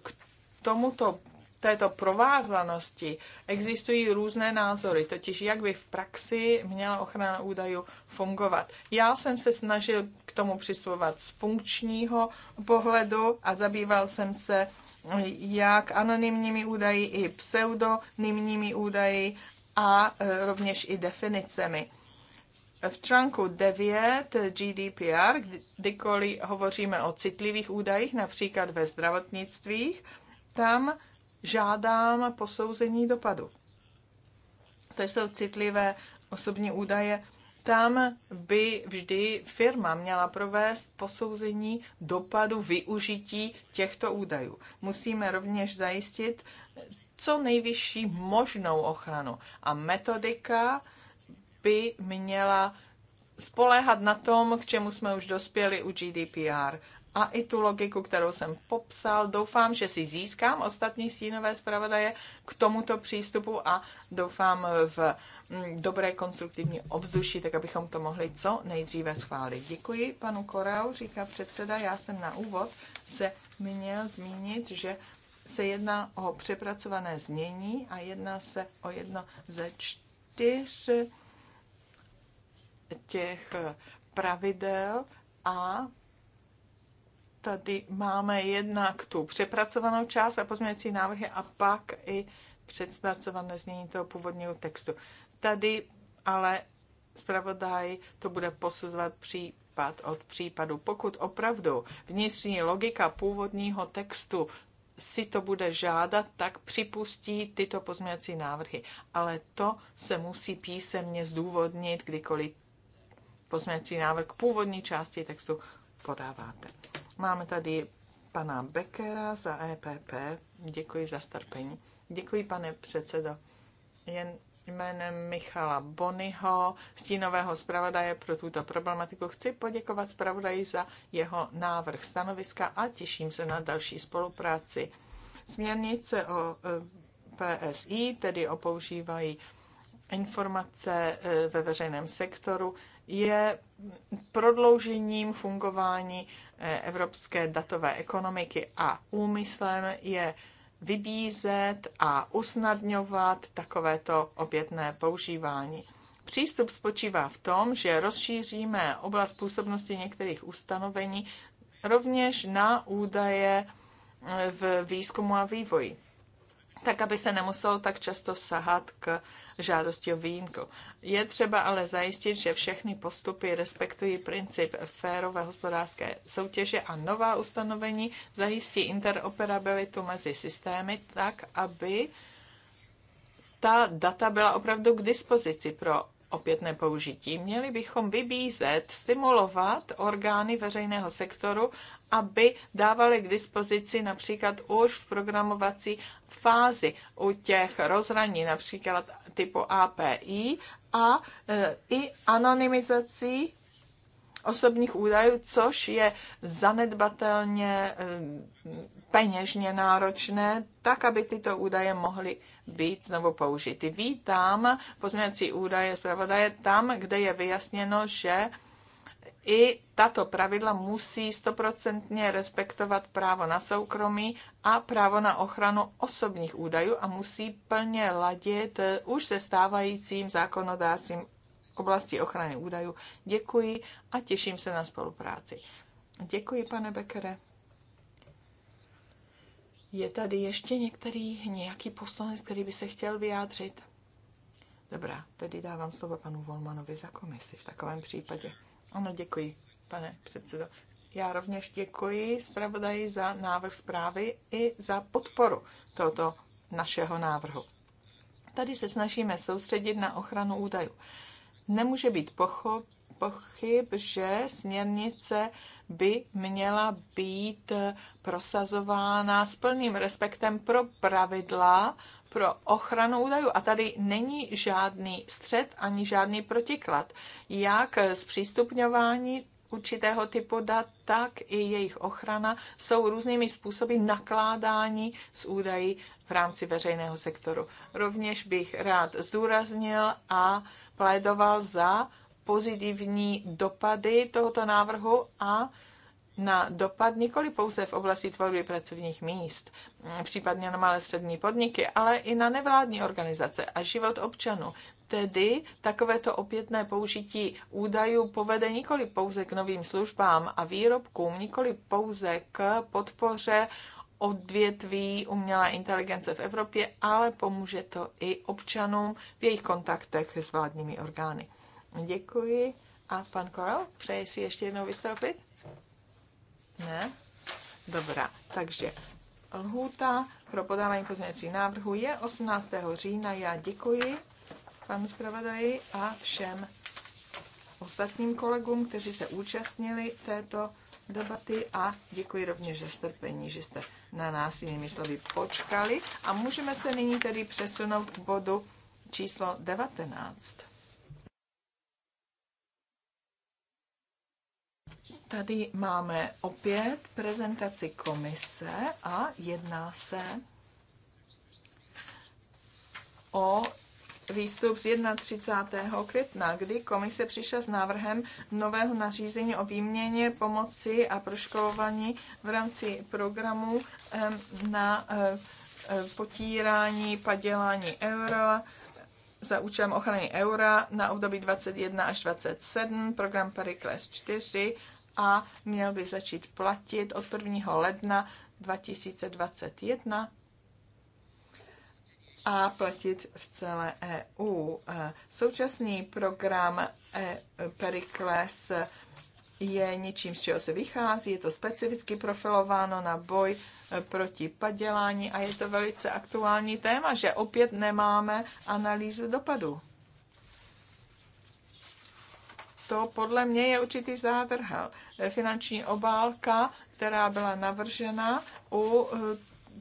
k tomuto této provázanosti existují různé názory, totiž jak by v praxi měla ochrana údajů fungovat. Já jsem se snažil k tomu přistupovat z funkčního pohledu a zabýval jsem se jak anonymními údaji, i pseudonymními údaji a e, rovněž i definicemi. V článku 9 GDPR, kdykoliv hovoříme o citlivých údajích, například ve zdravotnictví, tam žádám posouzení dopadu. To jsou citlivé osobní údaje tam by vždy firma měla provést posouzení dopadu využití těchto údajů. Musíme rovněž zajistit co nejvyšší možnou ochranu a metodika by měla spoléhat na tom, k čemu jsme už dospěli u GDPR. A i tu logiku, kterou jsem popsal, doufám, že si získám ostatní stínové zpravodaje k tomuto přístupu a doufám v Mm, dobré konstruktivní ovzduší, tak abychom to mohli co nejdříve schválit. Děkuji panu Korau, říká předseda. Já jsem na úvod se měl zmínit, že se jedná o přepracované znění a jedná se o jedno ze čtyř těch pravidel a tady máme jednak tu přepracovanou část a pozměňující návrhy a pak i předpracované znění toho původního textu. Tady ale zpravodaj to bude posuzovat případ od případu. Pokud opravdu vnitřní logika původního textu si to bude žádat, tak připustí tyto pozměňovací návrhy. Ale to se musí písemně zdůvodnit, kdykoliv pozměňovací návrh k původní části textu podáváte. Máme tady pana Beckera za EPP. Děkuji za starpení. Děkuji, pane předsedo. Jen jménem Michala Bonyho, stínového zpravodaje pro tuto problematiku. Chci poděkovat zpravodaji za jeho návrh stanoviska a těším se na další spolupráci. Směrnice o e, PSI, tedy o používají informace e, ve veřejném sektoru, je prodloužením fungování e, evropské datové ekonomiky a úmyslem je vybízet a usnadňovat takovéto obětné používání. Přístup spočívá v tom, že rozšíříme oblast působnosti některých ustanovení rovněž na údaje eh, v výzkumu a vývoji, tak aby se nemuselo tak často sahat k žádosti o výjimku. Je třeba ale zajistit, že všechny postupy respektují princip férové hospodářské soutěže a nová ustanovení zajistí interoperabilitu mezi systémy tak, aby ta data byla opravdu k dispozici pro opětné použití. Měli bychom vybízet, stimulovat orgány veřejného sektoru, aby dávaly k dispozici například už v programovací fázi u těch rozhraní, například typu API a e, i anonymizací osobních údajů, což je zanedbatelně e, peněžně náročné, tak aby tyto údaje mohly být znovu použity. Vítám pozměňovací údaje zpravodaje tam, kde je vyjasněno, že i tato pravidla musí stoprocentně respektovat právo na soukromí a právo na ochranu osobních údajů a musí plně ladit už se stávajícím zákonodárcím oblasti ochrany údajů. Děkuji a těším se na spolupráci. Děkuji, pane Bekere. Je tady ještě některý, nějaký poslanec, který by se chtěl vyjádřit? Dobrá, tedy dávám slovo panu Volmanovi za komisi v takovém případě. Ano, děkuji, pane předsedo. Já rovněž děkuji zpravodaji za návrh zprávy i za podporu tohoto našeho návrhu. Tady se snažíme soustředit na ochranu údajů. Nemůže být pochop, pochyb, že směrnice by měla být prosazována s plným respektem pro pravidla pro ochranu údajů. A tady není žádný střed ani žádný protiklad. Jak zpřístupňování určitého typu dat, tak i jejich ochrana jsou různými způsoby nakládání s údaji v rámci veřejného sektoru. Rovněž bych rád zdůraznil a plédoval za pozitivní dopady tohoto návrhu a na dopad nikoli pouze v oblasti tvorby pracovních míst, případně na malé střední podniky, ale i na nevládní organizace a život občanů. Tedy takovéto opětné použití údajů povede nikoli pouze k novým službám a výrobkům, nikoli pouze k podpoře odvětví umělé inteligence v Evropě, ale pomůže to i občanům v jejich kontaktech s vládními orgány. Děkuji. A pan Koral, přeje si ještě jednou vystoupit? Ne? Dobrá, takže lhůta pro podávání pozměňovacích návrhů je 18. října. Já děkuji panu zpravodaji a všem ostatním kolegům, kteří se účastnili této debaty a děkuji rovněž za strpení, že jste na nás jinými slovy počkali. A můžeme se nyní tedy přesunout k bodu číslo 19. Tady máme opět prezentaci komise a jedná se o výstup z 31. května, kdy komise přišla s návrhem nového nařízení o výměně pomoci a proškolování v rámci programu na eh, eh, potírání padělání eura za účelem ochrany eura na období 21 až 27, program Pericles 4, a měl by začít platit od 1. ledna 2021 a platit v celé EU. E, současný program e, Pericles je něčím, z čeho se vychází, je to specificky profilováno na boj e, proti padělání a je to velice aktuální téma, že opět nemáme analýzu dopadu to podle mě je určitý zádrhel. Finanční obálka, která byla navržena u eh,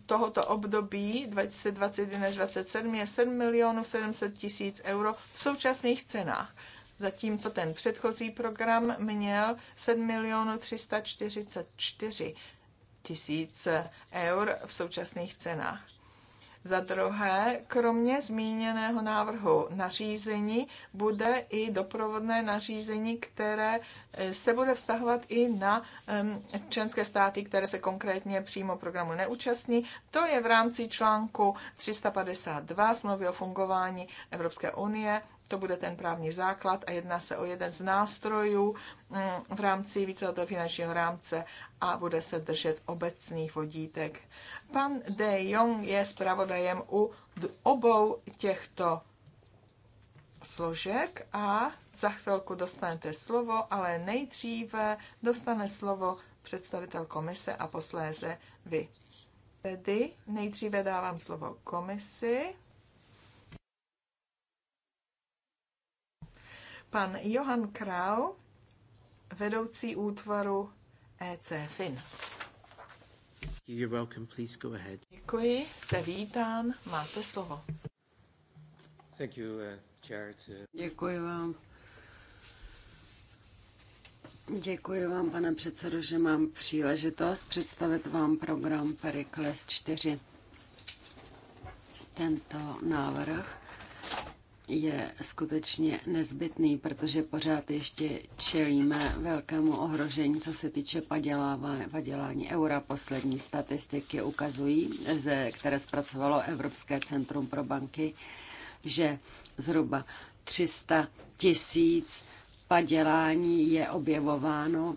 tohoto období 2021 až 2027 je 7 milionů 700 tisíc euro v současných cenách. Zatímco ten předchozí program měl 7 milionů 344 tisíc eur v současných cenách. Za druhé, kromě zmíněného návrhu nařízení bude i doprovodné nařízení, které eh, se bude vztahovat i na členské státy, které se konkrétně přímo programu neúčastní. To je v rámci článku 352 smlouvy o fungování Evropské unie to bude ten právní základ a jedná se o jeden z nástrojů mm, v rámci víceletého finančního rámce a bude se držet obecných vodítek. Pan De Jong je zpravodajem u obou těchto složek a za chvilku dostanete slovo, ale nejdříve dostane slovo představitel komise a posléze vy. Tedy nejdříve dávám slovo komisi pan Johan Král, vedoucí útvaru ECFIN. You're welcome, please go ahead. Děkuji, jste vítán, máte slovo. Thank you, uh, uh Děkuji vám. Děkuji vám, pane předsedo, že mám příležitost představit vám program Perikles 4. Tento návrh je skutečně nezbytný, protože pořád ještě čelíme velkému ohrožení, co se týče padělání eura. Poslední statistiky ukazují, ze, které zpracovalo Evropské centrum pro banky, že zhruba 300 tisíc padělání je objevováno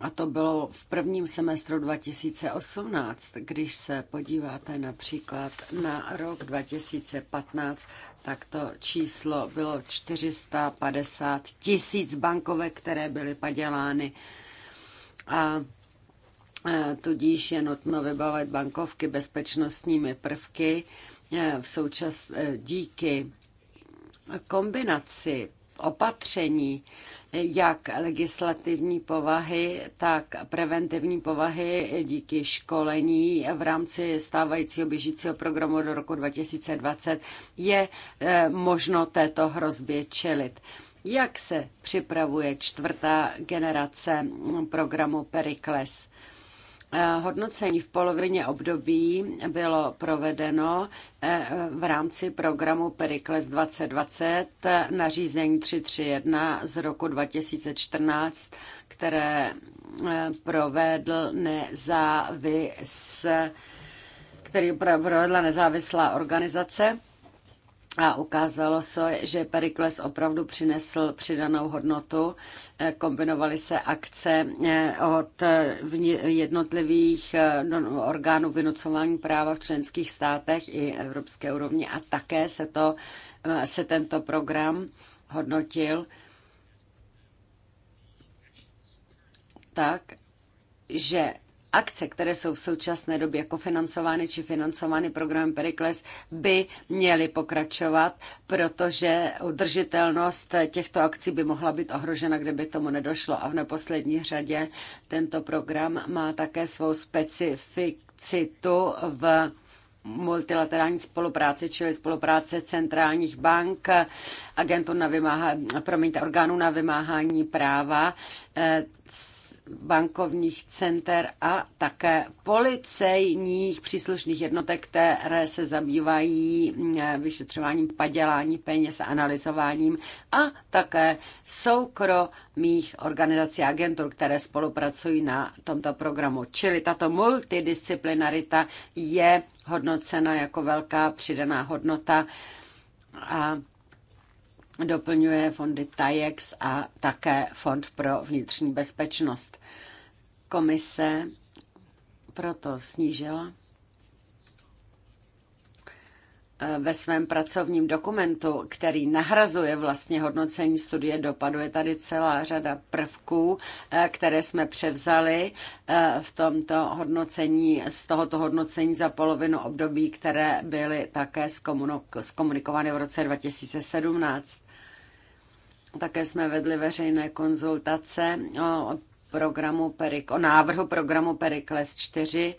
a to bylo v prvním semestru 2018. Když se podíváte například na rok 2015, tak to číslo bylo 450 tisíc bankovek, které byly padělány. A e, tudíž je nutno vybavit bankovky bezpečnostními prvky e, v součas e, díky kombinaci opatření, jak legislativní povahy, tak preventivní povahy díky školení v rámci stávajícího běžícího programu do roku 2020 je eh, možno této hrozbě čelit. Jak se připravuje čtvrtá generace programu Perikles? Eh, hodnocení v polovině období bylo provedeno eh, v rámci programu Perikles 2020 eh, nařízení 331 z roku 2014, které provedl nezávis, který provedla nezávislá organizace. A ukázalo se, že Perikles opravdu přinesl přidanou hodnotu. Eh, kombinovaly se akce eh, od eh, jednotlivých no, no, orgánů vynucování práva v členských státech i evropské úrovni a také se, to, se tento program hodnotil tak, že akce, které jsou v současné době kofinancovány či financovány programem Perikles, by měly pokračovat, protože udržitelnost těchto akcí by mohla být ohrožena, kdyby tomu nedošlo. A v neposlední řadě tento program má také svou specificitu v multilaterální spolupráce, čili spolupráce centrálních bank, agentů na vymáhání, promiňte, orgánů na vymáhání práva, eh, bankovních center a také policejních příslušných jednotek, které se zabývají eh, vyšetřováním padělání peněz, analyzováním a také soukromých organizací a agentur, které spolupracují na tomto programu. Čili tato multidisciplinarita je hodnocena jako velká přidaná hodnota a doplňuje fondy TAIEX a také Fond pro vnitřní bezpečnost. Komise proto snížila eh, ve svém pracovním dokumentu, který nahrazuje vlastně hodnocení studie dopadu, je tady celá řada prvků, eh, které jsme převzali eh, v tomto hodnocení, z tohoto hodnocení za polovinu období, které byly také zkomunikovány v roce 2017. Také jsme vedli veřejné konzultace o, programu Perik, o návrhu programu Perikles 4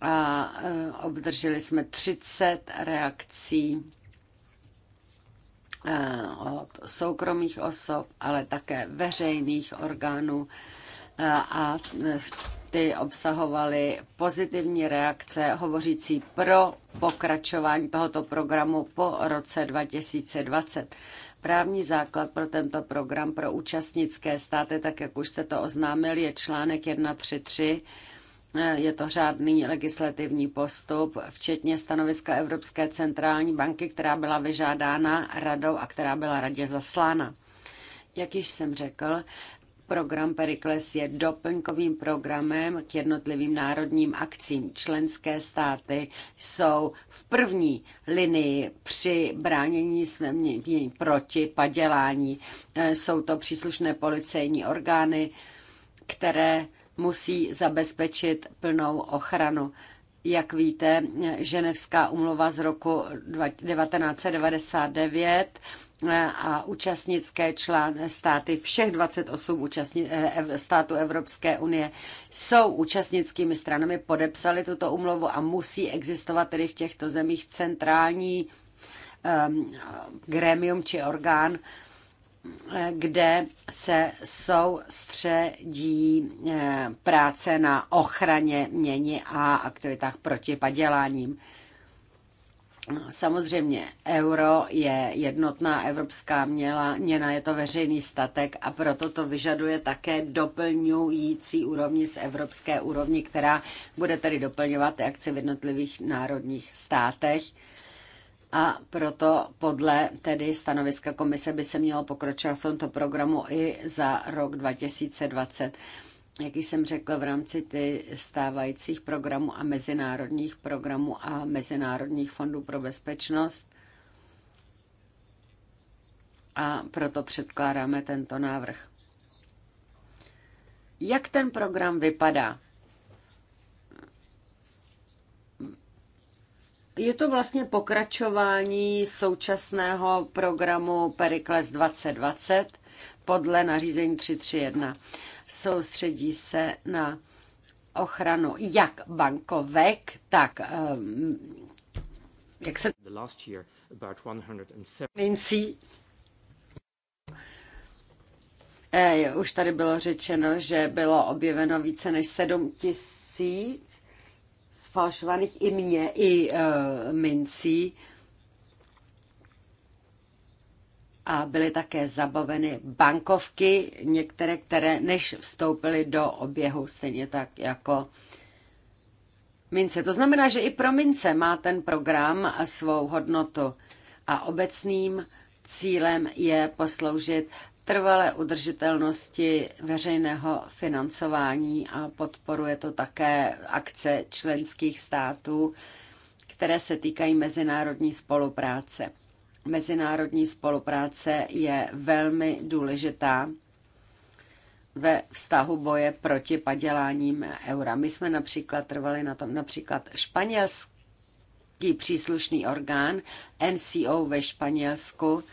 a e, obdrželi jsme 30 reakcí e, od soukromých osob, ale také veřejných orgánů e, a ty obsahovaly pozitivní reakce hovořící pro pokračování tohoto programu po roce 2020. Právní základ pro tento program pro účastnické státy, tak jak už jste to oznámil, je článek 133 je to řádný legislativní postup, včetně stanoviska Evropské centrální banky, která byla vyžádána radou a která byla radě zaslána. Jak již jsem řekl, Program Perikles je doplňkovým programem k jednotlivým národním akcím. Členské státy jsou v první linii při bránění proti padělání. E, jsou to příslušné policejní orgány, které musí zabezpečit plnou ochranu. Jak víte, Ženevská umluva z roku 1999 a účastnické člán, státy, všech 28 účastní, eh, států Evropské unie jsou účastnickými stranami, podepsali tuto umluvu a musí existovat tedy v těchto zemích centrální um, ehm, grémium či orgán, eh, kde se soustředí eh, práce na ochraně měni a aktivitách proti paděláním. Samozřejmě euro je jednotná evropská měla, měna, je to veřejný statek a proto to vyžaduje také doplňující úrovni z evropské úrovni, která bude tedy doplňovat akce v jednotlivých národních státech. A proto podle tedy stanoviska komise by se mělo pokročovat v tomto programu i za rok 2020 jak jsem řekl, v rámci ty stávajících programů a mezinárodních programů a mezinárodních fondů pro bezpečnost. A proto předkládáme tento návrh. Jak ten program vypadá? Je to vlastně pokračování současného programu Perikles 2020 podle nařízení 331 soustředí se na ochranu jak bankovek, tak um, jak se 107... Eh, už tady bylo řečeno, že bylo objeveno více než 7 tisíc sfalšovaných i mě, i uh, mincí. a byly také zabaveny bankovky, některé, které než vstoupily do oběhu, stejně tak jako mince. To znamená, že i pro mince má ten program svou hodnotu a obecným cílem je posloužit trvalé udržitelnosti veřejného financování a podporuje to také akce členských států, které se týkají mezinárodní spolupráce. Mezinárodní spolupráce je velmi důležitá ve vztahu boje proti paděláním eura. My jsme například trvali na tom, například španělský příslušný orgán NCO ve Španělsku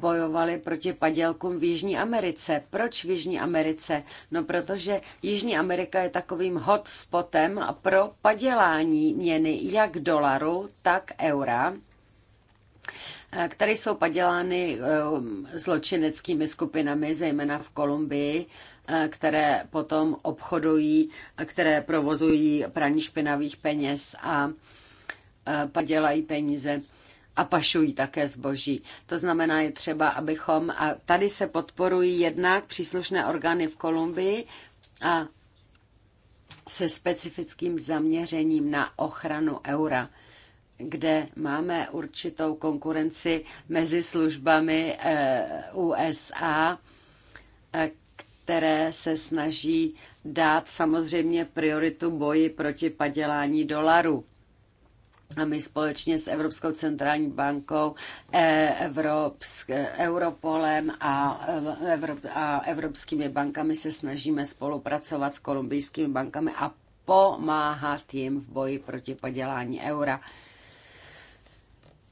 bojovali proti padělkům v Jižní Americe. Proč v Jižní Americe? No protože Jižní Amerika je takovým hotspotem pro padělání měny jak dolaru, tak eura Eh, které jsou padělány eh, zločineckými skupinami, zejména v Kolumbii, eh, které potom obchodují, které provozují praní špinavých peněz a padělají peníze a pašují také zboží. To znamená, je třeba, abychom, a tady se podporují jednak příslušné orgány v Kolumbii a se specifickým zaměřením na ochranu eura kde máme určitou konkurenci mezi službami eh, USA, eh, které se snaží dát samozřejmě prioritu boji proti padělání dolaru. A my společně s Evropskou centrální bankou, eh, Evropsk, Europolem a, Evrop, a evropskými bankami se snažíme spolupracovat s kolumbijskými bankami a pomáhat jim v boji proti padělání eura.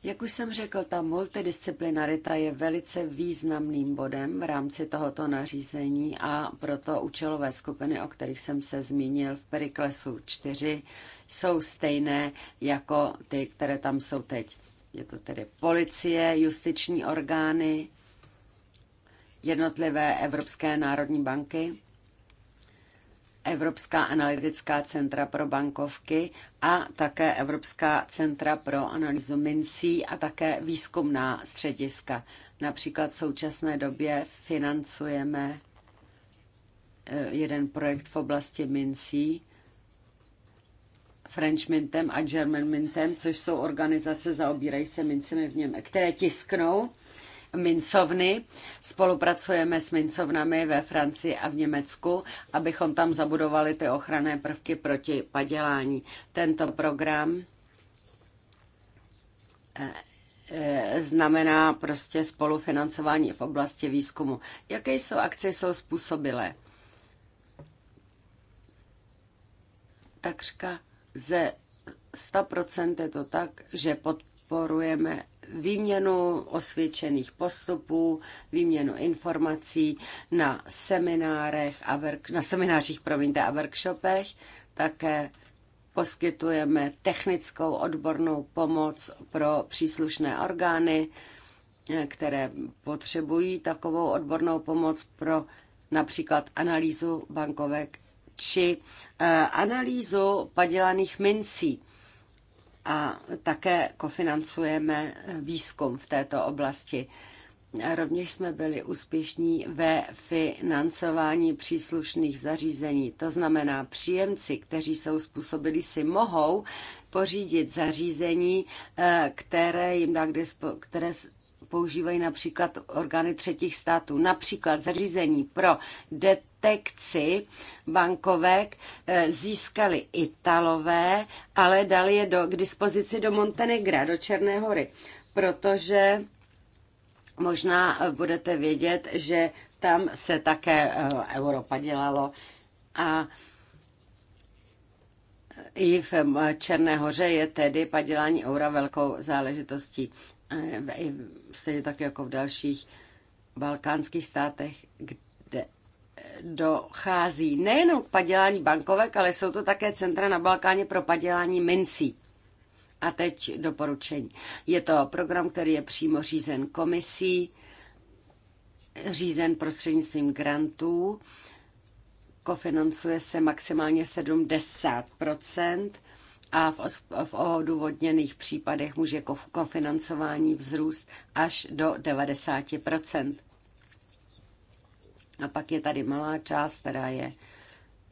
Jak už jsem řekl, ta multidisciplinarita je velice významným bodem v rámci tohoto nařízení a proto účelové skupiny, o kterých jsem se zmínil v Periklesu 4, jsou stejné jako ty, které tam jsou teď. Je to tedy policie, justiční orgány, jednotlivé Evropské národní banky Evropská analytická centra pro bankovky a také Evropská centra pro analýzu mincí a také výzkumná střediska. Například v současné době financujeme eh, jeden projekt v oblasti mincí, French Mintem a German Mintem, což jsou organizace, zaobírají se mincemi v něm, které tisknou mincovny. Spolupracujeme s mincovnami ve Francii a v Německu, abychom tam zabudovali ty ochranné prvky proti padělání. Tento program eh, eh, znamená prostě spolufinancování v oblasti výzkumu. Jaké jsou akce, jsou způsobilé? Takřka ze 100% je to tak, že podporujeme výměnu osvědčených postupů, výměnu informací na seminárech a work, na seminářích promiňte, a workshopech. Také poskytujeme technickou odbornou pomoc pro příslušné orgány, eh, které potřebují takovou odbornou pomoc pro například analýzu bankovek či eh, analýzu padělaných mincí a také kofinancujeme výzkum v této oblasti. Rovněž jsme byli úspěšní ve financování příslušných zařízení. To znamená, příjemci, kteří jsou způsobili, si mohou pořídit zařízení, eh, které jim dá dispo- které používají například orgány třetích států, například zařízení pro det protekci bankovek eh, získali Italové, ale dali je do, k dispozici do Montenegra, do Černé hory, protože možná eh, budete vědět, že tam se také eh, Evropa dělalo a i v Černé hoře je tedy padělání eura velkou záležitostí. Stejně tak jako v dalších balkánských státech, dochází nejenom k padělání bankovek, ale jsou to také centra na Balkáně pro padělání mincí. A teď doporučení. Je to program, který je přímo řízen komisí, řízen prostřednictvím grantů, kofinancuje se maximálně 70 a v, v odůvodněných případech může kofinancování vzrůst až do 90 a pak je tady malá část, která je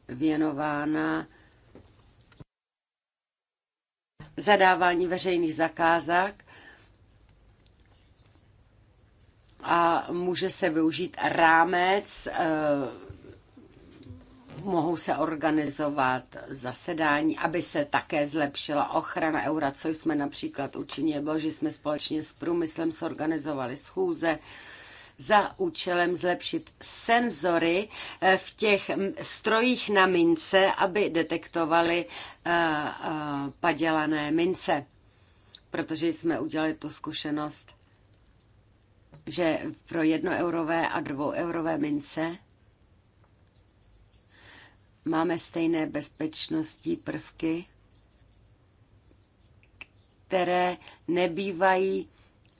věnována zadávání veřejných zakázek a může se využít rámec, eh, mohou se organizovat zasedání, aby se také zlepšila ochrana eura, co jsme například učinili, bylo, že jsme společně s průmyslem zorganizovali schůze, za účelem zlepšit senzory eh, v těch strojích na mince, aby detektovali eh, eh, padělané mince. Protože jsme udělali tu zkušenost, že pro jednoeurové a dvoueurové mince máme stejné bezpečnostní prvky, které nebývají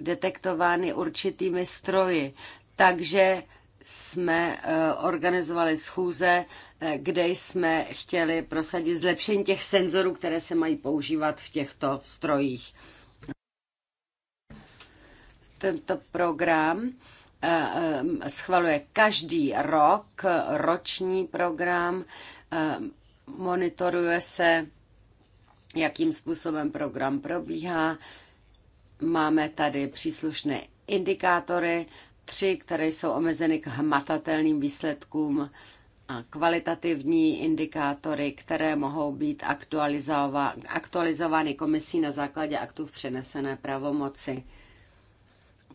detektovány určitými stroji. Takže jsme eh, organizovali schůze, eh, kde jsme chtěli prosadit zlepšení těch senzorů, které se mají používat v těchto strojích. Tento program eh, schvaluje každý rok roční program, monitoruje se, jakým způsobem program probíhá, Máme tady příslušné indikátory, tři, které jsou omezeny k hmatatelným výsledkům a kvalitativní indikátory, které mohou být aktualizovány komisí na základě aktů v přenesené pravomoci.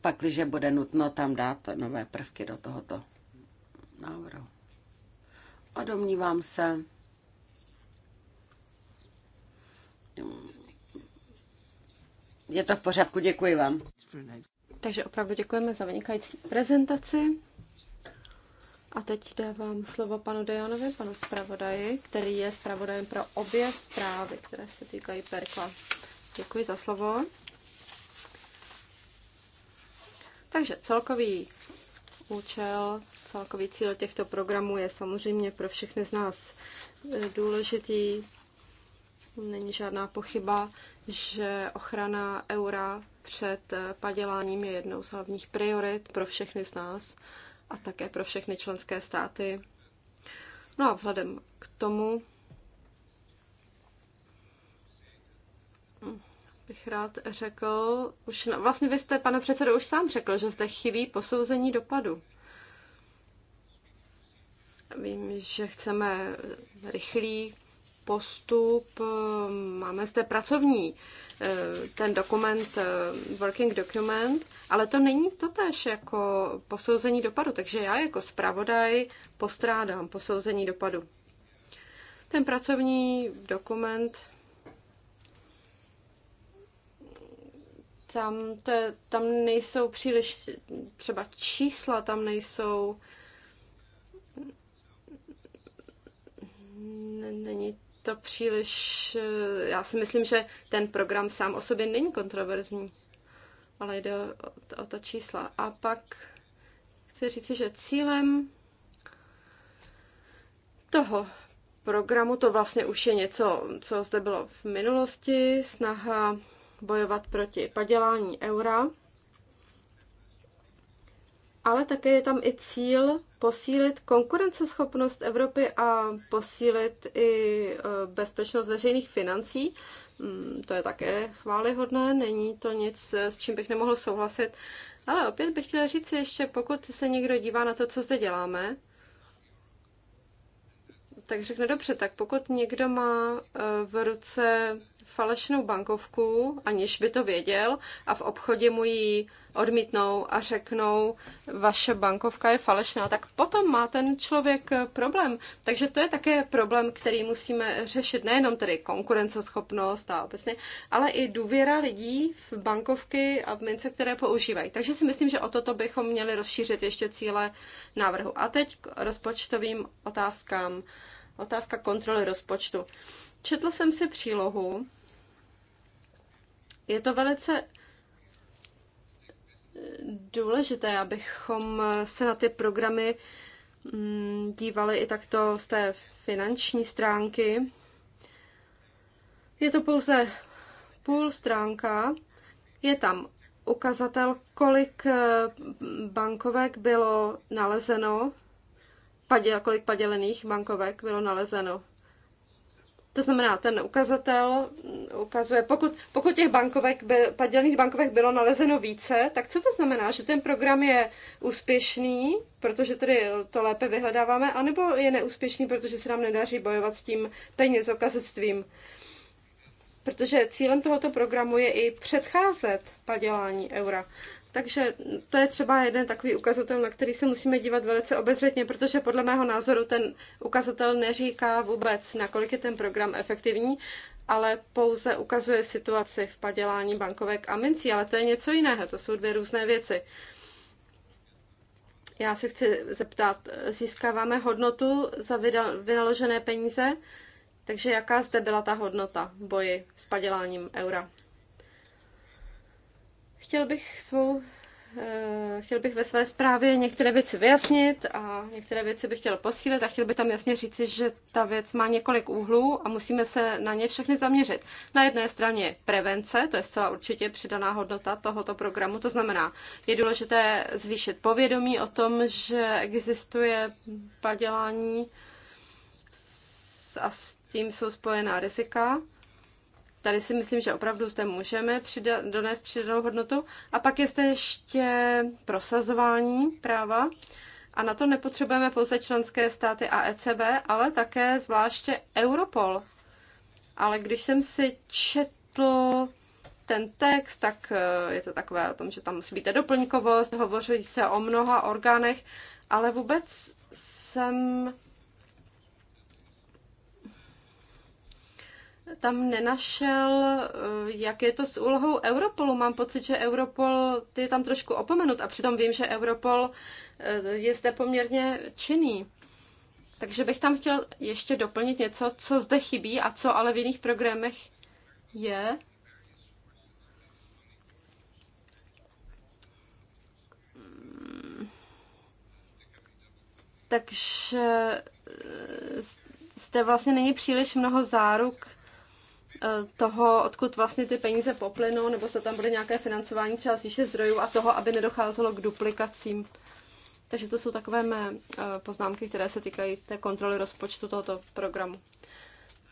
Pakliže bude nutno tam dát nové prvky do tohoto návrhu. A domnívám se, je to v pořádku, děkuji vám. Takže opravdu děkujeme za vynikající prezentaci. A teď dávám slovo panu Dejanovi, panu zpravodaji, který je zpravodajem pro obě zprávy, které se týkají Perkla. Děkuji za slovo. Takže celkový účel, celkový cíl těchto programů je samozřejmě pro všechny z nás eh, důležitý. Není žádná pochyba, že ochrana eura před eh, paděláním je jednou z hlavních priorit pro všechny z nás a také pro všechny členské státy. No a vzhledem k tomu hm, bych rád řekl, už, na, vlastně vy jste, pane předsedo, už sám řekl, že zde chybí posouzení dopadu. Vím, že chceme rychlý postup, eh, máme zde pracovní eh, ten dokument, eh, working document, ale to není totéž jako posouzení dopadu, takže já jako zpravodaj postrádám posouzení dopadu. Ten pracovní dokument, tam, to je, tam nejsou příliš, třeba čísla tam nejsou, není to příliš... Eh, já si myslím, že ten program sám o sobě není kontroverzní, ale jde o, o ta čísla. A pak chci říci, že cílem toho programu to vlastně už je něco, co zde bylo v minulosti, snaha bojovat proti padělání eura ale také je tam i cíl posílit konkurenceschopnost Evropy a posílit i e, bezpečnost veřejných financí. Mm, to je také chválihodné, není to nic, e, s čím bych nemohl souhlasit. Ale opět bych chtěla říct ještě, pokud se někdo dívá na to, co zde děláme, tak řekne dobře, tak pokud někdo má e, v ruce falešnou bankovku, aniž by to věděl, a v obchodě mu ji odmítnou a řeknou, vaše bankovka je falešná, tak potom má ten člověk eh, problém. Takže to je také problém, který musíme řešit, nejenom tedy konkurenceschopnost a obecně, ale i důvěra lidí v bankovky a v mince, které používají. Takže si myslím, že o toto bychom měli rozšířit ještě cíle návrhu. A teď k rozpočtovým otázkám. Otázka kontroly rozpočtu. Četl jsem si přílohu je to velice důležité, abychom se na ty programy mm, dívali i takto z té finanční stránky. Je to pouze půl stránka, je tam ukazatel, kolik eh, bankovek bylo nalezeno, padě, kolik padělených bankovek bylo nalezeno. To znamená, ten ukazatel ukazuje, pokud, pokud těch bankovek, padělných bankovek bylo nalezeno více, tak co to znamená? Že ten program je úspěšný, protože tedy to lépe vyhledáváme, anebo je neúspěšný, protože se nám nedaří bojovat s tím peněz okazectvím? Protože cílem tohoto programu je i předcházet padělání eura. Takže to je třeba jeden takový ukazatel, na který se musíme dívat velice obezřetně, protože podle mého názoru ten ukazatel neříká vůbec, nakolik je ten program efektivní, ale pouze ukazuje situaci v padělání bankovek a mincí, ale to je něco jiného, to jsou dvě různé věci. Já se chci zeptat, získáváme hodnotu za vynaložené peníze, takže jaká zde byla ta hodnota v boji s paděláním eura? Chtěl bych svou eh, chtěl bych ve své zprávě některé věci vyjasnit a některé věci bych chtěl posílit a chtěl bych tam jasně říci, že ta věc má několik úhlů a musíme se na ně všechny zaměřit. Na jedné straně prevence, to je zcela určitě přidaná hodnota tohoto programu, to znamená, je důležité zvýšit povědomí o tom, že existuje padělání a s tím jsou spojená rizika. Tady si myslím, že opravdu zde můžeme přida, donést přidanou hodnotu. A pak je zde ještě prosazování práva. A na to nepotřebujeme pouze členské státy a ECB, ale také zvláště Europol. Ale když jsem si četl ten text, tak eh, je to takové o tom, že tam musí být doplňkovost, hovoří se o mnoha orgánech, ale vůbec jsem tam nenašel, eh, jak je to s úlohou Europolu. Mám pocit, že Europol ty je tam trošku opomenut a přitom vím, že Europol eh, je zde poměrně činný. Takže bych tam chtěl ještě doplnit něco, co zde chybí a co ale v jiných programech je. Takže eh, zde vlastně není příliš mnoho záruk Eh, toho, odkud vlastně ty peníze poplynou, nebo se tam bude nějaké financování třeba z výše zdrojů a toho, aby nedocházelo k duplikacím. Takže to jsou takové mé eh, poznámky, které se týkají té kontroly rozpočtu tohoto programu.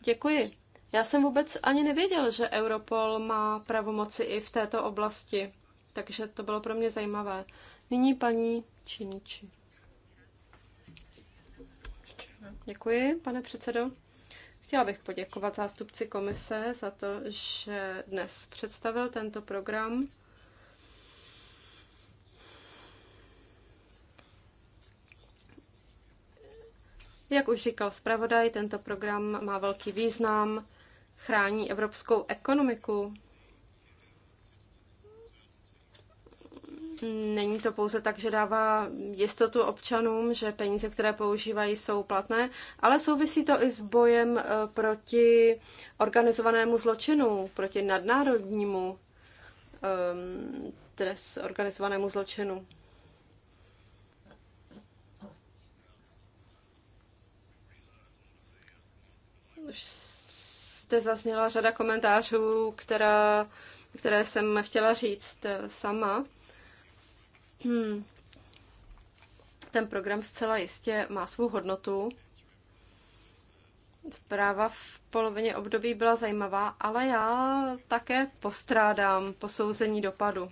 Děkuji. Já jsem vůbec ani nevěděl, že Europol má pravomoci i v této oblasti, takže to bylo pro mě zajímavé. Nyní paní Činiči. Děkuji, pane předsedo. Chtěla bych poděkovat zástupci komise za to, že dnes představil tento program. Jak už říkal zpravodaj, tento program má velký význam, chrání evropskou ekonomiku, Není to pouze tak, že dává jistotu občanům, že peníze, které používají, jsou platné, ale souvisí to i s bojem eh, proti organizovanému zločinu, proti nadnárodnímu um, ehm, trest organizovanému zločinu. Už jste zazněla řada komentářů, která, které jsem chtěla říct eh, sama. Hmm. Ten program zcela jistě má svou hodnotu. Zpráva v polovině období byla zajímavá, ale já také postrádám posouzení dopadu.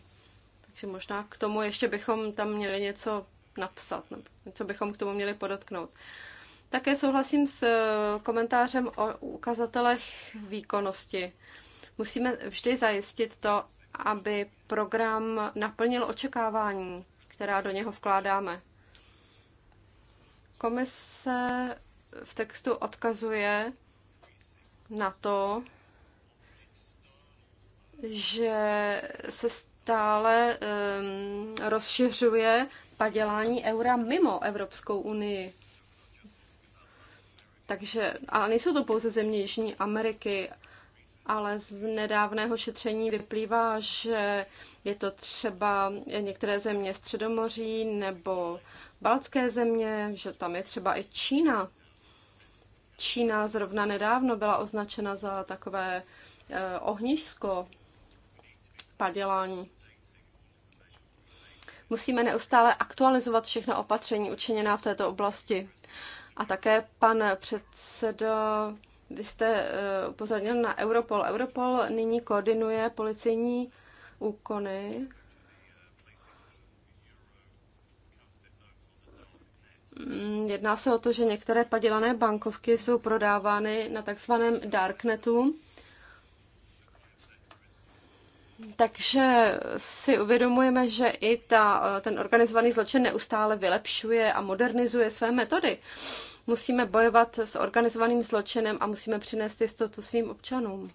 Takže možná k tomu ještě bychom tam měli něco napsat, nebo něco bychom k tomu měli podotknout. Také souhlasím s eh, komentářem o ukazatelech výkonnosti. Musíme vždy zajistit to, aby program naplnil očekávání, která do něho vkládáme. Komise v textu odkazuje na to, že se stále um, rozšiřuje padělání eura mimo Evropskou unii. Takže, ale nejsou to pouze země Jižní Ameriky ale z nedávného šetření vyplývá, že je to třeba některé země Středomoří nebo Baltské země, že tam je třeba i Čína. Čína zrovna nedávno byla označena za takové eh, ohnižsko padělání. Musíme neustále aktualizovat všechna opatření učiněná v této oblasti. A také pan předseda vy jste eh, upozornil na Europol. Europol nyní koordinuje policejní úkony. Mm, jedná se o to, že některé padělané bankovky jsou prodávány na takzvaném darknetu. Takže si uvědomujeme, že i ta, eh, ten organizovaný zločin neustále vylepšuje a modernizuje své metody. Uh, Musíme bojovat s organizovaným zločinem a musíme přinést jistotu svým občanům.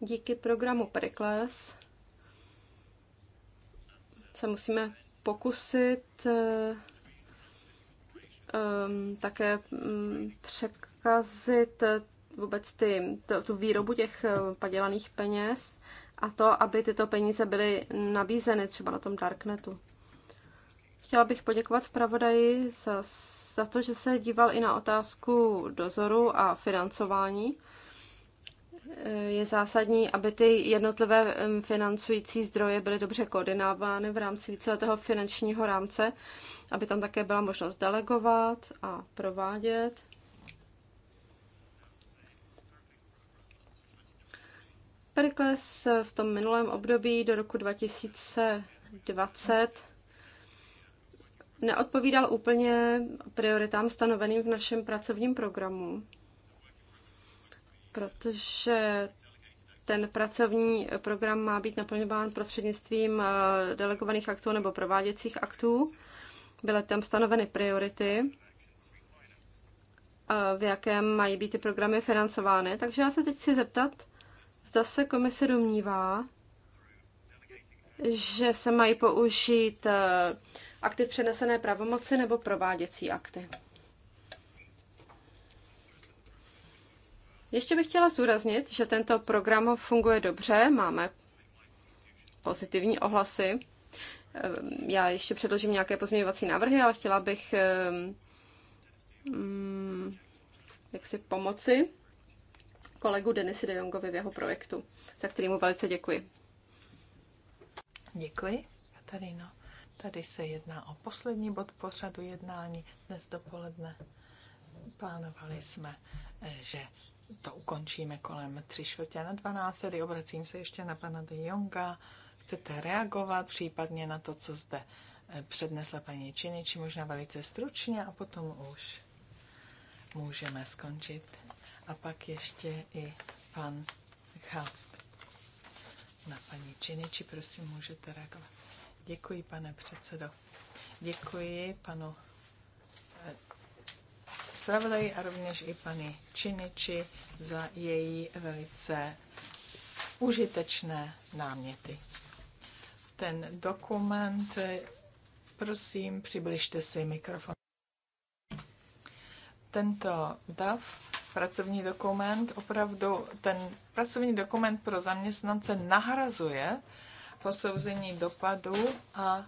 Díky programu Pericles se musíme pokusit um, také um, překazit eh, vůbec ty, to, tu výrobu těch eh, padělaných peněz a to, aby tyto peníze byly nabízeny třeba na tom darknetu. Chtěla bych poděkovat zpravodaji za, za to, že se díval i na otázku dozoru a financování. Je zásadní, aby ty jednotlivé financující zdroje byly dobře koordinovány v rámci víceletého finančního rámce, aby tam také byla možnost delegovat a provádět. Perikles v tom minulém období do roku 2020 neodpovídal úplně prioritám stanoveným v našem pracovním programu, protože ten pracovní program má být naplňován prostřednictvím eh, delegovaných aktů nebo prováděcích aktů. Byly tam stanoveny priority, eh, v jakém mají být ty programy financovány. Takže já se teď chci zeptat, Zda se komise domnívá, že se mají použít eh, akty přenesené pravomoci nebo prováděcí akty. Ještě bych chtěla zúraznit, že tento program funguje dobře, máme pozitivní ohlasy. Eh, já ještě předložím nějaké pozměňovací návrhy, ale chtěla bych eh, mm, jak si pomoci kolegu Denisi de Jongovi v jeho projektu, za který mu velice děkuji. Děkuji, Katarino. Tady se jedná o poslední bod pořadu jednání dnes dopoledne. Plánovali jsme, eh, že to ukončíme kolem tři čtvrtě na 12, tedy obracím se ještě na pana de Jonga. Chcete reagovat případně na to, co zde eh, přednesla paní Činiči, možná velice stručně a potom už můžeme skončit a pak ještě i pan Chalp. Na paní Činiči, prosím, můžete reagovat. Děkuji, pane předsedo. Děkuji panu eh, zpravodaji a rovněž i paní Činiči za její velice užitečné náměty. Ten dokument, prosím, přibližte si mikrofon. Tento DAF pracovní dokument. Opravdu ten pracovní dokument pro zaměstnance nahrazuje posouzení dopadu a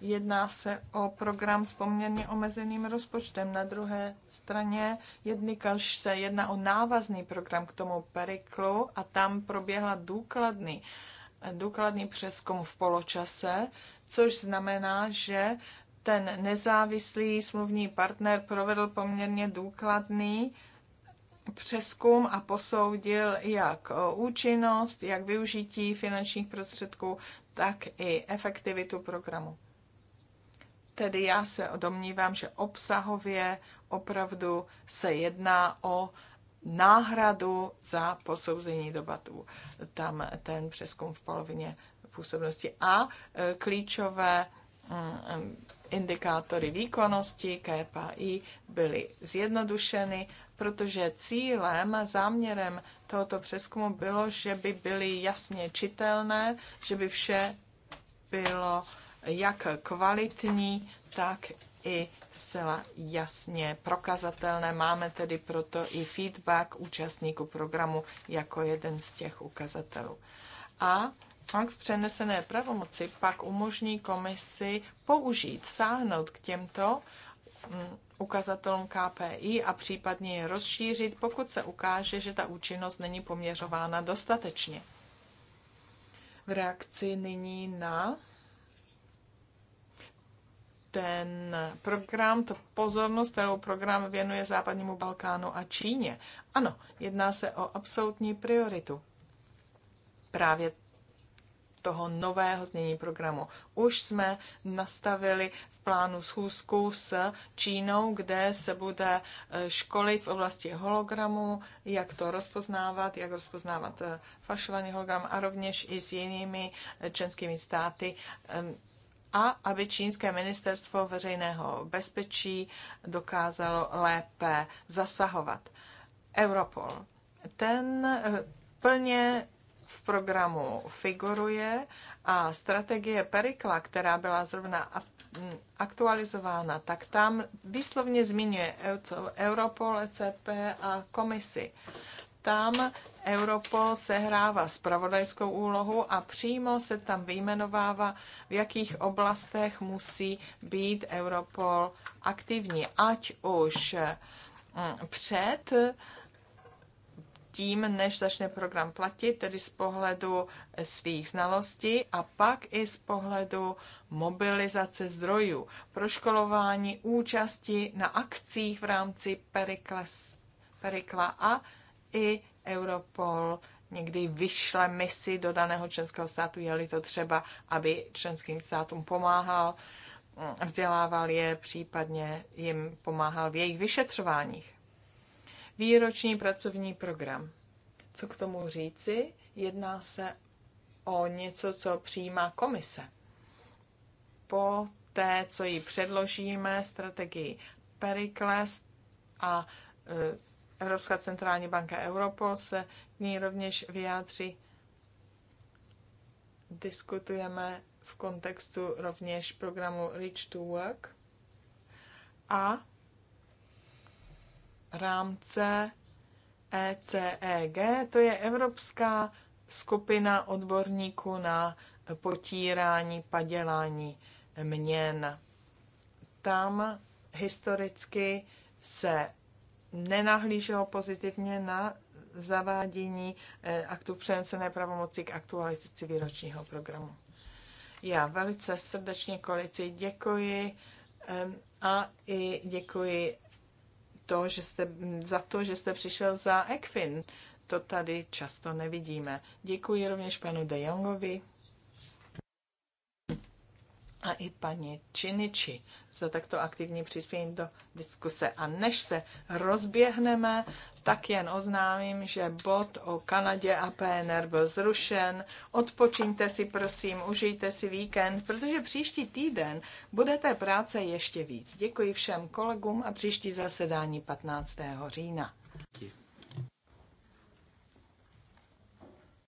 jedná se o program s poměrně omezeným rozpočtem. Na druhé straně jedny kalš se jedná o návazný program k tomu Periklu a tam proběhla důkladný, důkladný přeskum v poločase, což znamená, že ten nezávislý smluvní partner provedl poměrně důkladný přeskum a posoudil jak e, účinnost, jak využití finančních prostředků, tak i efektivitu programu. Tedy já se domnívám, že obsahově opravdu se jedná o náhradu za posouzení dobatů. Tam ten přeskum v polovině působnosti a e, klíčové mm, indikátory výkonnosti KPI byly zjednodušeny protože cílem a záměrem tohoto přeskumu bylo, že by byly jasně čitelné, že by vše bylo jak kvalitní, tak i zcela jasně prokazatelné. Máme tedy proto i feedback účastníků programu jako jeden z těch ukazatelů. A Max přenesené pravomoci pak umožní komisi použít, sáhnout k těmto mm, ukazatelům KPI a případně je rozšířit, pokud se ukáže, že ta účinnost není poměřována dostatečně. V reakci nyní na ten program, to pozornost, kterou program věnuje západnímu Balkánu a Číně. Ano, jedná se o absolutní prioritu. Právě toho nového znění programu. Už jsme nastavili v plánu schůzku s Čínou, kde se bude eh, školit v oblasti hologramu, jak to rozpoznávat, jak rozpoznávat eh, falšovaný hologram a rovněž i s jinými eh, členskými státy a aby čínské ministerstvo veřejného bezpečí dokázalo lépe zasahovat. Europol. Ten plně v programu figuruje a strategie Perikla, která byla zrovna aktualizována, tak tam výslovně zmiňuje Europol, ECP a komisi. Tam Europol sehrává spravodajskou úlohu a přímo se tam vyjmenovává, v jakých oblastech musí být Europol aktivní, ať už před tím, než začne program platit, tedy z pohledu svých znalostí a pak i z pohledu mobilizace zdrojů, proškolování účasti na akcích v rámci Perikla, Perikla a i Europol někdy vyšle misi do daného členského státu, je-li to třeba, aby členským státům pomáhal, vzdělával je, případně jim pomáhal v jejich vyšetřováních. Výroční pracovní program. Co k tomu říci? Jedná se o něco, co přijímá komise. Po té, co ji předložíme, strategii Perikles a e, Evropská centrální banka Europol se k ní rovněž vyjádří. Diskutujeme v kontextu rovněž programu Reach to Work a rámce ECEG, to je Evropská skupina odborníků na potírání padělání měn. Tam historicky se nenahlíželo pozitivně na zavádění eh, aktu přenesené pravomoci k aktualizaci výročního programu. Já velice srdečně koalici děkuji a i děkuji to, že jste, za to, že jste přišel za Ekfin. To tady často nevidíme. Děkuji rovněž panu De Jongovi a i paní Činiči za takto aktivní přispění do diskuse. A než se rozběhneme, tak jen oznámím, že bod o Kanadě a PNR byl zrušen. Odpočíňte si, prosím, užijte si víkend, protože příští týden bude té práce ještě víc. Děkuji všem kolegům a příští zasedání 15. října. Děkuji.